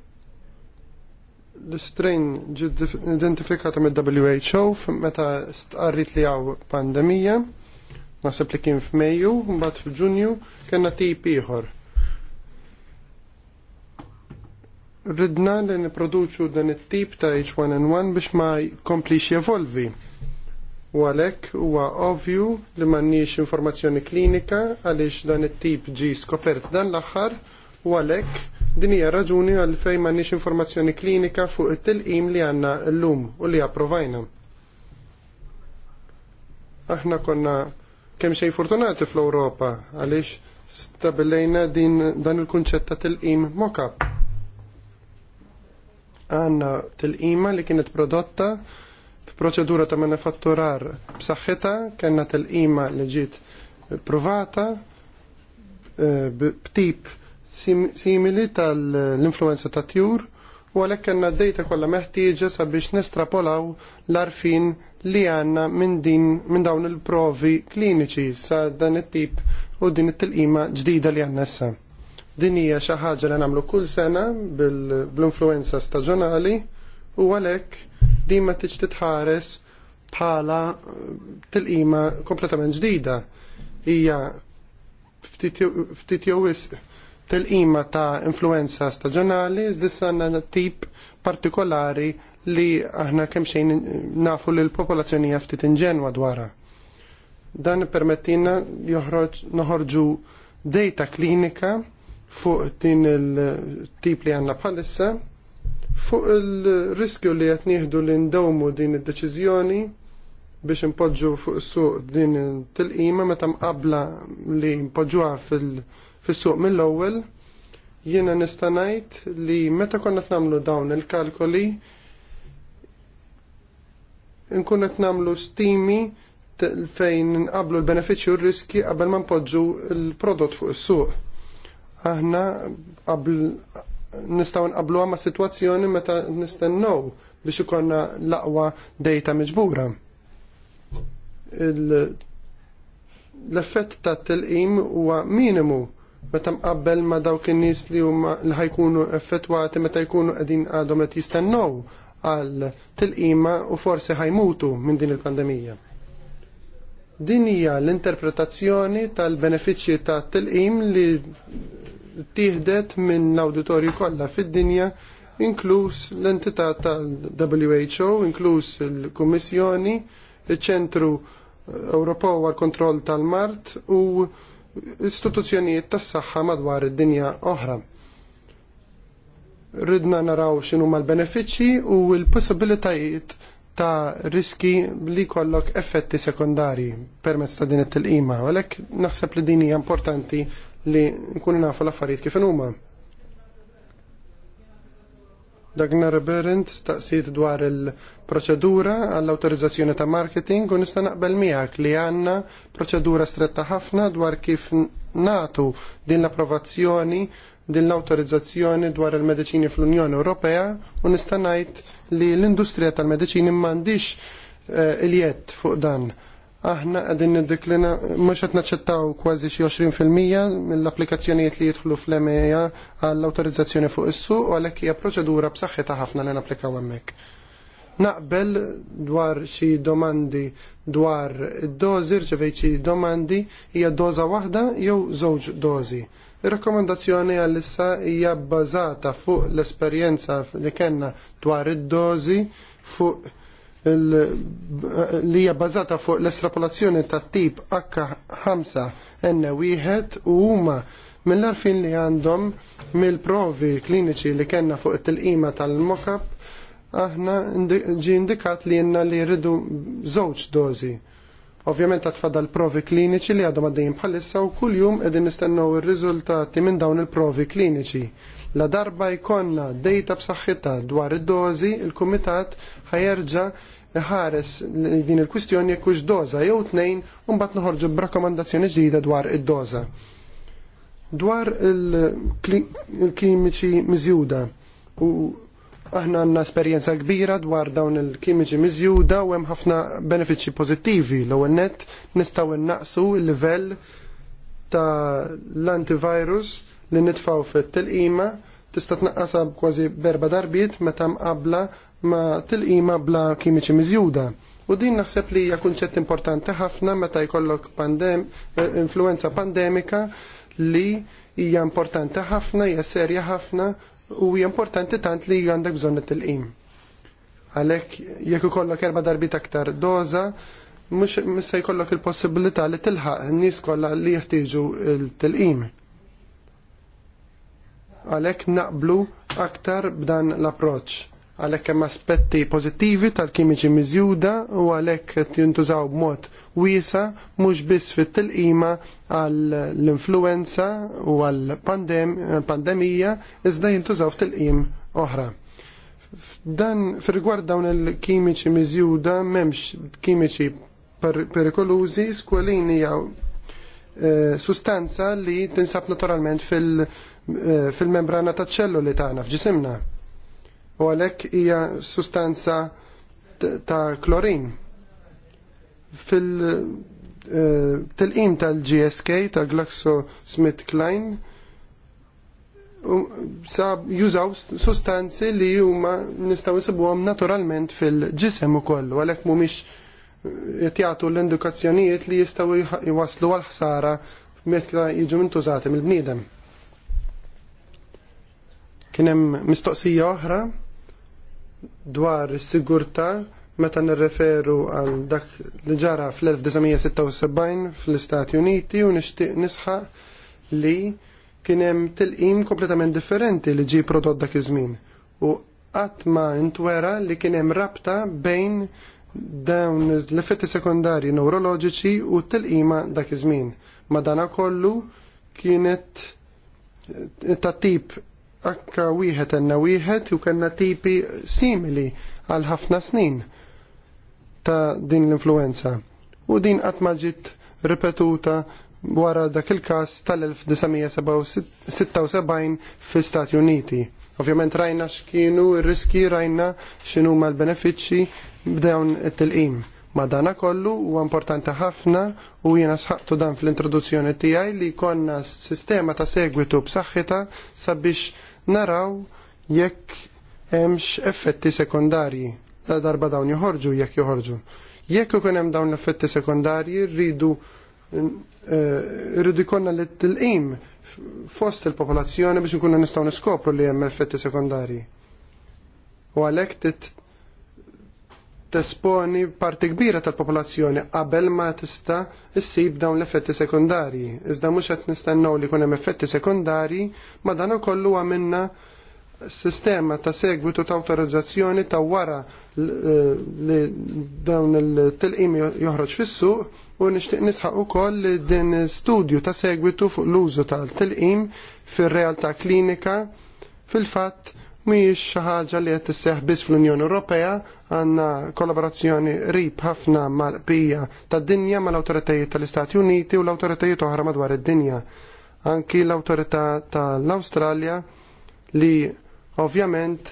l-strain identifikata mid WHO meta starrit li għaw pandemija, nasib li kien f'Mejju, mbagħad f'Ġunju kellna tip ieħor. Ridna li niproduċu dan it-tip ta' H1N1 biex ma jkomplix jevolvi. U għalhekk huwa ovvju li m'għandniex informazzjoni klinika għaliex dan it-tip ġi skopert dan l-aħħar u għalhekk Din hija raġuni għal fejn m'għandniex informazzjoni klinika fuq it-tilqim li għandna llum u li approvajna. Aħna konna kemm xejn fortunati fl-Ewropa għaliex stabilejna din dan il-kunċett ta' tilqim mock-up. Għandna tilqima li kienet prodotta b'proċedura ta' manifatturar b'saħħitha, kellna tilqima li ġiet provata eh, b'tip simili tal-influenza ta' tjur u għalhekk għandna d-dejta kollha meħtieġa sabiex nestrapolaw l-arfin li għandna minn din minn dawn il-provi kliniċi sa dan it-tip u din it-tilqima ġdida li għandna issa. Din hija xi ħaġa li nagħmlu kull sena bl-influenza staġjonali u għalhekk din ma tiġ titħares bħala eh, tilqima kompletament ġdida. Hija ftit jew wisq telqima ta' influenza staġjonali, s għandna tip partikolari li aħna kemm xejn nafu li l-popolazzjoni ftit inġenwa dwarha. Dan permettina joħroġ noħorġu data klinika fuq din il-tip li għandna bħalissa fuq il-riskju li qed nieħdu li ndawmu din id-deċiżjoni biex impoġġu fuq is-suq din il tilqima meta mqabbla li mpoġġuha fil- fis-suq mill-ewwel jiena nista' ngħid li meta konna nagħmlu dawn il-kalkoli nkun qed nagħmlu stimi fejn nqablu l-benefiċċju u r-riski qabel ma npoġġu l-prodott fuq is-suq. Aħna qabel nistgħu nqabluha ma' sitwazzjoni meta nistennew biex ikonna l-aqwa dejta miġbura. L-effett ta' tilqim huwa minimu meta mqabbel ma dawk in-nies li huma li ħajkunu effettwati meta jkunu qegħdin għadhom qed jistennew għal tilqima u forsi ħajmutu minn din il-pandemija. Din hija l-interpretazzjoni tal-benefiċċji ta' tilqim li tieħdet minn l-awditorju kollha fid-dinja inkluż l-entità tal-WHO, inkluż il-Kummissjoni, il-Ċentru Ewropew għal kontroll tal-Mart u istituzzjonijiet tas-saħħa madwar id-dinja oħra. Ridna naraw x'inhu l-benefiċċji u l-possibilitajiet ta' riski li kollok effetti sekundari permezz ta' din it-tilqima, għalhekk naħseb li din hija importanti li nkunu nafu l-affarijiet kif huma. Dagnar Berend staqsit dwar il-proċedura għall-autorizzazzjoni ta' marketing u nista' naqbel miegħek li għandna proċedura stretta ħafna dwar kif natu din l-approvazzjoni din l-autorizzazzjoni dwar il-mediċini fl-Unjoni Ewropea u nista' ngħid li l-industrija tal-mediċini m'għandix eh, iljed fuq dan aħna għadin niddeklina, mux għat naċċettaw kważi xi 20% mill-applikazzjonijiet li jidħlu fl-EMEA għall-autorizzazzjoni fuq issu u għalhekk hija proċedura b'saħħitha ħafna li napplikaw hemmhekk. Naqbel dwar xi domandi dwar id dozi, rġevej xi domandi hija doza waħda jew żewġ dozi. Ir-rakkomandazzjoni għall-issa hija bbażata fuq l-esperjenza li kellna dwar id dożi fuq li hija bażata fuq l-estrapolazzjoni tat tip H5N1 u huma mill-arfin li għandhom mill-provi kliniċi li kellna fuq it-tilqima tal-mokap aħna ġi indikat li jenna li jridu żewġ dozi. Ovvjament għat l provi kliniċi li għadhom għaddejjin bħalissa u kull jum edin nistennew ir-riżultati minn dawn il-provi kliniċi. La darba jkonna dejta b'saħħitha dwar id-dozi, il-Kumitat ħajerġa' ħares din il-kwistjoni jekk hux doża jew tnejn u mbagħad noħorġu b'rakkomandazzjoni ġdida dwar id-doża. Dwar il-kimiċi miżjuda u aħna għandna esperjenza kbira dwar dawn il-kimiċi miżjuda u hemm ħafna benefiċċji pożittivi l-ewwel nett nistgħu innaqsu l-livell ta' l-antivirus li nitfaw fit-tilqima tista' tnaqqasha kważi berba darbiet meta mqabbla ma tilqima bla kimiċi miżjuda. U din naħseb li hija kunċett importanti ħafna meta jkollok pandem eh, influenza pandemika li hija importanti ħafna, hija serja ħafna u hija importanti tant li għandek bżonn it-tilqim. Għalhekk jekk ikollok erba' darbit aktar doża, mhux se jkollok il-possibilità li tilħaq n nies kollha li jeħtieġu il-tilqim. Għalhekk naqblu aktar b'dan l approċċ għalhekk hemm aspetti pozittivi tal-kimiċi miżjuda u għalhekk qed jintużaw b'mod wiesa mhux biss fit-tilqima għall-influenza u għall-pandemija iżda jintużaw tilqim oħra. Dan fir-rigward dawn il-kimiċi miżjuda m'hemmx kimiċi perikolużi skwalini hija eh, sustanza li tinsab naturalment fil- eh, fil-membrana ta' ċelluli tagħna f'ġisimna u għalhekk hija sustanza ta' klorin. Fil-tilqim eh, tal-GSK, tal sa' jużaw sustanzi li huma nistgħu nsibuhom naturalment fil-ġisem ukoll, għalhekk mhumiex eh, jagħtu l-indukazzjonijiet li jistgħu jwaslu għal ħsara meta jiġu mintużati mill-bniedem. Kien hemm mistoqsija oħra dwar is-sigurtà meta nirreferu għal dak li ġara fl-1976 fl-Istati Uniti u nixtieq nisħaq li kien hemm tilqim kompletament differenti li ġie prodott dak iż-żmien u qatt ma ntwera li kien hemm rabta bejn dawn l-effetti sekondarji neuroloġiċi u tilqima dak iż-żmien. Madana kollu kienet ta' tip akka wieħed għandna wieħed u kellna tipi simili għal ħafna snin ta' din l-influenza. U din qatt ma ġiet ripetuta wara dak il-każ tal-1976 fl-Stati Uniti. Ovvjament rajna x'kienu r-riski, rajna x'inhu ma l-benefiċċji b'dawn it-tilqim. Ma dana kollu huwa importanti ħafna u jiena sħaqtu dan fl-introduzzjoni tiegħi li jkollna sistema ta' segwitu b'saħħitha sabiex naraw jekk hemmx effetti sekondarji da darba dawn joħorġu jekk joħorġu. Jekk ikun hemm dawn l-effetti sekondarji rridu eh, rridu jkollna li tilqim fost il-popolazzjoni biex nkunu nistgħu niskopru li hemm effetti sekondarji. U għalhekk tesponi parti kbira tal-popolazzjoni qabel ma tista' issib dawn l-effetti sekundarji. Iżda mhux qed nistennew li jkun hemm effetti sekundarji, ma dan ukoll huwa minna sistema ta' segwitu ta' autorizzazzjoni ta' wara eh, li dawn il-tilqim joħroġ fis-suq u nixtieq nisħaq ukoll li din studju ta' segwitu fuq l-użu tal-tilqim fir-realtà klinika fil-fatt mhijiex xi ħaġa li qed tisseħ biss fl-Unjoni Ewropea, għandna kollaborazzjoni rib ħafna mal-qbija tad-dinja mal-awtoritajiet tal-Istati Uniti u l-awtoritajiet oħra madwar id-dinja. Anki l-awtorità tal-Awstralja li ovvjament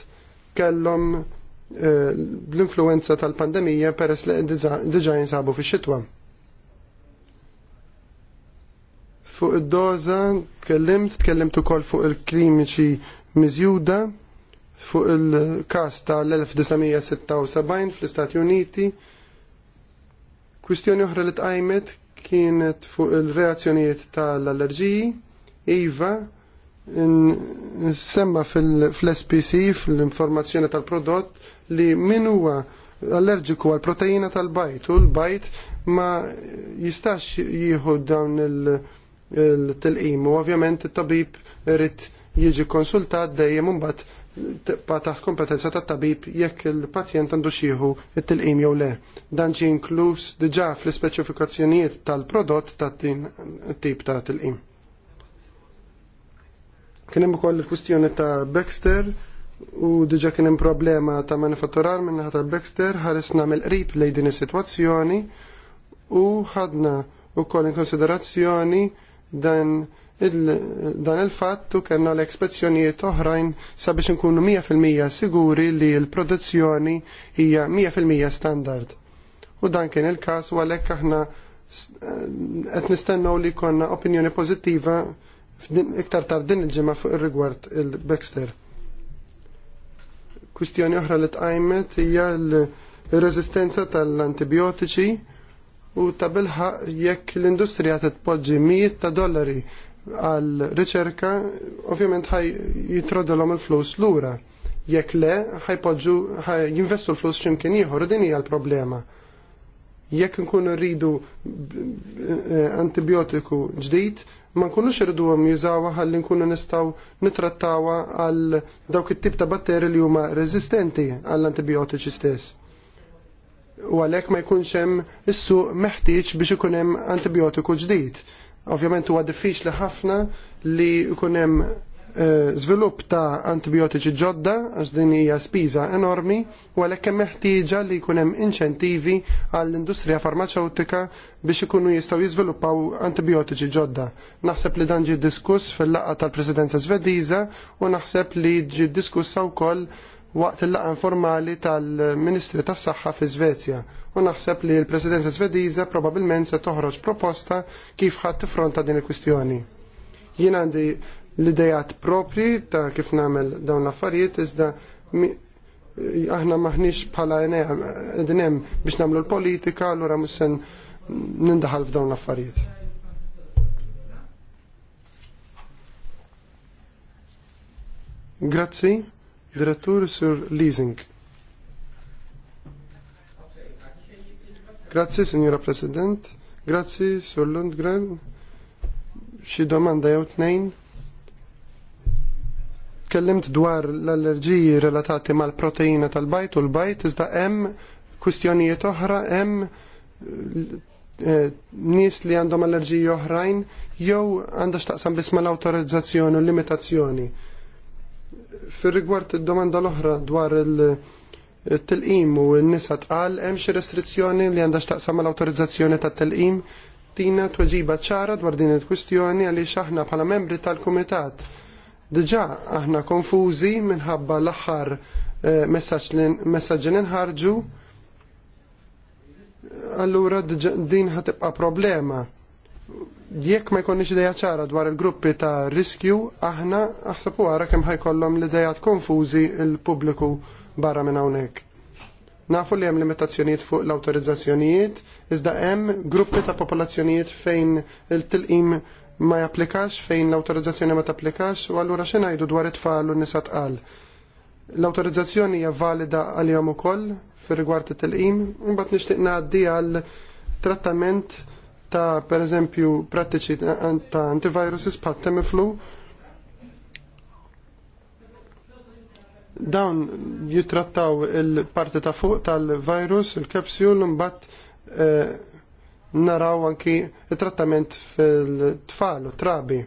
kellhom eh, l-influenza tal-pandemija peress li diġa jinsabu fi xitwa. Fuq id-doza tkellimt, tkellimt ukoll fuq il-klimiċi miżjuda fuq il-kas tal-1976 fl-Istati Uniti. Kwistjoni oħra li tqajmet kienet fuq il-reazzjonijiet tal-allerġiji. Iva, semma fil-SPC, fl informazzjoni tal-prodott, li min huwa allerġiku għal proteina tal-bajt u l-bajt ma jistax jieħu dawn il-tilqim u ovvjament it-tabib rrit jiġi konsultat dejjem mbagħad ta' kompetenza ta' tabib jekk il-pazjent għandu xieħu it-tilqim jew le. Dan ġi inkluż diġà fl-ispeċifikazzjonijiet tal-prodott ta' din tip ta' tilqim. Kien hemm ukoll il-kwistjoni ta' Baxter u diġà kien hemm problema ta' manifatturar minn ta' Baxter ħaresna mill-qrib lejn din is-sitwazzjoni u ħadna ukoll in konsiderazzjoni dan dan il-fatt u kellna l-ekspezzjonijiet oħrajn sabiex nkunu 100% siguri li l-produzzjoni hija 100% standard. U dan kien il-każ u għalhekk aħna eh, qed nistennew li konna opinjoni pożittiva iktar tard din il-ġimgħa fuq ir-rigward il-Baxter. Kwistjoni oħra li tqajmet hija l-reżistenza tal-antibiotiċi u ta' bilħaq jekk l-industrija titpoġġi mijiet ta' dollari għal riċerka ovvjament ħaj jitrodolhom il-flus lura. Jekk le ħajpoġġu jinvestu l-flus x'imkien ieħor din hija l-problema. Jekk nkunu rridu eh, antibiotiku ġdid, ma nkunux irridu għom jizawa ħalli nkunu nistaw nitrattawa għal dawk it-tip ta' batteri li huma rezistenti għall antibiotiċi stess. U għalhekk ma jkunx hemm is-suq meħtieġ biex ikun hemm antibiotiku ġdid. Ovvjament huwa diffiċli ħafna li jkun hemm eh, żvilupp ta' antibiotiċi ġodda għax din hija spiża enormi u għalhekk hemm meħtieġa li jkun hemm inċentivi għall-industrija farmaceutika biex ikunu jistgħu jiżviluppaw antibiotiċi ġodda. Naħseb li dan ġie diskuss fil-laqgħa tal-Presidenza Svediża u naħseb li ġie diskussa wkoll waqt il-laqgħa informali tal-Ministri tas-Saħħa fi Svezja u naħseb li l-Presidenza Svediża probabbilment se toħroġ proposta kif ħadd tifronta din il-kwistjoni. Jien għandi l-idejat propri ta' kif nagħmel dawn l-affarijiet iżda aħna maħniex bħala qegħdin hemm biex nagħmlu l-politika allura mhux se nindaħal f'dawn l-affarijiet. Grazzi, direttur sur leasing. Grazzi, Signora President. Grazzi, Sir Lundgren. Xi domanda jew tnejn? Tkellimt dwar l-allerġiji relatati mal-proteina tal-bajt u l-bajt, iżda hemm kwistjonijiet oħra, hemm eh, nies li għandhom allerġiji oħrajn jew għandha x'taqsam biss mal-awtorizzazzjoni u l limitazzjoni. Fir rigward id-domanda l-oħra dwar il- tilqim u n-nisa tqal hemm xi restrizzjoni li għandha x'taqsam mal-awtorizzazzjoni tat-tilqim tina tweġiba ċara dwar din il-kwistjoni għaliex aħna bħala membri tal-kumitat. Diġà aħna konfużi minħabba l-aħħar eh, messaġġi li nħarġu. Allura din ħatibqa' problema. Jekk ma jkollniex idea ċara dwar il-gruppi ta' riskju, aħna aħseb wara kemm ħajkollhom l-idejat konfużi il l pubbliku barra minn hawnhekk. Nafu li hemm limitazzjonijiet fuq l-awtorizzazzjonijiet, iżda hemm gruppi ta' popolazzjonijiet fejn il-tilqim ma japplikax, fejn l-awtorizzazzjoni ma tapplikax, u allura xi ngħidu dwar it-tfal u nisa tqal. l autorizzazzjoni hija valida għalihom ukoll fir-rigward it-tilqim, imbagħad nixtieq ngħaddi għal trattament ta' pereżempju prattiċi ta' antiviruses bħat Tamiflu dawn jitrattaw il-parti ta' fuq tal-virus, il-kapsjul, mbagħad eh, naraw anki il-trattament fil-tfal u trabi.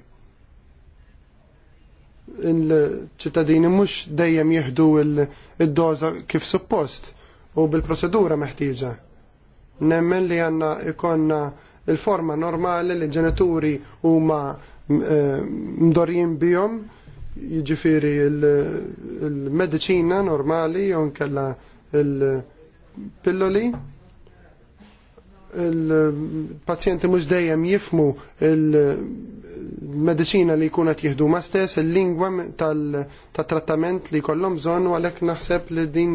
Il-ċittadini mhux dejjem jieħdu il-doza kif suppost u bil procedura meħtieġa. Nemmen li għanna ikonna il-forma normali li ġenituri huma eh, mdorjin bihom jiġifieri l-mediċina normali jew nkella il pilloli il-pazjenti mhux dejjem jifmu il-medicina li jkunet jihdu ma stess, il-lingwa tal-trattament li kollom bżonn u għalhekk naħseb li din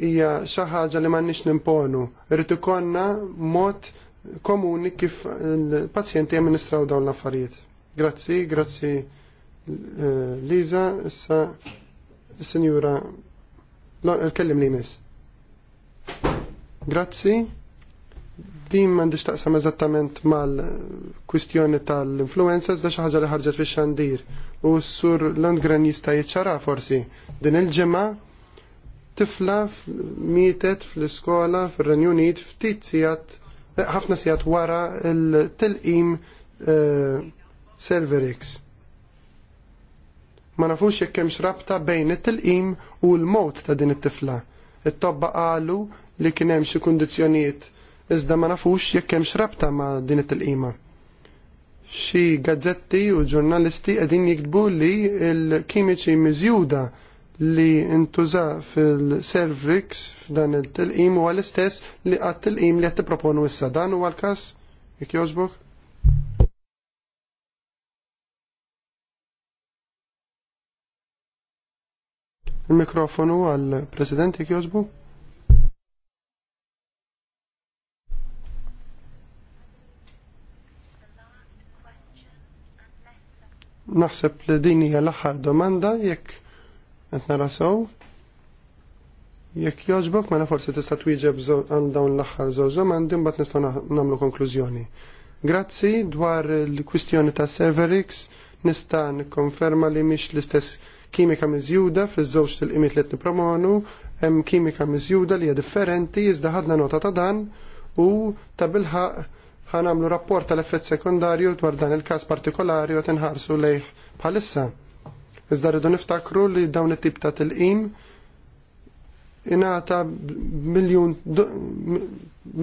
hija xi ħaġa li m'għandniex nimponu. Irid ikollna mod komuni kif il-pazjenti jamministraw dawn l-affarijiet. Grazzi, grazzi. Eh, Liza, issa Sinjura, l-kellim li mis. Grazzi. Din m'għandix taqsam eżattament mal-kwistjoni tal-influenza, da xi ħaġa li ħarġet fix xandir. U s-sur Lundgren jista' jiċċara forsi. Din il-ġimgħa tifla mietet fl-iskola fir-Renju Unit ftit sigħat eh, ħafna sigħat wara l-tilqim Serverix. Eh, Ma nafux jekk hemmx rabta bejn it-tilqim u l-mod ta' din it-tifla. It-tobba qalu li kien hemm xi kundizzjonijiet iżda ma nafux jekk hemm rabta ma' din it-tilqima. Xi gazzetti u ġurnalisti qegħdin jiktbu li l-kimiċi miżjuda li intuża fil servrix f'dan il-tilqim huwa l istess li għat-tilqim li qed tipproponu issa dan huwa l-każ jekk jogħġbok? Il-mikrofonu għal-President jek Naħseb li din hija l-aħħar domanda jekk qed nara sew. Jekk jogħġbok mela forsi tista' twieġeb għal dawn l-aħħar żewġ domandi mbagħad nistgħu nagħmlu konklużjoni. Grazzi dwar il-kwistjoni ta' Serverix nista' nikkonferma li mhix l-istess kimika miżjuda fiż-żewġ tal imit li qed nippromonu, hemm kimika miżjuda li hija differenti iżda ħadna nota ta' dan u ta' bilħaq għamlu rapport tal-effett sekundarju dwar dan il-każ partikolari u tinħarsu lejh bħalissa. Iżda rridu niftakru li dawn it-tip ta' tilqim inata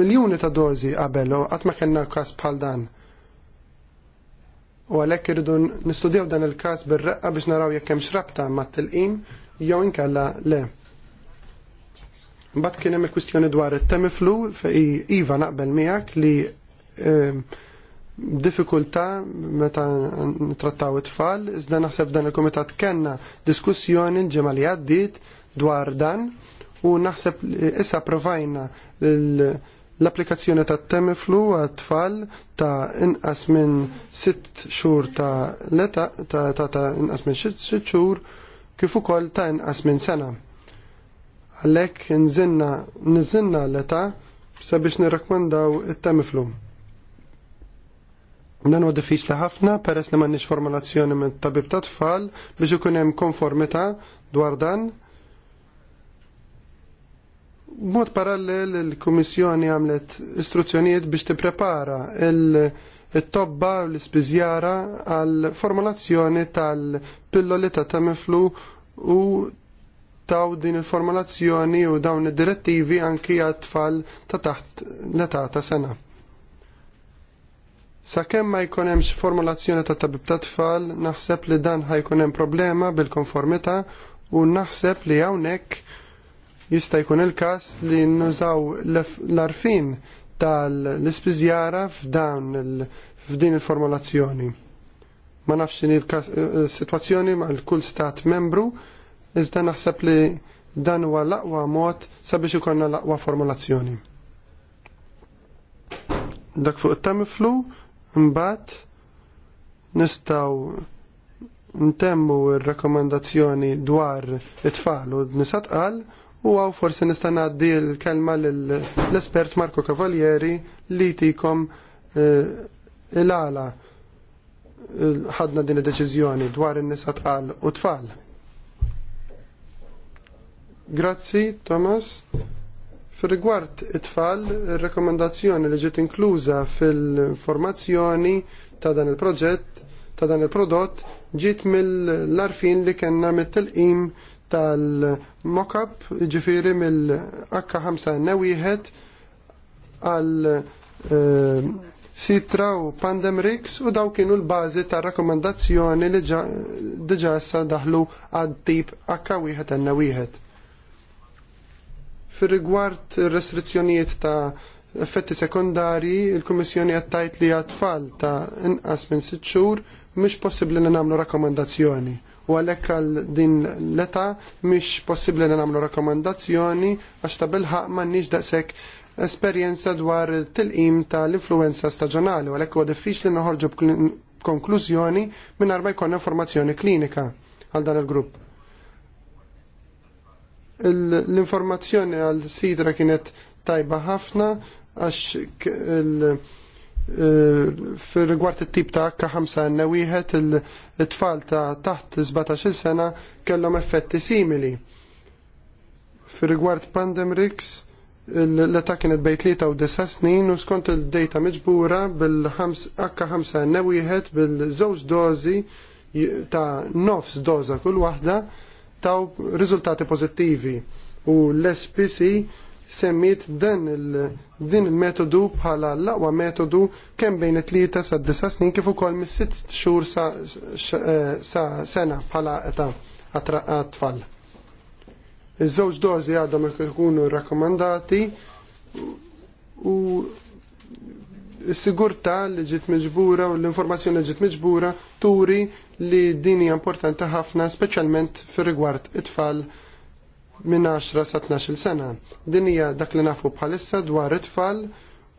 miljuni ta' dozi qabel u qatt ma kellna każ bħal dan. U għalhekk irridu nistudjaw dan il-każ bir-raqqa biex naraw jekk hemm xrabta mat-tilqim jew inkella le. Mbagħad kien hemm il-kwistjoni dwar it-temiflu iva naqbel miegħek li ehm, diffikultà meta nittrattaw it-tfal, iżda naħseb dan il-kumitat kellna diskussjoni ġimgħa li għaddiet dwar dan u naħseb issa provajna l- l-applikazzjoni ta' temiflu għat-tfal ta' inqas minn 6 xhur ta' leta ta' ta', ta inqas minn 6 xhur kif ukoll ta' inqas minn sena. Għalhekk nżinna niżinna l-età sabiex nirrakkomandaw it-temiflu. Dan huwa diffiċli ħafna peress li m'għandniex formulazzjoni minn tabib ta' tfal biex ikun hemm konformità dwar dan Mod parallel il-Kummissjoni għamlet istruzzjonijiet biex tipprepara il-tobba u l-ispiżjara għal formulazzjoni tal-pilloli ta' tamiflu u taw din il-formulazzjoni u dawn id-direttivi anki għat-tfal ta' taħt l-età ta' sena. Sakemm ma jkun hemmx formulazzjoni ta' tabib ta' tfal, naħseb li dan ħajkun hemm problema bil-konformità u naħseb li hawnhekk jista' jkun il-każ li nużaw l-arfin tal-ispiżjara f'dawn f'din il-formulazzjoni. Ma nafx il l-sitwazzjoni eh, ma l-kull stat membru, iżda naħseb li dan huwa l-aqwa mod sabiex ikonna l-aqwa formulazzjoni. Dak fuq it-tamiflu, mbagħad nistgħu ntemmu r-rakkomandazzjoni dwar it-tfal u nisat u għaw forse nista' għaddi l-kelma l-espert Marco Cavalieri li tikom eh, il-għala ħadna din id-deċiżjoni dwar in-nisa tqal u tfal. Grazzi, Thomas. Fir-rigward it-tfal, ir-rekomendazzjoni li ġiet inkluża fil-formazzjoni ta' dan il-proġett ta' dan il-prodott ġiet mill larfin li kellna mit-telqim tal-mockup ġifiri mill akka 5 n 1 għal eh, Sitra u Pandemrix u daw kienu l-bazi ta' rakkomandazzjoni li diġa issa daħlu għad tip akka 1 n Fir-rigward restrizzjonijiet ta' effetti sekundari, il-Kummissjoni għattajt li għatfall ta' inqas minn 6 xhur mhix possibbli li nagħmlu rakkomandazzjoni u għalhekk għal din l eta mhix possibbli li nagħmlu rakkomandazzjoni għax ta' bilħaq m'għandniex daqshekk esperjenza dwar tilqim tal-influenza staġjonali u għalhekk huwa diffiċli noħorġu b'konklużjoni mingħajr arba jkollna informazzjoni klinika għal dan il-grupp. L-informazzjoni għal sidra kienet tajba ħafna għax Eh, fil-rigward it-tip ta' H5 N1 il-tfal ta' taħt 17 sena kellhom effetti simili. Fil-rigward Pandemrix l-età kienet bej 3 u 9 snin u skont il-data miġbura bil-H5 n bil-żewġ dozi ta' nofs doza kull waħda taw riżultati pożittivi u l-SPC semmit dan din il-metodu bħala l-aqwa metodu kemm bejn it-tlieta sa' disa snin kif ukoll mis-sitt xhur sa, eh, sena bħala età tfal Iż-żewġ dożi għadhom ikunu rakkomandati u s-sigurta li ġiet miġbura u l-informazzjoni li ġiet miġbura turi li dini importanti ħafna speċjalment fir rigward it-tfal minn 10 sa 12 sena. Din hija dak li nafu bħalissa dwar it-tfal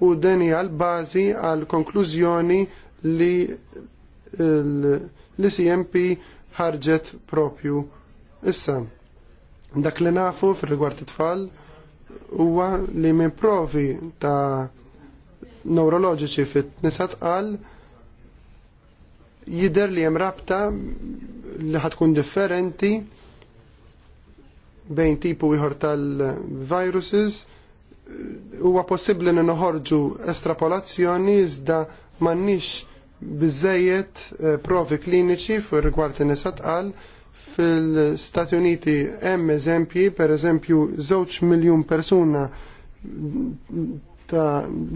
u din hija l-bażi għal konklużjoni li l-CMP ħarġet propju issa. Dak li nafu fil rigward it-tfal huwa li minn provi ta' neuroloġiċi fit-nisa tqal jider li hemm rabta li ħatkun differenti bejn tipu ieħor tal-viruses huwa possibbli li noħorġu estrapolazzjoni iżda m'għandniex biżejjed eh, provi kliniċi fuq rigward in-nisa tqal fil-Stati Uniti hemm eżempji, pereżempju żewġ miljun persuna ta'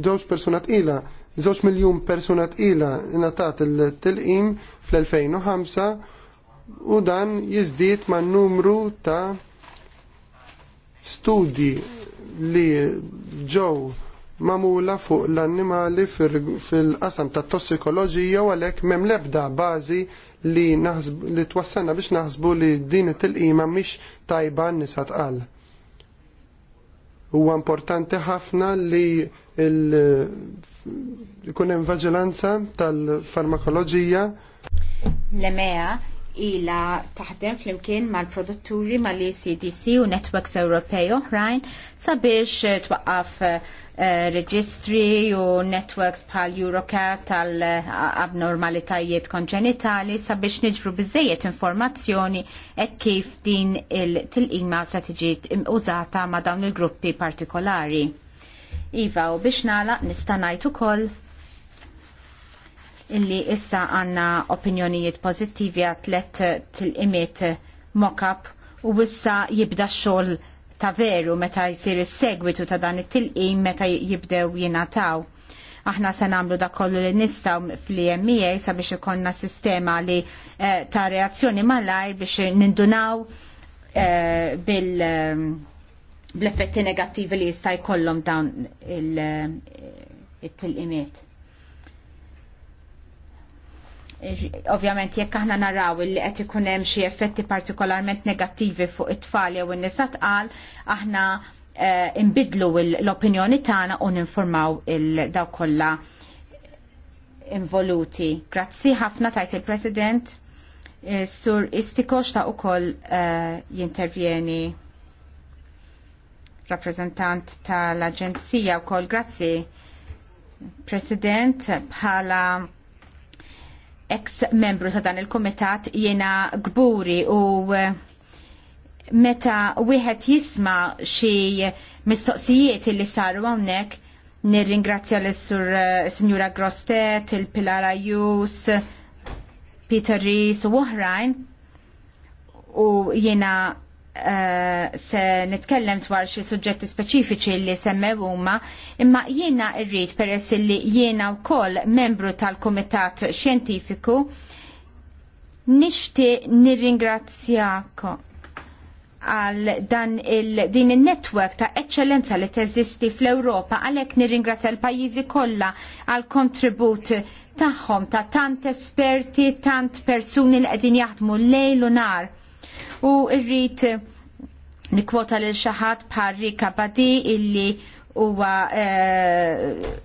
żewġ persuna tqila, żewġ miljun persuna tqila ingħatat il-tilqim fl-2005 u dan jiżdied man numru ta' studi li ġew mamula fuq l-annimali fil-qasam ta' tossikoloġija u għalhekk m'hemm l-ebda bażi li li twassalna biex naħsbu li din it-tilqima mhix tajba nisa tqal. Huwa importanti ħafna li l ikun hemm vaġilanza tal-farmakoloġija. l ila taħdem flimkien mal-produtturi mal-ECDC u networks Ewropej oħrajn sabiex eh, twaqqaf eh, eh, reġistri u networks bħal Eurocat tal-abnormalitajiet konġenitali sabiex niġru bizzejiet informazzjoni e kif din il-tilqima se tiġi użata ma' dawn il-gruppi partikolari. Iva u biex nala nistanajt ukoll illi issa għanna opinjonijiet pozittivi għatlet til-imiet mock-up u issa jibda xol ta' veru meta jisir is-segwitu ta' dan it-tilqim meta jibdew jingħataw. Aħna se nagħmlu da kollu li nistaw fl-EMEA sabiex ikonna sistema li eh, ta' reazzjoni mal-lajr biex nindunaw eh, bil eh, bl-effetti negattivi li jista' jkollhom dawn il-tilqimiet. Eh, Ovvjament jekk aħna naraw li qed ikun hemm xi effetti partikolarment negattivi fuq it-tfal jew in-nisa tqal, aħna eh, inbidlu l-opinjoni tagħna u ninformaw il-daw kollha involuti. Grazzi ħafna tajt il-President. Eh, Sur Istikox ta' ukoll eh, jintervjeni rappresentant tal-Aġenzija wkoll grazzi President bħala ex membru ta' dan il kumitat jiena gburi u eh, meta wieħed jisma xi mistoqsijiet li saru hawnhekk nirringrazzja lis sur eh, Sinjura Grostet, il-Pilar Ajus, Peter Rees u oħrajn u jiena Eh, se nitkellem dwar xi suġġetti speċifiċi li semmew huma, imma jiena rrid peress li jiena wkoll membru tal-Kumitat Xjentifiku nixti nirringrazzjako għal dan il, din il-network ta' eccellenza li teżisti fl-Europa għalhekk nirringrazzja l-pajjiżi kollha għal kontribut tagħhom ta' tant esperti, tant persuni li qegħdin jaħdmu lejl u nar u rrid nikwota lil xi ħadd bħal Rika Badi illi huwa eh,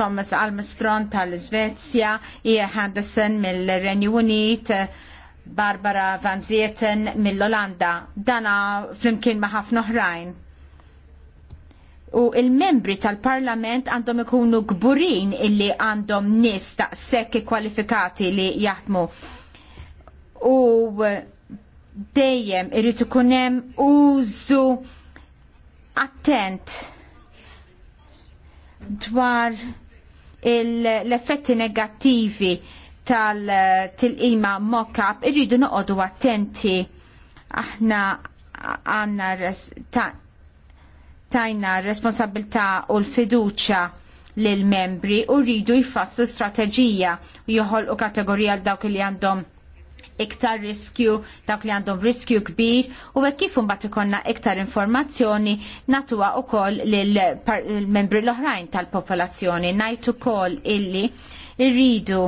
Thomas Almstron tal-Svezja, Ie Henderson mill-Renju Unit, Barbara Van Zieten mill-Olanda. Dana flimkien ma' ħafna oħrajn u il-membri tal-parlament għandhom ikunu gburin illi għandhom nis ta' sekki kwalifikati li jaħdmu. U dejjem irrid ikunem hemm użu attent dwar l-effetti negattivi tal-tilqima mock-up irridu noqogħdu attenti aħna għanna res, ta, tajna responsabilità u l-fiduċja lill membri u rridu jfasslu strateġija u joħolqu kategorija għal dawk li għandhom iktar riskju, dak li għandhom riskju kbir u hekk kif imbagħad ikollna iktar informazzjoni u wkoll lill-membri l-oħrajn tal-popolazzjoni ngħid ukoll illi rridu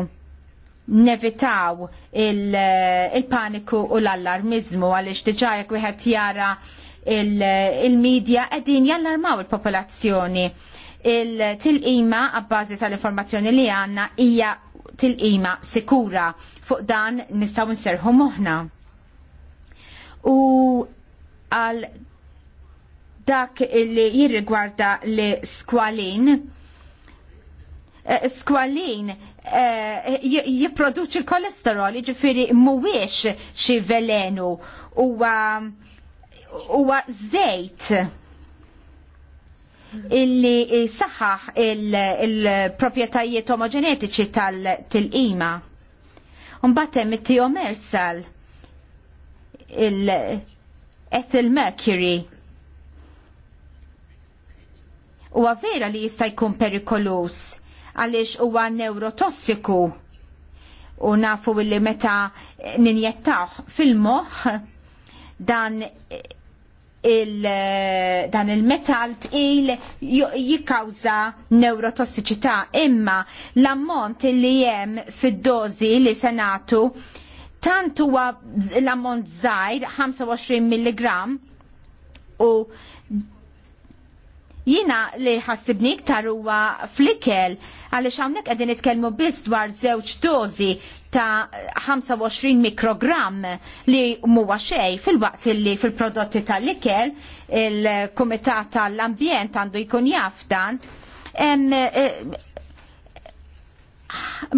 nevitaw il-paniku il u l-allarmizmu għaliex diġà jekk wieħed jara il-medja il qegħdin jallarmaw il-popolazzjoni il-tilqima għabbażi tal-informazzjoni li għandna hija tilqima sikura fuq dan nistgħu nserħu moħħna. U għal dak li jirrigwarda li skwalin eh, skwalin eh, jiproduċi l-kolesterol, ġifiri muwiex xi velenu huwa huwa zejt illi saħħaħ il-propietajiet il omogenetiċi tal-ima. Unbatem it-tiomersal il-ethyl mercury u vera li jista' jkun perikolus għaliex huwa neurotossiku u nafu li meta ninjettaħ fil-moħħ dan il, eh, dan il-metal il jikkawża neurotossiċità imma l-ammont li hemm fid-dożi li se nagħtu tant huwa l-ammont żgħir 25 mg u jina li ħassibni iktar huwa flikel għaliex hawnhekk qegħdin nitkellmu biss dwar żewġ dożi ta' 25 mikrogramm li muwa xej fil-waqt li fil-prodotti tal-ikel il-Kumitat tal-Ambjent għandu jkun jaf dan.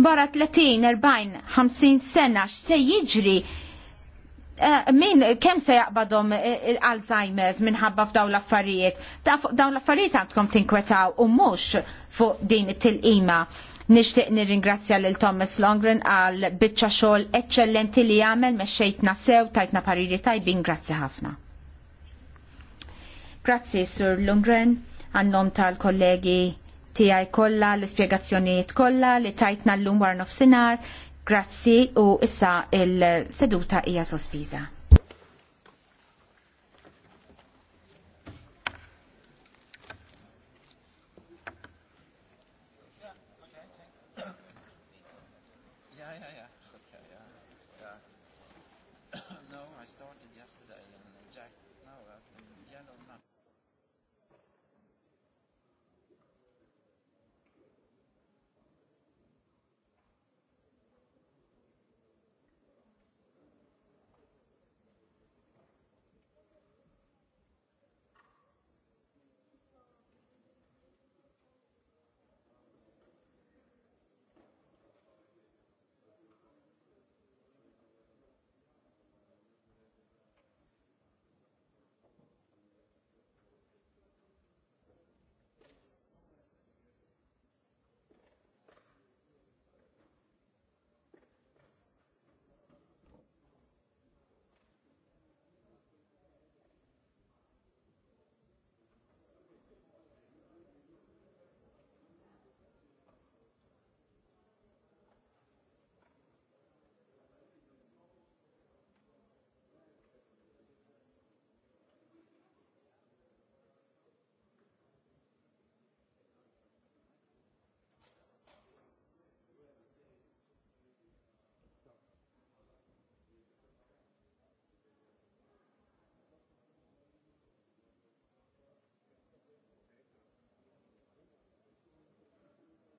Barra 30, 40, 50 sena x'se jiġri e, min kemm se jaqbadhom l-Alzheimer's e, e, minħabba f'daw l-affarijiet. Dawn l-affarijiet għandkom tinkwetaw u mhux fuq din it-tilqima. Nixtieq nirringrazzja lil Thomas Longren għal biċċa xogħol eċċellenti li jagħmel mexxejtna sew tajtna pariri tajbin grazzi ħafna. Grazzi Sir Lundgren għannom tal-kollegi tiegħi kollha l-ispjegazzjonijiet kollha li tajtna llum war nofsinhar. Grazzi u issa il-seduta hija sospiża.